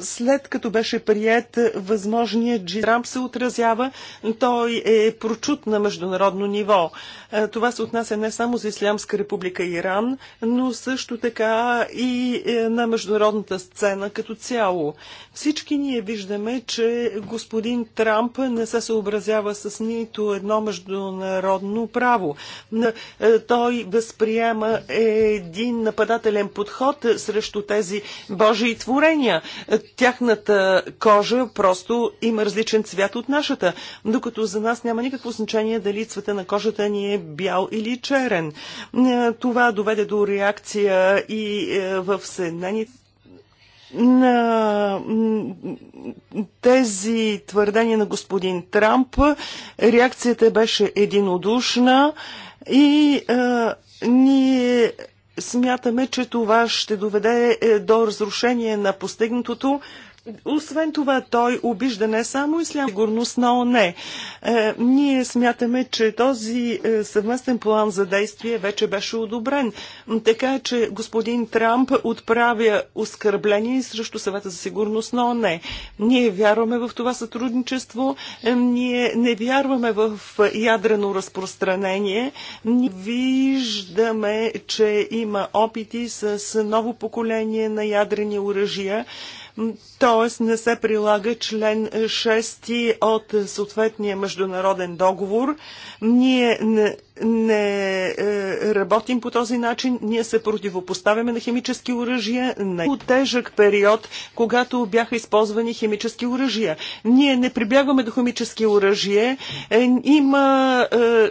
след като беше прият възможният Трамп се отразява, той е прочут на международно ниво. Е, това се отнася не само за Ислямска република Иран, но също така и е, на международната сцена като цяло. Всички ние виждаме, че господин Трамп не се съобразява с нито едно международно право. Е, той възприема един нападателен подход срещу тези Божии творения тяхната кожа просто има различен цвят от нашата, докато за нас няма никакво значение дали цвета на кожата ни е бял или черен. Е, това доведе до реакция и е, в Съединените на тези твърдения на господин Трамп. Реакцията беше единодушна и а, е, ние Смятаме, че това ще доведе е, до разрушение на постигнатото освен това, той обижда не само ислям, сигурност на ОНЕ. Е, ние смятаме, че този е, съвместен план за действие вече беше одобрен. Така е, че господин Трамп отправя оскърбление срещу съвета за сигурност на ОНЕ. Ние вярваме в това сътрудничество, е, ние не вярваме в ядрено разпространение. Ние виждаме, че има опити с ново поколение на ядрени оръжия т.е. не се прилага член 6 от съответния международен договор. Ние не, не е, работим по този начин, ние се противопоставяме на химически оръжия на тежък период, когато бяха използвани химически оръжия. Ние не прибягваме до химически оръжие. Има е, е,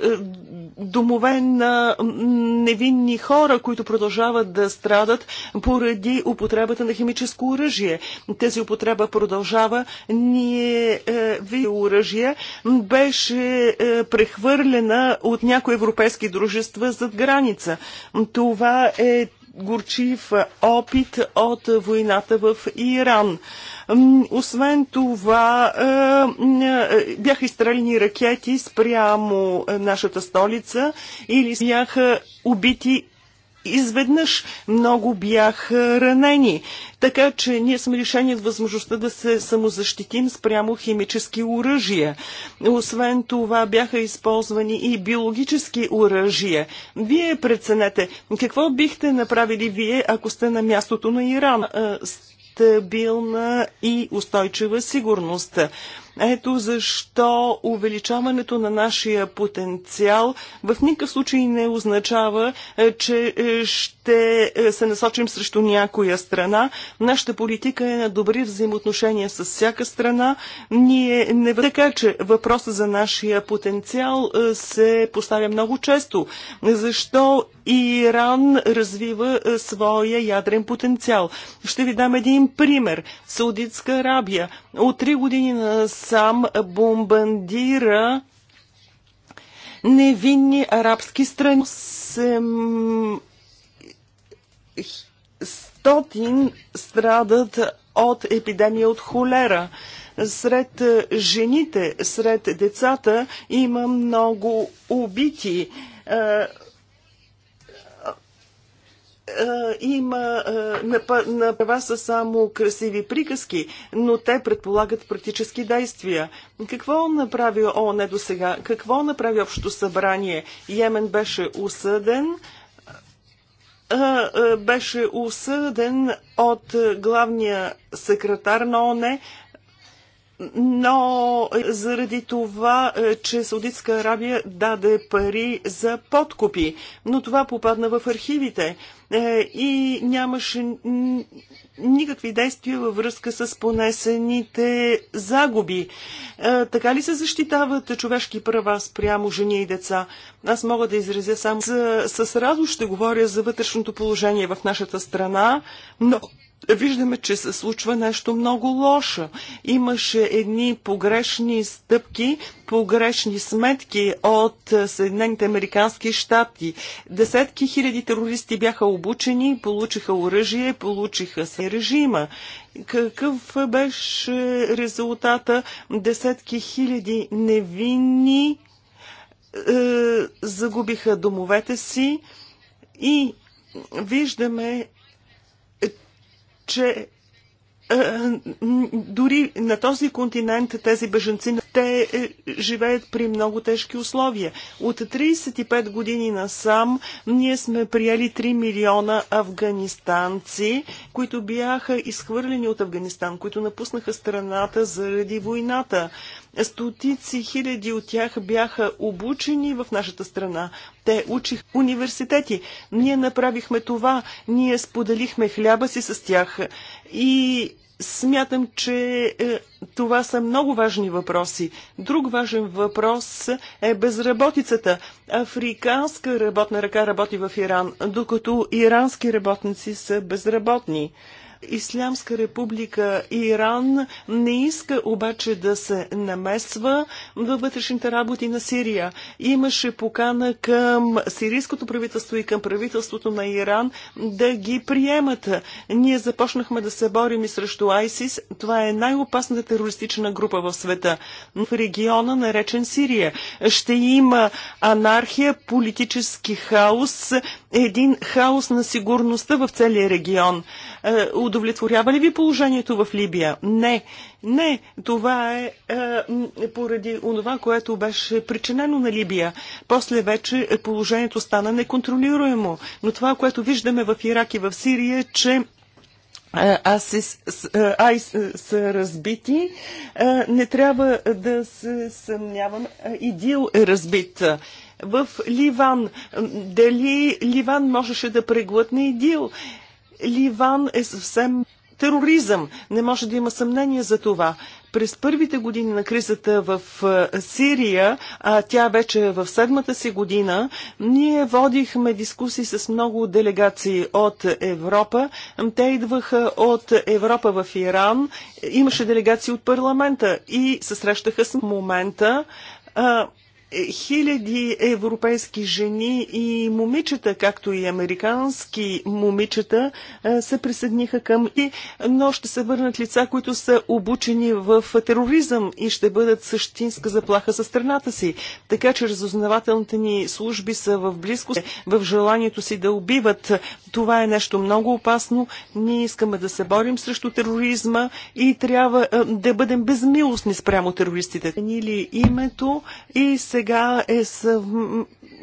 домове на невинни хора, които продължават да страдат поради употребата на химическо оръжие. Тези употреба продължава. Ние е, ви оръжие беше е, прехвърлена от някои европейски дружества зад граница. Това е горчив опит от войната в Иран. Освен това, е, е, бяха изстрелени ракети спрямо е, нашата столица или бяха убити изведнъж много бяха ранени. Така че ние сме лишени от възможността да се самозащитим спрямо химически оръжия. Освен това бяха използвани и биологически оръжия. Вие преценете, какво бихте направили вие, ако сте на мястото на Иран? стабилна и устойчива сигурност. Ето защо увеличаването на нашия потенциал в никакъв случай не означава, е, че е, ще е, се насочим срещу някоя страна. Нашата политика е на добри взаимоотношения с всяка страна. Ние не така, че въпроса за нашия потенциал се поставя много често. Защо Иран развива своя ядрен потенциал? Ще ви дам един пример. Саудитска Арабия от три години насам бомбандира невинни арабски страни. Сем... Стотин страдат от епидемия от холера. Сред жените, сред децата има много убити е, има на права са само красиви приказки, но те предполагат практически действия. Какво направи ООН до сега? Какво направи Общото събрание? Йемен беше осъден беше осъден от главния секретар на ОНЕ, но е, заради това, е, че Саудитска Арабия даде пари за подкупи, но това попадна в архивите е, и нямаше никакви действия във връзка с понесените загуби. Така ли се защитават човешки права спрямо жени и деца? Аз мога да изразя само с, с радост ще говоря за вътрешното положение в нашата страна, но виждаме, че се случва нещо много лошо. Имаше едни погрешни стъпки, погрешни сметки от е, Съединените Американски щати. Десетки хиляди терористи бяха обучени, получиха оръжие, получиха се режима. Какъв беше резултата? Десетки хиляди невинни е, загубиха домовете си и виждаме че е, дори на този континент тези беженци те е, живеят при много тежки условия. От 35 години насам ние сме приели 3 милиона афганистанци, които бяха изхвърлени от Афганистан, които напуснаха страната заради войната. Стотици хиляди от тях бяха обучени в нашата страна. Те учих университети. Ние направихме това. Ние споделихме хляба си с тях. И смятам, че е, това са много важни въпроси. Друг важен въпрос е безработицата. Африканска работна ръка работи в Иран, докато ирански работници са безработни. Ислямска република Иран не иска обаче да се намесва във вътрешните работи на Сирия. Имаше покана към сирийското правителство и към правителството на Иран да ги приемат. Ние започнахме да се борим и срещу ISIS. Това е най-опасната терористична група в света. В региона, наречен Сирия, ще има анархия, политически хаос, един хаос на сигурността в целия регион. От е, Удовлетворява ли ви положението в Либия? Не. Не. Това е, е поради онова, което беше причинено на Либия. После вече положението стана неконтролируемо. Но това, което виждаме в Ирак и в Сирия, е, че е, е, ай е, са разбити. Не трябва да се съмнявам. Идил е разбит в Ливан. Дали Ливан можеше да преглътне Идил? Ливан е съвсем тероризъм. Не може да има съмнение за това. През първите години на кризата в Сирия, а тя вече е в седмата си година, ние водихме дискусии с много делегации от Европа. Те идваха от Европа в Иран. Имаше делегации от парламента и се срещаха с момента хиляди европейски жени и момичета, както и американски момичета, се присъединиха към и, но ще се върнат лица, които са обучени в тероризъм и ще бъдат същинска заплаха за страната си. Така че разузнавателните ни служби са в близко, в желанието си да убиват. Това е нещо много опасно. Ние искаме да се борим срещу тероризма и трябва да бъдем безмилостни спрямо терористите. Нили името и се сега е съв...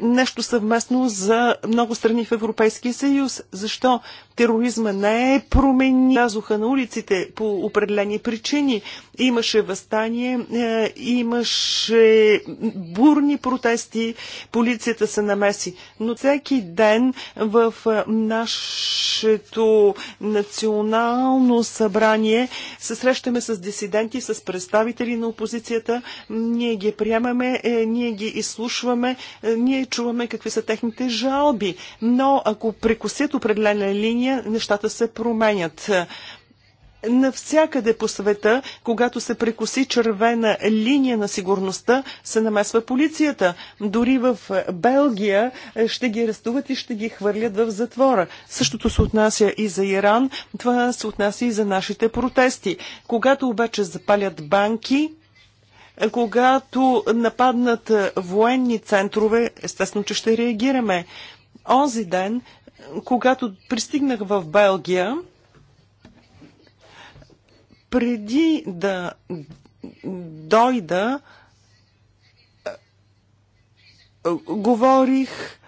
нещо съвместно за много страни в Европейския съюз. Защо тероризма не е променил? Казуха на улиците по определени причини. Имаше възстание, е, имаше бурни протести, полицията се намеси. Но всеки ден в нашето национално събрание се срещаме с дисиденти, с представители на опозицията. Ние ги приемаме, е, ние ги изслушваме, е, ние чуваме какви са техните жалби. Но ако прекусят определена линия, нещата се променят. Навсякъде по света, когато се прекоси червена линия на сигурността, се намесва полицията. Дори в Белгия е, ще ги арестуват и ще ги хвърлят в затвора. Същото се отнася и за Иран, това се отнася и за нашите протести. Когато обаче запалят банки, е, когато нападнат е, военни центрове, естествено, че ще реагираме. Онзи ден, когато пристигнах в Белгия, преди да дойда, е, говорих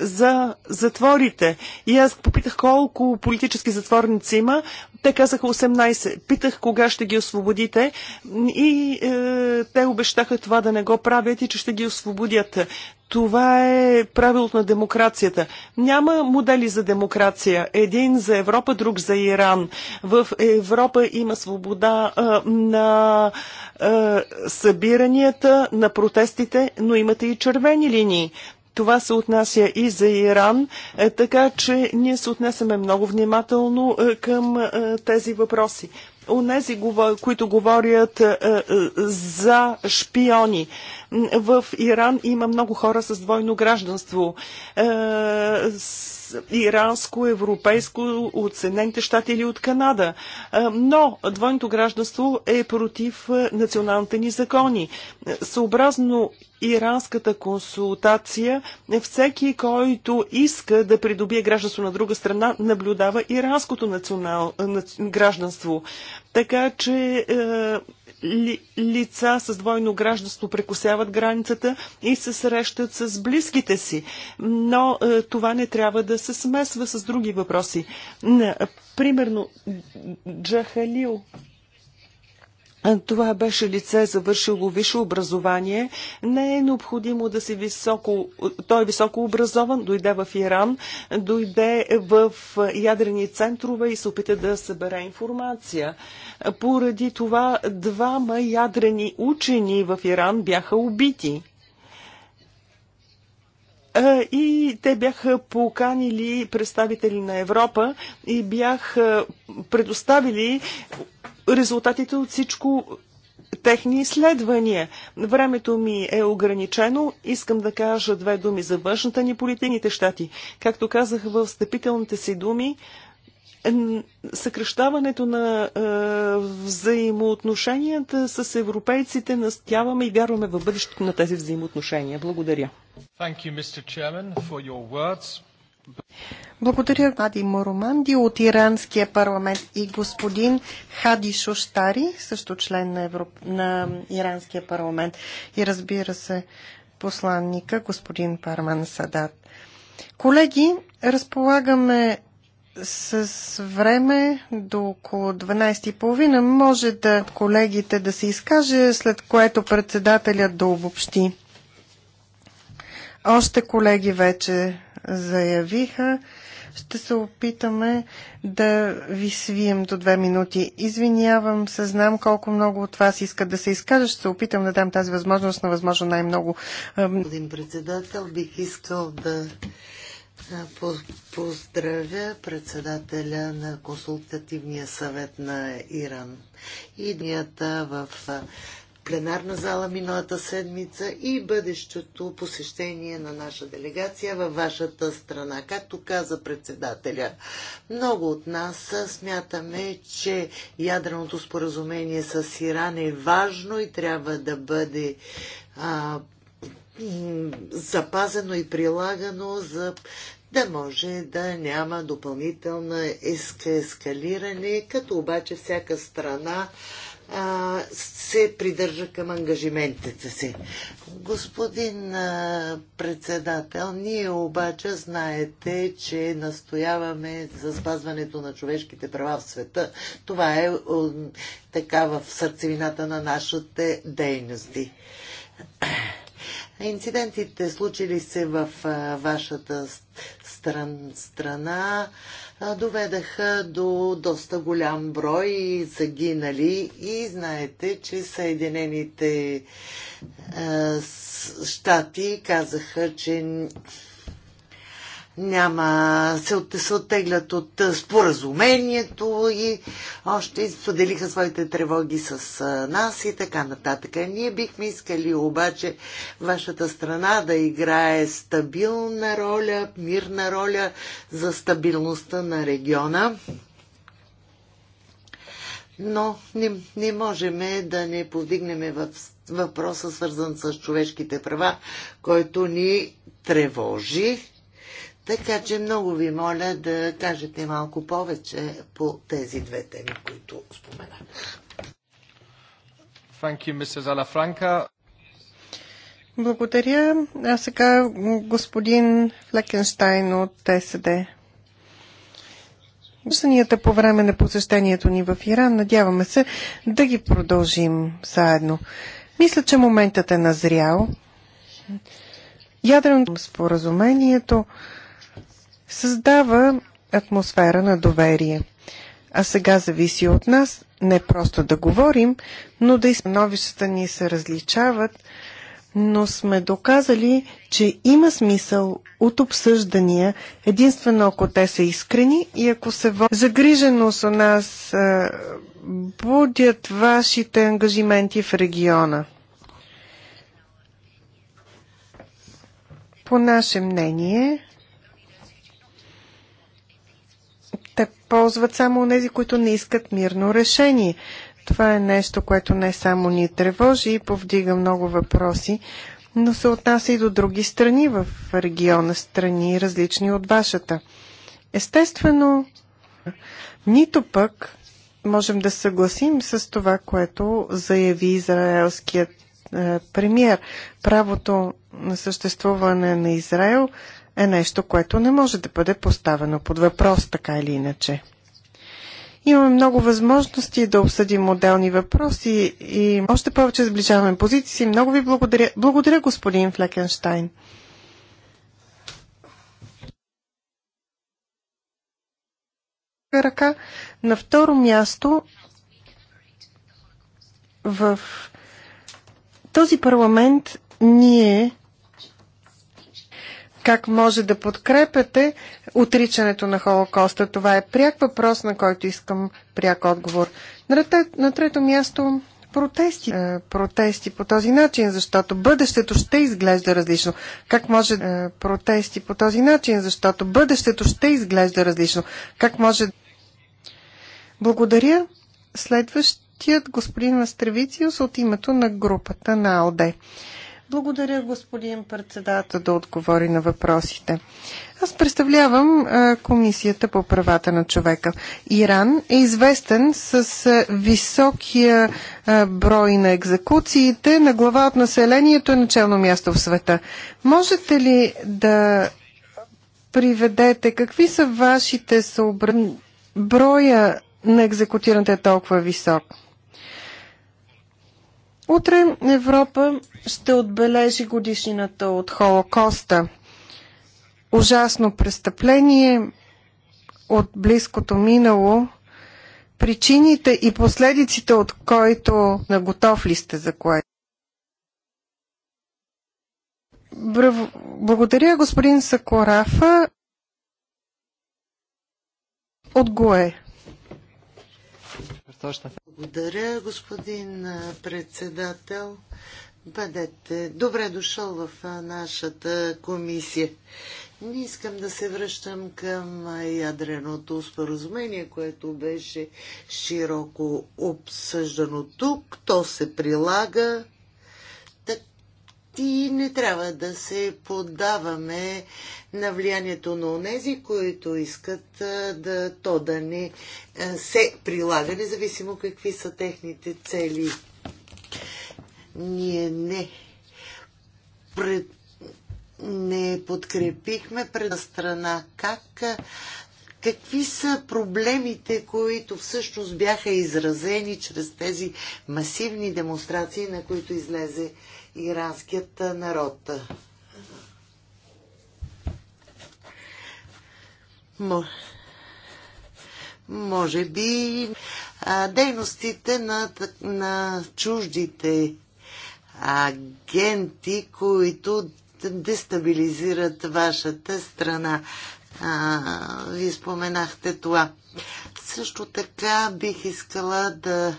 за затворите. И аз попитах колко политически затворници има. Те казаха 18. Питах кога ще ги освободите и е, те обещаха това да не го правят и че ще ги освободят. Това е правилото на демокрацията. Няма модели за демокрация. Един за Европа, друг за Иран. В Европа има свобода е, на е, събиранията, на протестите, но имате и червени линии. Това се отнася и за Иран, е, така че ние се отнесеме много внимателно е, към е, тези въпроси. Онези, които говорят за шпиони. В Иран има много хора с двойно гражданство иранско, европейско, от Съединените щати или от Канада. Но двойното гражданство е против националните ни закони. Съобразно иранската консултация, всеки, който иска да придобие гражданство на друга страна, наблюдава иранското национал, гражданство. Така че е, ли, лица с двойно гражданство прекусяват границата и се срещат с близките си. Но е, това не трябва да се смесва с други въпроси. Е, примерно, Джахалил това беше лице завършило висше образование. Не е необходимо да си високо... Той е високо образован, дойде в Иран, дойде в ядрени центрове и се опита да събере информация. Поради това двама ядрени учени в Иран бяха убити. И те бяха поканили представители на Европа и бяха предоставили резултатите от всичко техни изследвания. Времето ми е ограничено. Искам да кажа две думи за външната ни политиките Щати. Както казах в встъпителните си думи, съкръщаването на е, взаимоотношенията с европейците настяваме и вярваме в бъдещето на тези взаимоотношения. Благодаря. You, Chairman, Благодаря, Ади Мороманди от Иранския парламент и господин Хади Шоштари, също член на, Европ... на Иранския парламент и разбира се посланника господин Парман Садат. Колеги, разполагаме с време до около 12.30 може да колегите да се изкаже, след което председателят да обобщи. Още колеги вече заявиха. Ще се опитаме да ви свием до две минути. Извинявам се, знам колко много от вас искат да се изкажат. Ще се опитам да дам тази възможност на възможно най-много. Господин председател, бих искал да Поздравя председателя на консултативния съвет на Иран. Иднията в пленарна зала миналата седмица и бъдещото посещение на наша делегация във вашата страна. Както каза председателя, много от нас смятаме, че ядреното споразумение с Иран е важно и трябва да бъде а, запазено и прилагано, за да може да няма допълнителна ескалиране, като обаче всяка страна а, се придържа към ангажиментите си. Господин а, председател, ние обаче знаете, че настояваме за спазването на човешките права в света. Това е о, така в сърцевината на нашите дейности. Инцидентите случили се в вашата стран, страна доведаха до доста голям брой загинали и знаете, че Съединените щати казаха, че няма, се, от, се оттеглят от споразумението и още споделиха своите тревоги с нас и така нататък. Ние бихме искали обаче вашата страна да играе стабилна роля, мирна роля за стабилността на региона но не, не можем да не повдигнем въпроса, свързан с човешките права, който ни тревожи. Така че много ви моля да кажете малко повече по тези две теми, които споменах. Благодаря. А сега господин Флекенштайн от ТСД. усънията по време на посещението ни в Иран, надяваме се да ги продължим заедно. Мисля, че моментът е назрял. Ядреното споразумението създава атмосфера на доверие. А сега зависи от нас не просто да говорим, но да и становищата ни се различават, но сме доказали, че има смисъл от обсъждания, единствено ако те са искрени и ако се вод... загриженост у нас будят вашите ангажименти в региона. По наше мнение, те ползват само тези, които не искат мирно решение. Това е нещо, което не само ни тревожи и повдига много въпроси, но се отнася и до други страни в региона, страни различни от вашата. Естествено, нито пък можем да съгласим с това, което заяви израелският е, премьер. Правото на съществуване на Израел – е нещо, което не може да бъде поставено под въпрос, така или иначе. Имаме много възможности да обсъдим отделни въпроси и още повече сближаваме позиции си. Много ви благодаря. Благодаря, господин Флекенштайн. ръка. На второ място в този парламент ние как може да подкрепяте отричането на Холокоста? Това е пряк въпрос, на който искам пряк отговор. На трето място протести, е, протести по този начин, защото бъдещето ще изглежда различно. Как може е, протести по този начин, защото бъдещето ще изглежда различно. Как може... Благодаря. Следващият господин Астревициус от името на групата на АЛДЕ. Благодаря, господин председател, да отговори на въпросите. Аз представлявам а, Комисията по правата на човека. Иран е известен с а, високия а, брой на екзекуциите на глава от населението е начално място в света. Можете ли да приведете какви са вашите съобр... броя на екзекутираните е толкова висок? Утре Европа ще отбележи годишнината от Холокоста. Ужасно престъпление от близкото минало, причините и последиците от който наготов ли сте за кое? Благодаря, господин Сакорафа. От ГОЕ. Благодаря, господин председател. Бъдете добре дошъл в нашата комисия. Не искам да се връщам към ядреното споразумение, което беше широко обсъждано тук. То се прилага и не трябва да се поддаваме на влиянието на онези, които искат да, то да не се прилага, независимо какви са техните цели. Ние не пред, не подкрепихме пред страна как какви са проблемите, които всъщност бяха изразени чрез тези масивни демонстрации, на които излезе иранският народ. Може би дейностите на, на чуждите агенти, които дестабилизират вашата страна. А, ви споменахте това. Също така бих искала да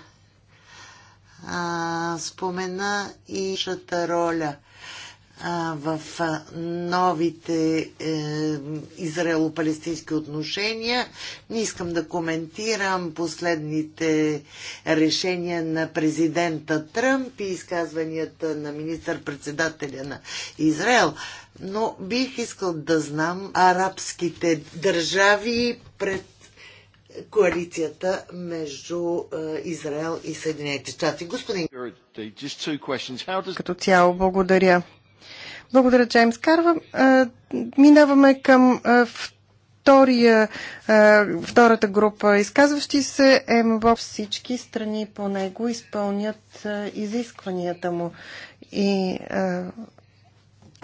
а, спомена и нашата роля в новите е, израело-палестински отношения. Не искам да коментирам последните решения на президента Тръмп и изказванията на министър-председателя на Израел, но бих искал да знам арабските държави пред коалицията между е, Израел и Съединените щати. Господин... Като цяло, благодаря. Благодаря, Джеймс Карва. Е, минаваме към е, втория, втората група изказващи се. МБО всички страни по него изпълнят изискванията му. И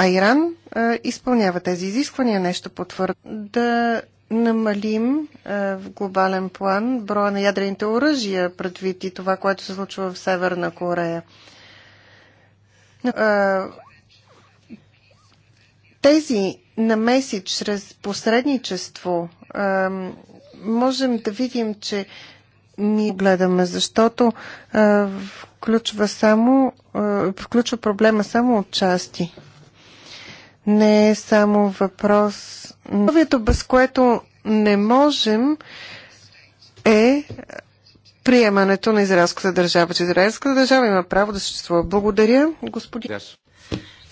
а Иран а, изпълнява тези изисквания, нещо потвърда намалим а, в глобален план броя на ядрените оръжия, предвид и това, което се случва в Северна Корея. А, тези намеси чрез посредничество а, можем да видим, че ни гледаме, защото включва само, включва проблема само от части не е само въпрос. Новието, без което не можем, е приемането на израелската държава. Че израелската държава има право да съществува. Благодаря, господин.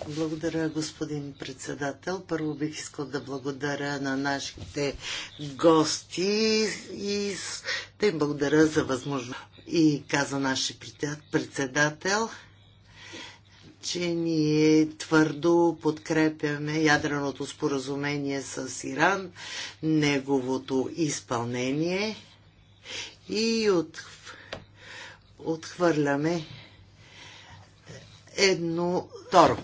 Благодаря, господин председател. Първо бих искал да благодаря на нашите гости и да им благодаря за възможност. И каза нашия председател, че ние твърдо подкрепяме ядреното споразумение с Иран, неговото изпълнение и от, отхвърляме едно второ.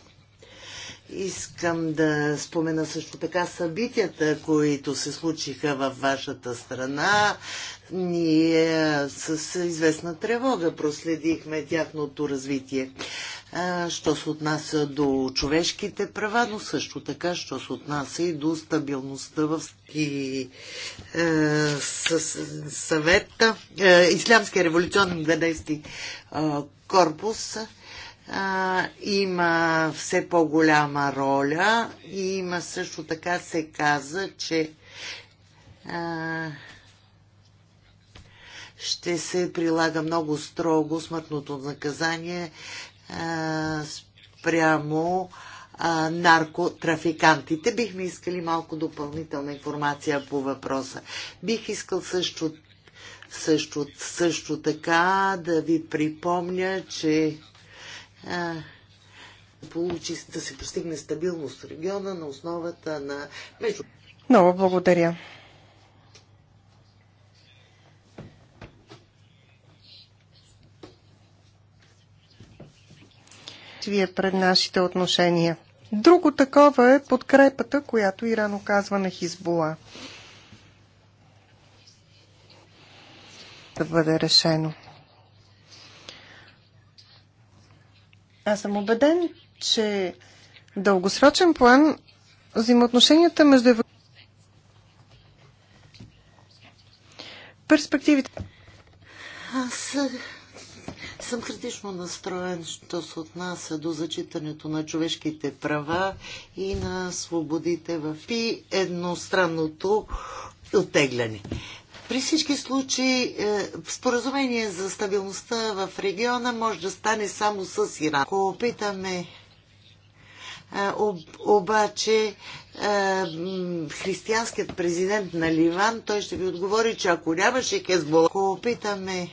Искам да спомена също така събитията, които се случиха във вашата страна. Ние с известна тревога проследихме тяхното развитие. Що се отнася до човешките права, но също така, що се отнася и до стабилността в и, е, с, съвета, е, Ислямския революционен гвардейски е, корпус а, има все по-голяма роля и има също така се каза, че а, ще се прилага много строго смъртното наказание а, спрямо а, наркотрафикантите. Бихме искали малко допълнителна информация по въпроса. Бих искал също, също, също така да ви припомня, че а, получи, да се постигне стабилност в региона на основата на между... Много благодаря. Вие пред нашите отношения. Друго такова е подкрепата, която Иран оказва на Хизбула. Да бъде решено. Аз съм убеден, че дългосрочен план взаимоотношенията между перспективите. Аз съм критично настроен, що се отнася до зачитането на човешките права и на свободите в и едностранното оттегляне. При всички случаи е, споразумение за стабилността в региона може да стане само с Иран. Ако опитаме е, об, обаче е, християнският президент на Ливан, той ще ви отговори, че ако нямаше Хезбола, ако опитаме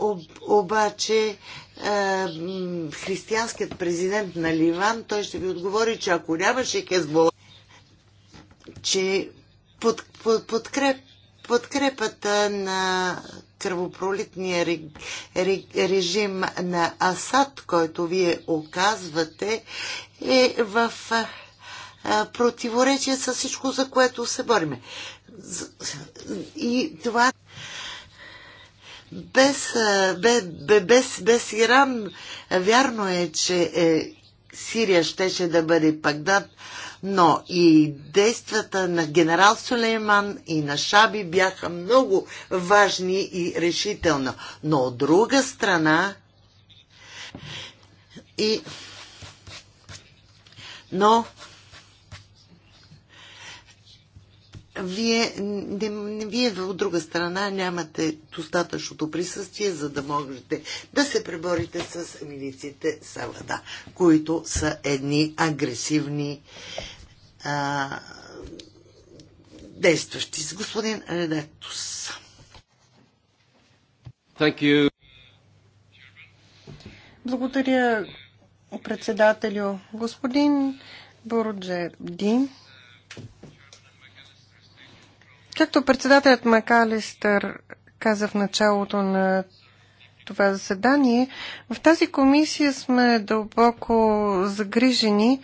об, обаче християнският президент на Ливан, той ще ви отговори, че ако нямаше Хезбола, че под, под, подкреп, подкрепата на кръвопролитния режим на Асад, който вие оказвате, е в противоречие с всичко, за което се бориме. И това без, без, без, без Иран, вярно е, че е, Сирия щеше да бъде Пагдад, но и действата на генерал Сулейман и на Шаби бяха много важни и решително. Но от друга страна и но вие, не, не, вие от друга страна нямате достатъчното присъствие, за да можете да се преборите с милиците Савада, които са едни агресивни а, действащи с господин Редетус. Благодаря, председателю. Господин Борджерди, както председателят Макалистър каза в началото на това заседание, в тази комисия сме дълбоко загрижени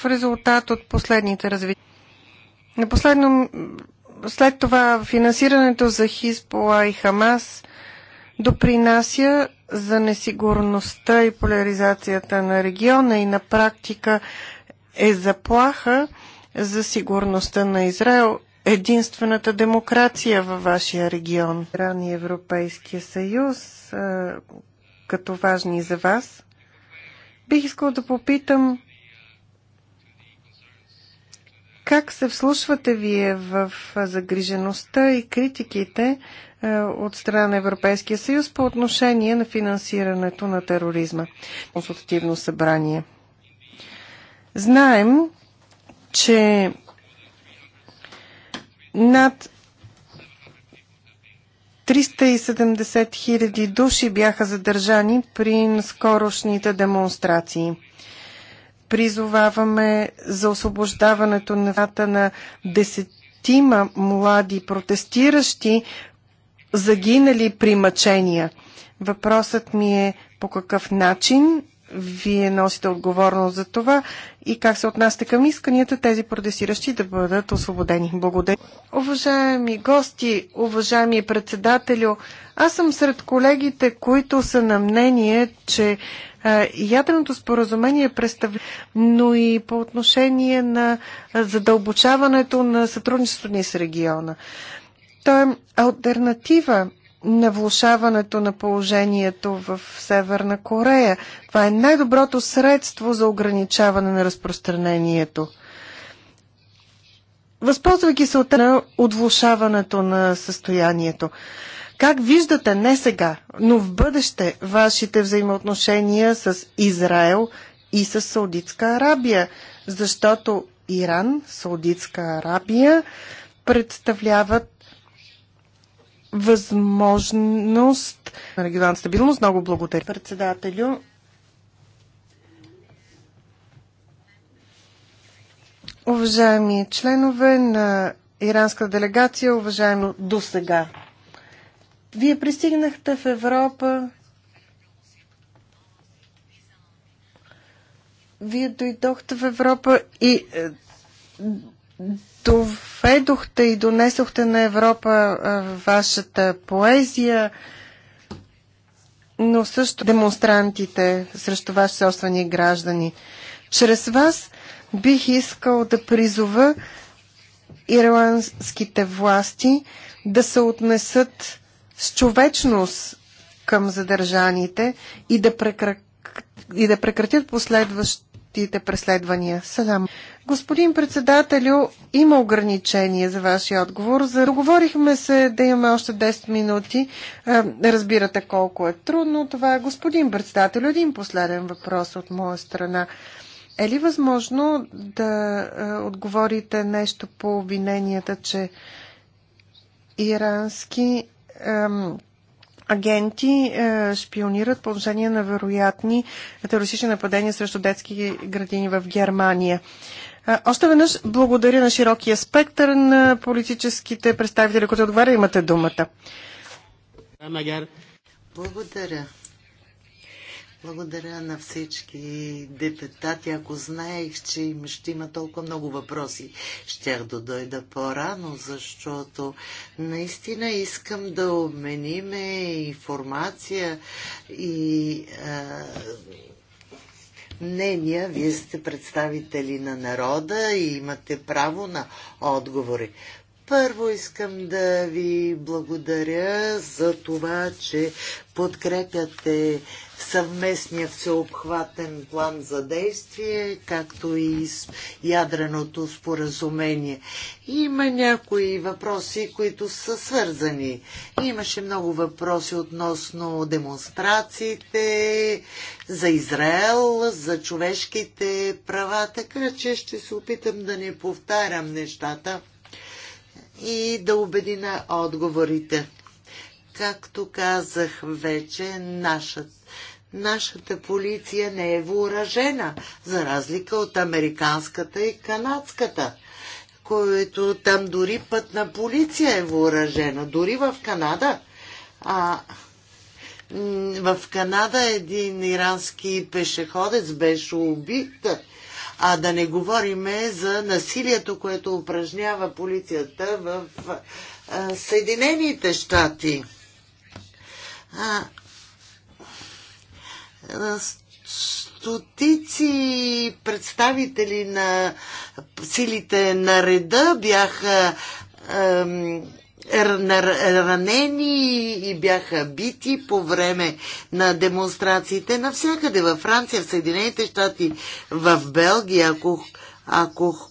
в резултат от последните развития. На последно, след това финансирането за Хизбола и Хамас допринася за несигурността и поляризацията на региона и на практика е заплаха за сигурността на Израел, единствената демокрация във вашия регион. Иран и Европейския съюз като важни за вас. Бих искал да попитам как се вслушвате вие в загрижеността и критиките от страна на Европейския съюз по отношение на финансирането на тероризма? Консултативно събрание. Знаем, че над 370 хиляди души бяха задържани при скорошните демонстрации призоваваме за освобождаването на вата на десетима млади протестиращи, загинали при мъчения. Въпросът ми е по какъв начин вие носите отговорност за това и как се отнасяте към исканията тези протестиращи да бъдат освободени. Благодаря. Уважаеми гости, уважаеми председателю, аз съм сред колегите, които са на мнение, че е, ядреното споразумение представлява, но и по отношение на е, задълбочаването на сътрудничеството ни с региона. То е альтернатива на влушаването на положението в Северна Корея. Това е най-доброто средство за ограничаване на разпространението. Възползвайки се от, от влушаването на състоянието, как виждате не сега, но в бъдеще вашите взаимоотношения с Израел и с Саудитска Арабия? Защото Иран, Саудитска Арабия представляват възможност на регионална стабилност. Много благодаря. Председателю, уважаеми членове на иранска делегация, уважаемо до сега. Вие пристигнахте в Европа. Вие дойдохте в Европа и е, доведохте и донесохте на Европа вашата поезия, но също демонстрантите срещу ваши собствени граждани. Чрез вас бих искал да призова ирландските власти да се отнесат с човечност към задържаните и да, прекрат... и да прекратят последващ тите преследвания. Салам. Господин председателю, има ограничение за вашия отговор. Заговорихме се да имаме още 10 минути. Е, разбирате колко е трудно това. Господин председател, един последен въпрос от моя страна. Е ли възможно да е, отговорите нещо по обвиненията, че ирански агенти е, шпионират по отношение на вероятни терористични нападения срещу детски градини в Германия. Е, още веднъж благодаря на широкия спектър на политическите представители, които отговаря имате думата. Благодаря. Благодаря на всички депутати. Ако знаех, че ще има толкова много въпроси, щях да дойда по-рано, защото наистина искам да обмениме информация и а, мнения. Вие сте представители на народа и имате право на отговори. Първо искам да ви благодаря за това, че подкрепяте съвместния всеобхватен план за действие, както и с ядреното споразумение. Има някои въпроси, които са свързани. Имаше много въпроси относно демонстрациите за Израел, за човешките права, така че ще се опитам да не повтарям нещата и да обедина отговорите. Както казах вече, нашата Нашата полиция не е въоръжена, за разлика от американската и канадската, които там дори път на полиция е въоръжена, дори в Канада. А, в Канада един ирански пешеходец беше убит. А да не говориме за насилието, което упражнява полицията в Съединените щати. А, стотици представители на силите на реда бяха ранени и бяха бити по време на демонстрациите навсякъде във Франция, в Съединените щати, в Белгия. Ако, ако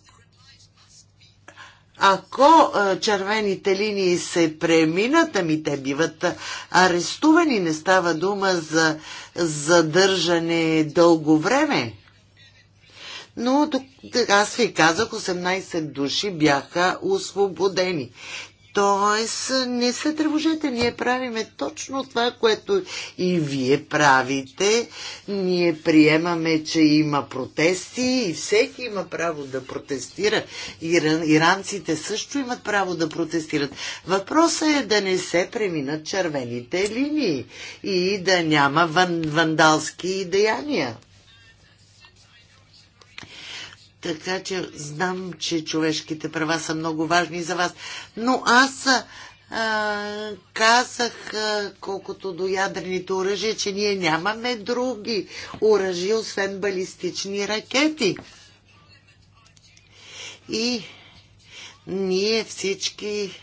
ако червените линии се преминат, ами те биват арестувани. Не става дума за задържане дълго време. Но аз ви казах, 18 души бяха освободени. Тоест, не се тревожете, ние правиме точно това, което и вие правите. Ние приемаме, че има протести и всеки има право да протестира. Иран, иранците също имат право да протестират. Въпросът е да не се преминат червените линии и да няма ван, вандалски деяния. Така че знам, че човешките права са много важни за вас. Но аз а, казах, а, колкото до ядрените оръжия, че ние нямаме други оръжия, освен балистични ракети. И ние всички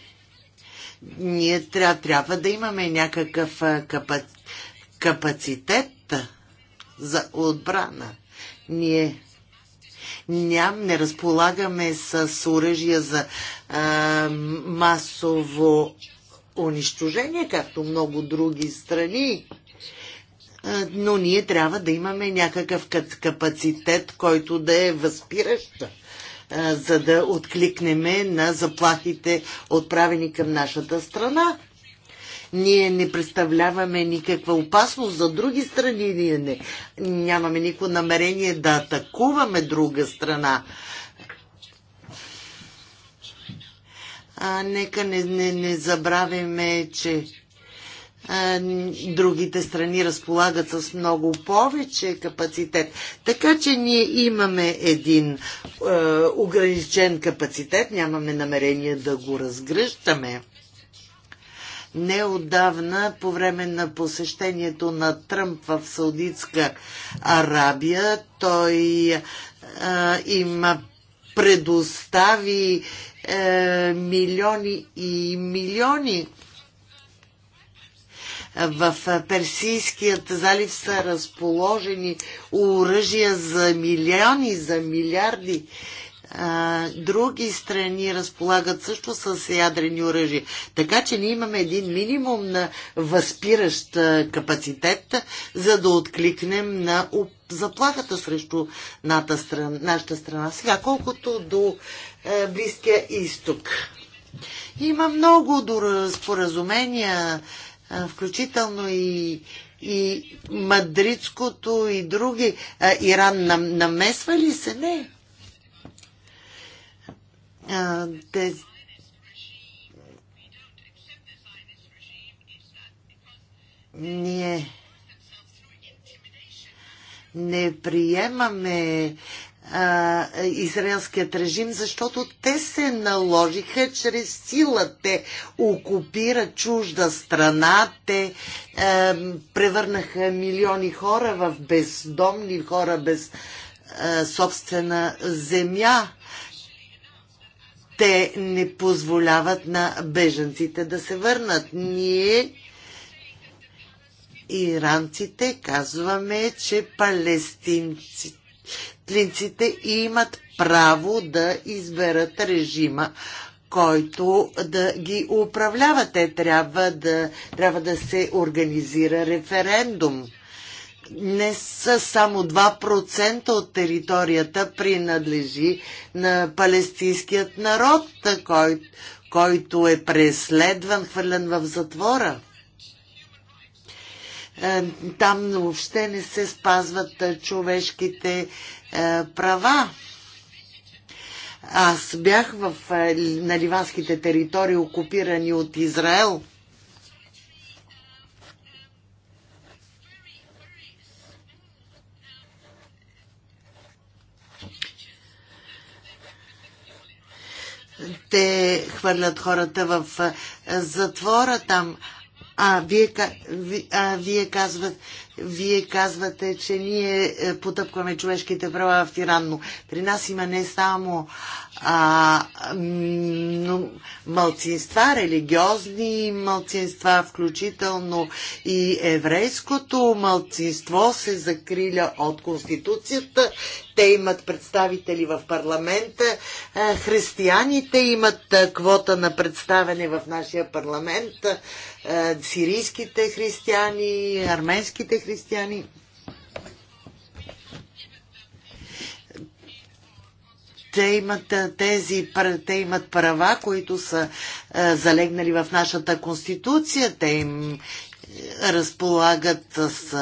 ние трябва, трябва да имаме някакъв капа, капацитет за отбрана. Ние ням, не разполагаме с оръжия за а, масово унищожение, както много други страни. А, но ние трябва да имаме някакъв капацитет, който да е възпиращ за да откликнеме на заплахите, отправени към нашата страна. Ние не представляваме никаква опасност за други страни. Ние не, нямаме никакво намерение да атакуваме друга страна. А, нека не, не, не забравяме, че другите страни разполагат с много повече капацитет. Така че ние имаме един е, ограничен капацитет, нямаме намерение да го разгръщаме. Неодавна, по време на посещението на Тръмп в Саудитска Арабия, той а, им предостави е, милиони и милиони в Персийският залив са разположени оръжия за милиони, за милиарди други страни разполагат също с ядрени оръжия. Така че ние имаме един минимум на възпиращ капацитет, за да откликнем на заплахата срещу нашата страна. Сега, колкото до е, Близкия изток. Има много споразумения, включително и и мадридското и други. А, Иран нам, намесва ли се? Не тези ние не приемаме а, израелският режим, защото те се наложиха чрез сила. Те окупира чужда страна, те а, превърнаха милиони хора в бездомни хора без а, собствена земя те не позволяват на бежанците да се върнат. Ние, иранците, казваме, че палестинците имат право да изберат режима, който да ги управлява. Те трябва да, трябва да се организира референдум не са само 2% от територията принадлежи на палестинският народ, кой, който е преследван, хвърлен в затвора. Е, там въобще не се спазват човешките е, права. Аз бях в, е, на ливанските територии, окупирани от Израел – те хвърлят хората в затвора там. А вие, а, вие казват, вие казвате, че ние е, потъпкваме човешките права в но При нас има не само а, но, мълцинства, религиозни мълцинства, включително и еврейското мълцинство се закриля от Конституцията. Те имат представители в парламента. Е, християните имат е, квота на представене в нашия парламент. Сирийските християни, арменските християни християни. те имат тези, те имат права, които са е, залегнали в нашата конституция. Те им разполагат с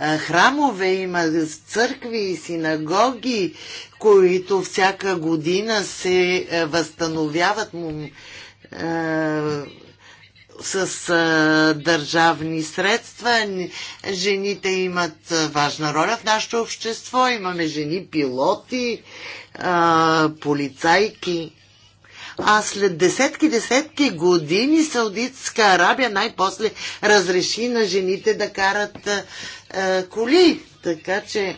е, храмове, има църкви и синагоги, които всяка година се възстановяват. Е, с а, държавни средства. Жените имат важна роля в нашето общество. Имаме жени пилоти, а, полицайки. А след десетки, десетки години Саудитска Арабия най-после разреши на жените да карат а, коли. Така че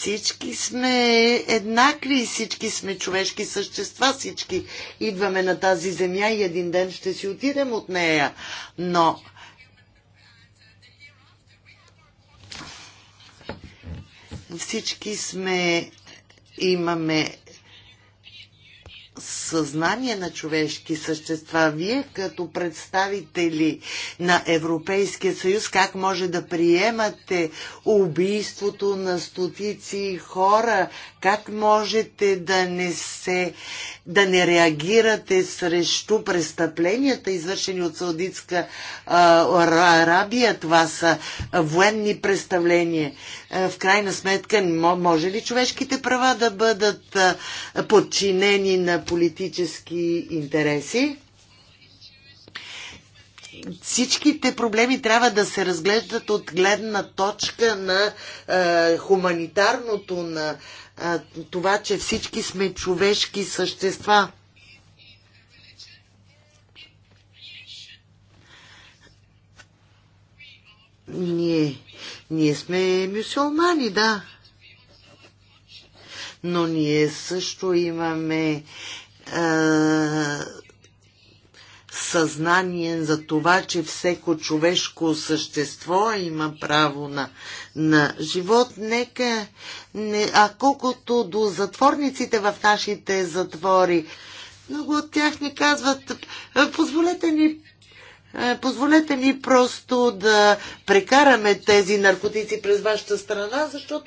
Всички сме еднакви, всички сме човешки същества, всички идваме на тази земя и един ден ще си отидем от нея. Но всички сме, имаме съзнание на човешки същества. Вие като представители на Европейския съюз, как може да приемате убийството на стотици хора? Как можете да не се да не реагирате срещу престъпленията, извършени от Саудитска Арабия. Това са военни представления. Е, в крайна сметка, може ли човешките права да бъдат подчинени на политически интереси? всичките проблеми трябва да се разглеждат от гледна точка на е, хуманитарното, на това, че всички сме човешки същества. Ние, ние сме мюсюлмани, да. Но ние също имаме а, съзнание за това, че всеко човешко същество има право на, на живот. Нека, не, а колкото до затворниците в нашите затвори, много от тях ни казват, «Е, позволете ни е, позволете ни просто да прекараме тези наркотици през вашата страна, защото